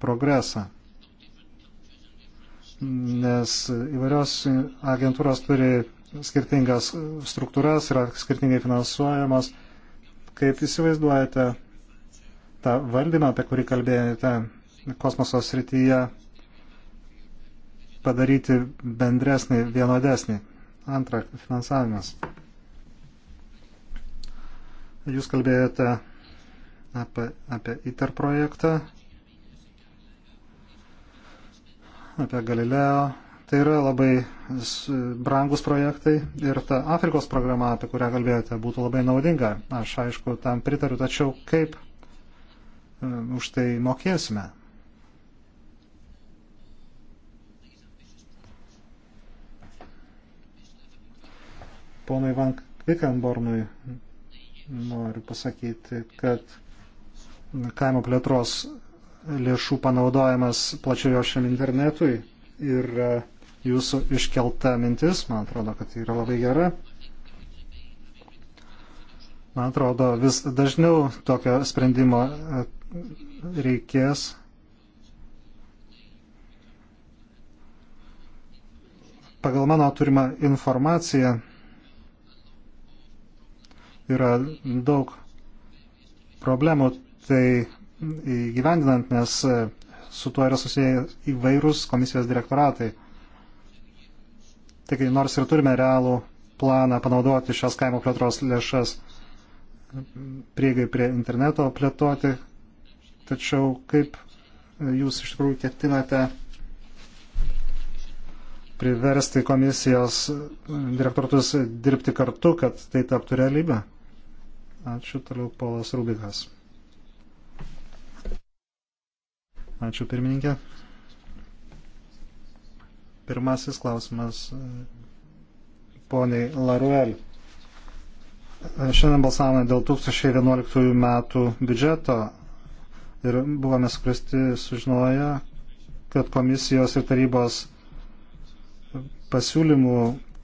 progresą. Nes įvairios agentūros turi skirtingas struktūras, yra skirtingai finansuojamos. Kaip įsivaizduojate tą valdymą, apie kurį kalbėjote kosmoso srityje, padaryti bendresnį, vienodesnį? Antra, finansavimas. Jūs kalbėjote apie, apie ITER projektą, apie Galileo. Tai yra labai brangus projektai ir ta Afrikos programa, apie kurią kalbėjote, būtų labai naudinga. Aš aišku, tam pritariu, tačiau kaip e, už tai mokėsime? Ponui Van Vikenbornui noriu pasakyti, kad kaimo plėtros lėšų panaudojimas plačiojo šiam internetui ir e, jūsų iškelta mintis, man atrodo, kad yra labai gera. Man atrodo, vis dažniau tokio sprendimo e, reikės. Pagal mano turimą informaciją yra daug problemų tai įgyvendinant, nes su tuo yra susiję įvairūs komisijos direktoratai. Taigi nors ir turime realų planą panaudoti šias kaimo plėtros lėšas prieigai prie interneto plėtoti, tačiau kaip jūs iš tikrųjų ketinate priversti komisijos direktortus dirbti kartu, kad tai taptų realybę? Ačiū toliau Polas Rubikas. Ačiū pirmininkė. Pirmasis klausimas e, poniai Laruel. Šiandien balsavome dėl 2011 metų biudžeto ir buvome skrasti sužinoję, kad komisijos ir tarybos pasiūlymų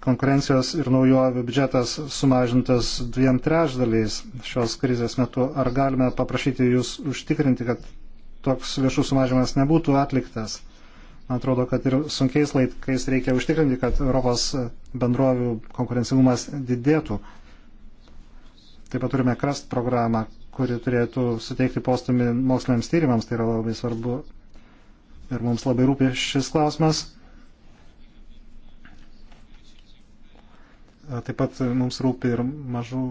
konkurencijos ir naujovių biudžetas sumažintas dviem trešdaliais šios krizės metu. Ar galime paprašyti jūs užtikrinti, kad toks viešų sumažimas nebūtų atliktas. Man atrodo, kad ir sunkiais laikais reikia užtikrinti, kad Europos bendrovių konkurencingumas didėtų. Taip pat turime KRAST programą, kuri turėtų suteikti postumį moksliniams tyrimams, tai yra labai svarbu. Ir mums labai rūpi šis klausimas. Taip pat mums rūpi ir mažų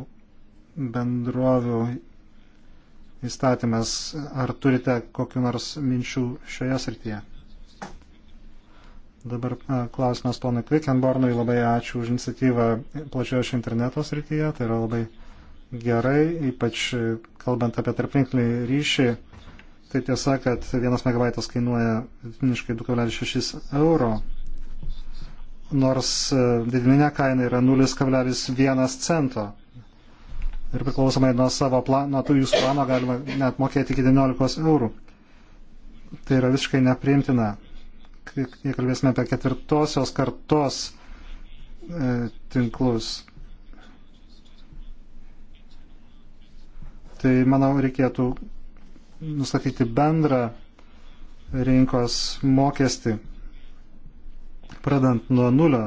bendrovių įstatymas. Ar turite kokiu nors minčių šioje srityje? Dabar klausimas ponui Kvikenbornui. Labai ačiū už iniciatyvą plačiojo iš interneto srityje. Tai yra labai gerai, ypač e, kalbant apie tarptinklinį ryšį. Tai tiesa, kad vienas megabaitas kainuoja vidutiniškai 2,6 euro, nors e, didmeninė kaina yra 0,1 cento ir priklausomai nuo savo plano, tų jūsų plano galima net mokėti iki 19 eurų. Tai yra visiškai nepriimtina. Kai kalbėsime apie ketvirtosios kartos e, tinklus, tai manau reikėtų nustatyti bendrą rinkos mokestį, pradant nuo nulio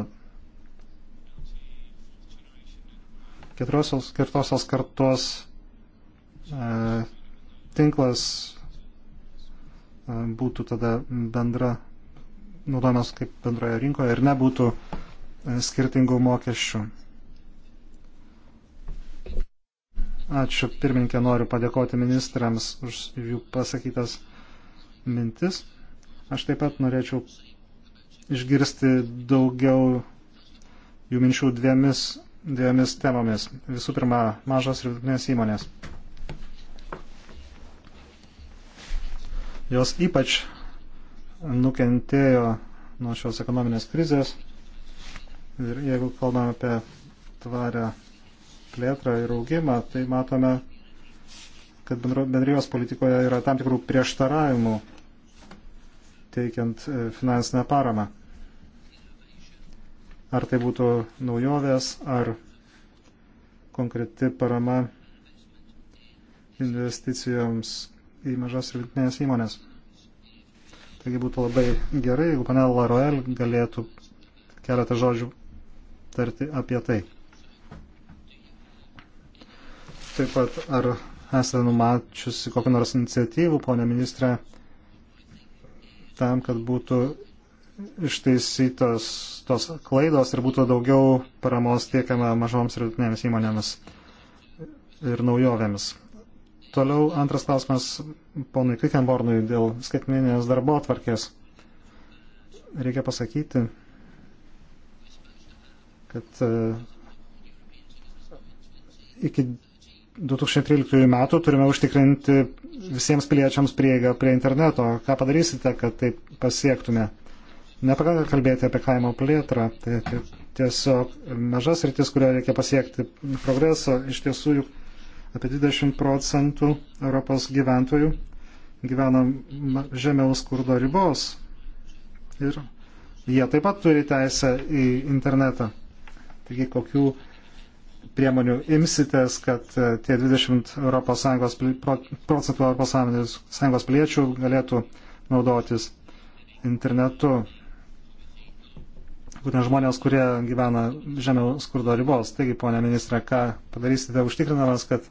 keturiosios kartosios kartos e, tinklas e, būtų tada bendra, naudojamas kaip bendroje rinkoje ir nebūtų e, skirtingų mokesčių. Ačiū pirmininkė, noriu padėkoti ministrams už jų pasakytas mintis. Aš taip pat norėčiau išgirsti daugiau jų minčių dviemis dviejomis temomis. Visų pirma, mažos ir vidutinės įmonės. Jos ypač nukentėjo nuo šios ekonominės krizės. Ir jeigu kalbame apie tvarę plėtrą ir augimą, tai matome, kad bendrijos politikoje yra tam tikrų prieštaravimų teikiant e, finansinę paramą ar tai būtų naujovės, ar konkreti parama investicijoms į mažas ir vidutinės įmonės. Taigi būtų labai gerai, jeigu panel Laroel galėtų keletą žodžių tarti apie tai. Taip pat, ar esate numačiusi kokią nors iniciatyvų, ponė ministrė, tam, kad būtų išteisytos tos klaidos ir būtų daugiau paramos tiekiama mažoms ir vidutinėms įmonėms ir naujovėms. Toliau antras klausimas ponui Kvikenbornui dėl skaitmeninės darbo atvarkės. Reikia pasakyti, kad e, iki 2013 metų turime užtikrinti visiems piliečiams prieigą prie interneto. Ką padarysite, kad taip pasiektume? Nepakanka kalbėti apie kaimo plėtrą, tai tiesiog mažas rytis, kurioje reikia pasiekti progreso, iš tiesų juk apie 20 procentų Europos gyventojų gyvena žemiau skurdo ribos ir jie taip pat turi teisę į internetą. Taigi kokių priemonių imsitės, kad e, tie 20 ES, procentų ES piliečių galėtų naudotis internetu būtent žmonės, kurie gyvena žemiau skurdo ribos. Taigi, ponia ministra, ką padarysite užtikrinamas, kad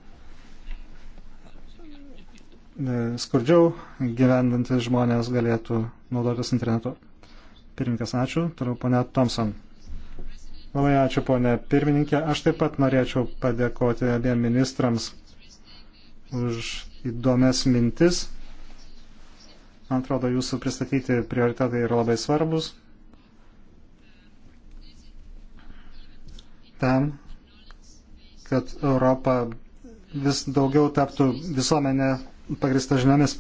e, skurdžiau gyvendantis žmonės galėtų naudotis internetu. Pirmininkas, ačiū. Toliau, ponia Thompson. Labai ačiū, ponia pirmininkė. Aš taip pat norėčiau padėkoti abiem ministrams už įdomias mintis. Man atrodo, jūsų pristatyti prioritetai yra labai svarbus. tam, kad Europa vis daugiau taptų visuomenė pagrista žiniomis.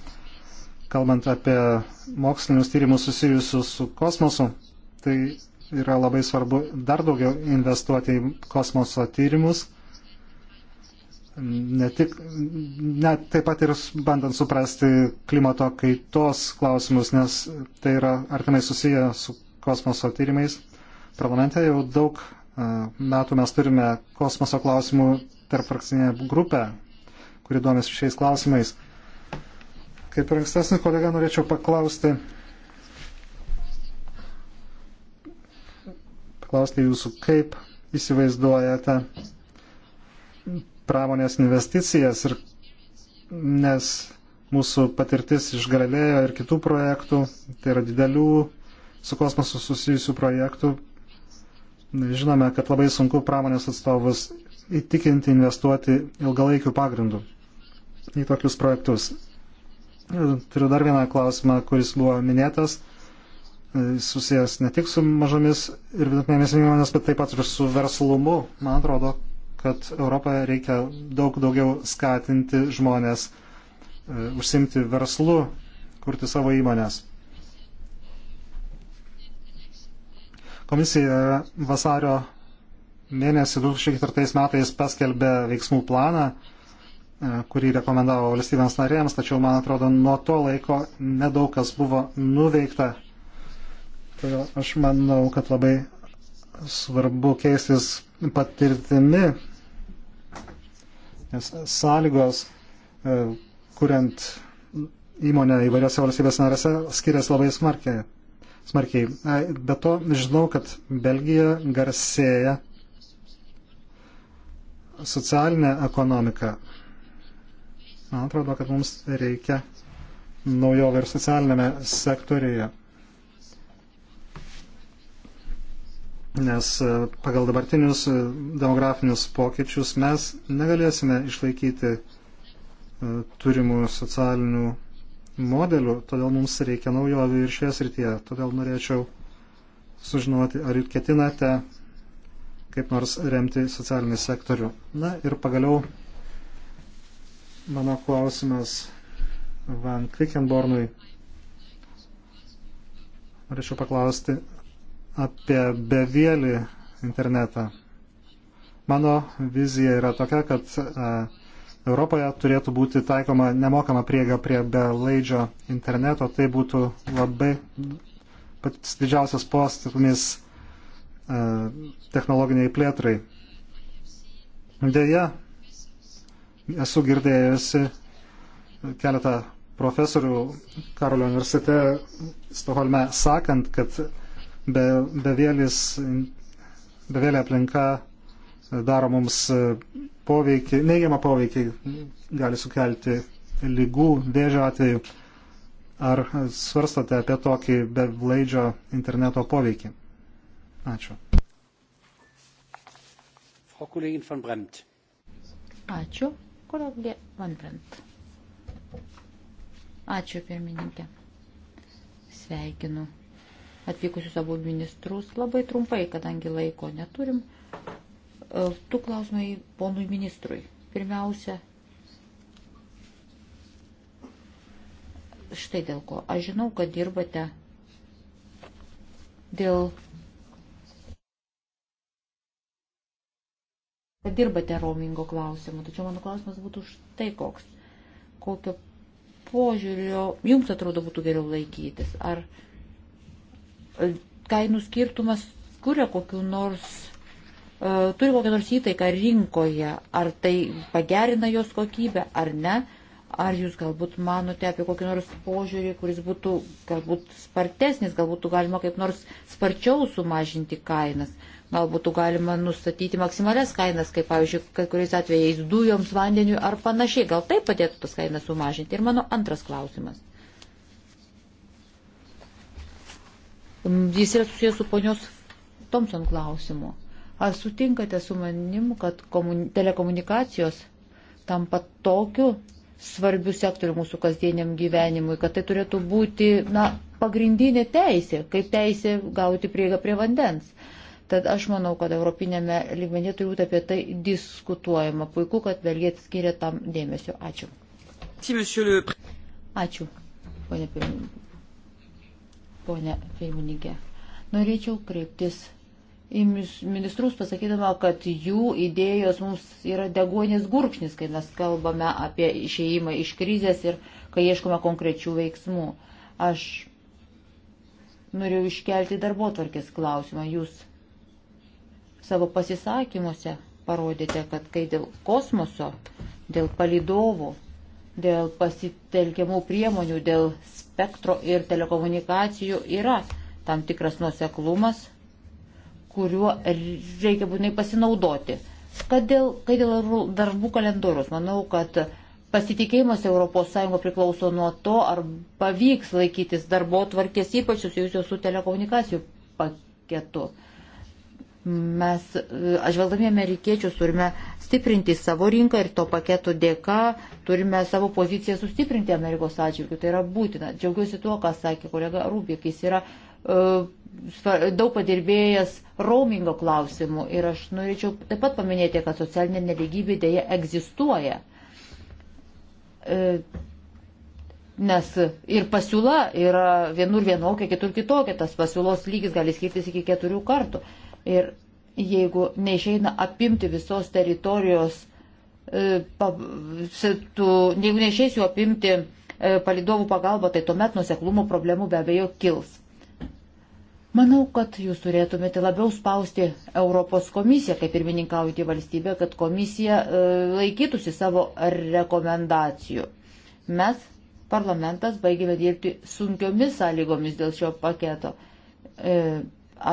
Kalbant apie mokslinius tyrimus susijusius su kosmosu, tai yra labai svarbu dar daugiau investuoti į kosmoso tyrimus. Ne tik, ne, taip pat ir bandant suprasti klimato kaitos klausimus, nes tai yra artimai susiję su kosmoso tyrimais. Parlamente jau daug metų mes turime kosmoso klausimų tarp frakcinę grupę, kuri domės šiais klausimais. Kaip ir ankstesnį kolegą norėčiau paklausti, paklausti jūsų, kaip įsivaizduojate pramonės investicijas ir nes mūsų patirtis iš Galilėjo ir kitų projektų, tai yra didelių su kosmosu susijusių projektų, žinome, kad labai sunku pramonės atstovus įtikinti investuoti ilgalaikių pagrindų į tokius projektus. Turiu dar vieną klausimą, kuris buvo minėtas, susijęs ne tik su mažomis ir vidutinėmis įmonėmis, bet taip pat ir su verslumu. Man atrodo, kad Europoje reikia daug daugiau skatinti žmonės e, užsimti verslu, kurti savo įmonės. Komisija vasario mėnesį 2004 metais paskelbė veiksmų planą, e, kurį rekomendavo valstybėms narėms, tačiau, man atrodo, nuo to laiko nedaug kas buvo nuveikta. Todėl aš manau, kad labai svarbu keistis patirtimi, nes sąlygos, e, kuriant įmonę įvairiose valstybės narėse, skiriasi labai smarkiai smarkiai. Be to, žinau, kad Belgija garsėja socialinę ekonomiką. Man atrodo, kad mums reikia naujovę ir socialinėme sektorijoje. Nes e, pagal dabartinius e, demografinius pokyčius mes negalėsime išlaikyti e, turimų socialinių modelių, todėl mums reikia naujovių ir šioje srityje. Todėl norėčiau sužinoti, ar ketinate kaip nors remti socialinį sektorių. Na ir pagaliau mano klausimas Van Kvikenbornui. Norėčiau paklausti apie bevėlį internetą. Mano vizija yra tokia, kad a, Europoje turėtų būti taikoma nemokama prieiga prie belaidžio interneto. Tai būtų labai pats didžiausias postumis e, technologiniai plėtrai. Deja, esu girdėjusi keletą profesorių Karolio universitete Stoholme sakant, kad be, bevėlis, bevėlė aplinka daro mums e, poveikį, neigiamą poveikį, gali sukelti lygų, vėžio atveju. Ar svarstate apie tokį bevlaidžio interneto poveikį? Ačiū. Frau Kollegin von Bremt. Ačiū, kolegė Van Bremt. Ačiū, pirmininkė. Sveikinu atvykusius abu ministrus labai trumpai, kadangi laiko neturim. Tu e, klausimai ponui ministrui. Pirmiausia, štai dėl ko. Aš žinau, kad dirbate dėl. kad dirbate roamingo klausimu. Tačiau mano klausimas būtų štai koks. Kokio požiūrio jums atrodo būtų geriau laikytis? Ar e, kainų skirtumas kuria kokiu nors E, turi kokią nors įtaiką rinkoje, ar tai pagerina jos kokybę ar ne, ar jūs galbūt manote apie kokį nors požiūrį, kuris būtų galbūt spartesnis, galbūt galima kaip nors sparčiau sumažinti kainas, galbūt galima nustatyti maksimalias kainas, kaip pavyzdžiui, kai kuriais atvejais dujoms, vandeniu ar panašiai, gal tai padėtų tas kainas sumažinti. Ir mano antras klausimas. Jis yra susijęs su ponios Thompson klausimu Ar sutinkate su manim, kad komun... telekomunikacijos tampa tokiu svarbiu sektoriu mūsų kasdieniam gyvenimui, kad tai turėtų būti na, pagrindinė teisė, kaip teisė gauti prieigą prie vandens. Tad aš manau, kad Europinėme lygmenyje turi būti apie tai diskutuojama. Puiku, kad Belgija skiria tam dėmesio. Ačiū. Ačiū, ponė pirmininkė. Norėčiau kreiptis į ministrus pasakydama, kad jų idėjos mums yra deguonis gurkšnis, kai mes kalbame apie išeimą iš krizės ir kai ieškome konkrečių veiksmų. Aš norėjau iškelti darbo tvarkės klausimą. Jūs savo pasisakymuose parodėte, kad kai dėl kosmoso, dėl palidovų, dėl pasitelkiamų priemonių, dėl spektro ir telekomunikacijų yra tam tikras nuoseklumas kuriuo reikia būtinai pasinaudoti. Kad dėl, kad dėl darbų kalendorius, manau, kad pasitikėjimas ES priklauso nuo to, ar pavyks laikytis darbo tvarkės, ypač susijusios su telekomunikacijų paketu. Mes, e, ažvelgdami amerikiečius, turime stiprinti savo rinką ir to paketo dėka turime savo poziciją sustiprinti Amerikos atžvilgių. Tai yra būtina. Džiaugiuosi tuo, ką sakė kolega Rubikis. Yra uh, E, daug padirbėjęs roamingo klausimų ir aš norėčiau taip pat paminėti, kad socialinė neligybė dėja egzistuoja. E, nes ir pasiūla yra vienur vienokia, kitur kitokia, tas pasiūlos lygis gali skirtis iki keturių kartų. Ir jeigu neišeina apimti visos teritorijos, e, jeigu neišeis jų apimti palidovų pagalba, tai tuomet nuseklumo problemų be abejo kils. Manau, kad jūs turėtumėte labiau spausti Europos komisiją, kaip pirmininkaujantį valstybę, kad komisija e, laikytųsi savo rekomendacijų. Mes, parlamentas, baigėme dirbti sunkiomis sąlygomis dėl šio paketo. E,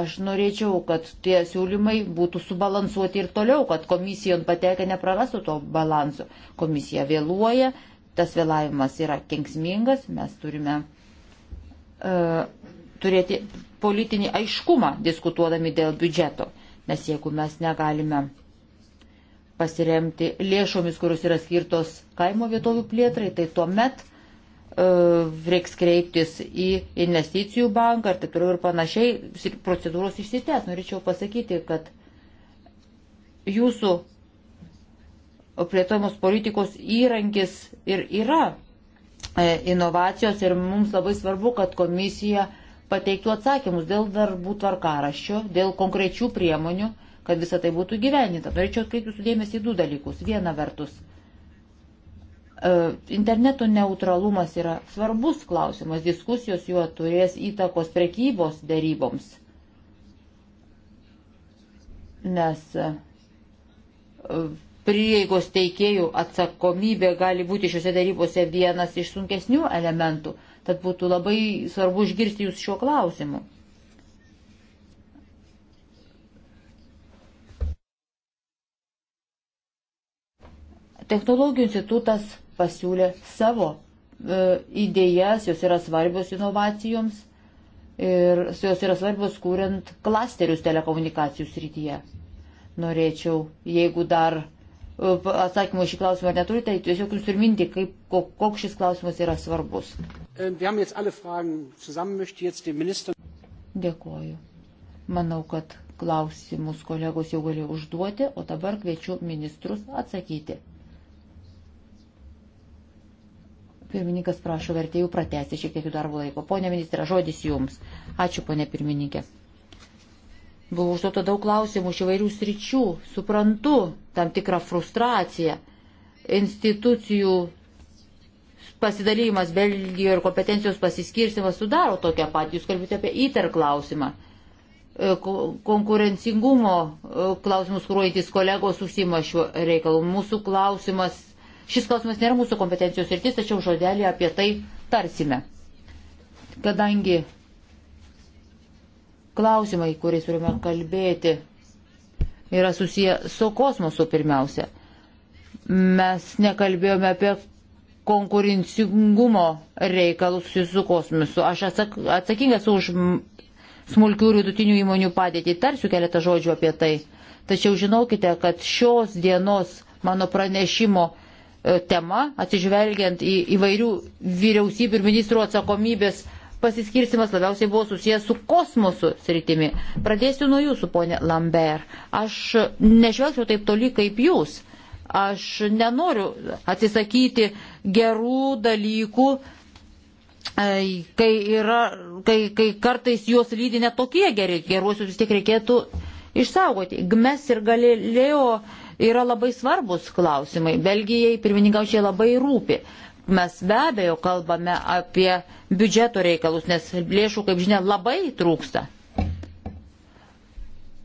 aš norėčiau, kad tie siūlymai būtų subalansuoti ir toliau, kad komisijon patekę neprarastų to balanso. Komisija vėluoja, tas vėlavimas yra kenksmingas, mes turime uh, turėti politinį aiškumą diskutuodami dėl biudžeto. Nes jeigu mes negalime pasiremti lėšomis, kurios yra skirtos kaimo vietovių plėtrai, tai tuomet uh, reiks kreiptis į investicijų banką ir taip toliau ir panašiai. Procedūros išsitęs. Norėčiau pasakyti, kad jūsų plėtojamos politikos įrankis ir yra e, inovacijos ir mums labai svarbu, kad komisija uh, pateiktų atsakymus dėl darbų tvarkaraščio, dėl konkrečių priemonių, kad visa tai būtų gyveninta. Norėčiau atkreipti jūsų dėmesį į du dalykus. Viena vertus, e, interneto neutralumas yra svarbus klausimas, diskusijos juo turės įtakos prekybos daryboms. Nes e, prieigos teikėjų atsakomybė gali būti šiuose darybose vienas iš sunkesnių elementų. Tad būtų labai svarbu išgirsti jūs šiuo klausimu. Technologijų institutas pasiūlė savo e, idėjas, jos yra svarbios inovacijoms ir jos yra svarbios kūrent klasterius telekomunikacijų srityje. Norėčiau, jeigu dar Uh, atsakymų šį klausimą ar neturite, tai tiesiog jums priminti, kaip, koks šis klausimas yra svarbus. Äh, Dėkoju. Manau, kad klausimus kolegos jau galėjo užduoti, o dabar kviečiu ministrus atsakyti. Pirmininkas prašo vertėjų pratesti šiek tiek jų darbo laiko. Pone ministrė, žodis jums. Ačiū, pone pirmininkė. Buvo užduota daug klausimų iš įvairių sričių. Suprantu tam tikrą frustraciją. Institucijų pasidalymas Belgijoje ir kompetencijos pasiskirstimas sudaro tokią patį. Jūs kalbite apie įter klausimą. E, konkurencingumo e, klausimus kūruojantis kolegos užsima šiuo reikalu. Mūsų klausimas, šis klausimas nėra mūsų kompetencijos rytis, tačiau žodelį apie tai tarsime. Kadangi klausimai, kuriais turime kalbėti, yra susiję su kosmosu pirmiausia. Mes nekalbėjome apie konkurencingumo reikalus su kosmosu. Aš atsak, atsakingas už smulkių ir vidutinių įmonių padėtį. Tarsiu keletą žodžių apie tai. Tačiau žinokite, kad šios dienos mano pranešimo e, tema, atsižvelgiant į įvairių vyriausybių ir ministrų atsakomybės pasiskirstimas labiausiai buvo susijęs su kosmosu sritimi. Pradėsiu nuo jūsų, ponė Lambert. Aš nežvelgsiu taip toli kaip jūs. Aš nenoriu atsisakyti gerų dalykų, e, kai, yra, kai, kai kartais juos lydi netokie geri, geruosius vis tiek reikėtų išsaugoti. Gmes ir galėjo yra labai svarbus klausimai. Belgijai pirmininkaučiai labai rūpi mes be abejo kalbame apie biudžeto reikalus, nes lėšų, kaip žinia, labai trūksta.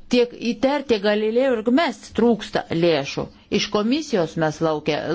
Tiek įter, tiek galilėjų ir mes trūksta lėšų. Iš komisijos mes laukia,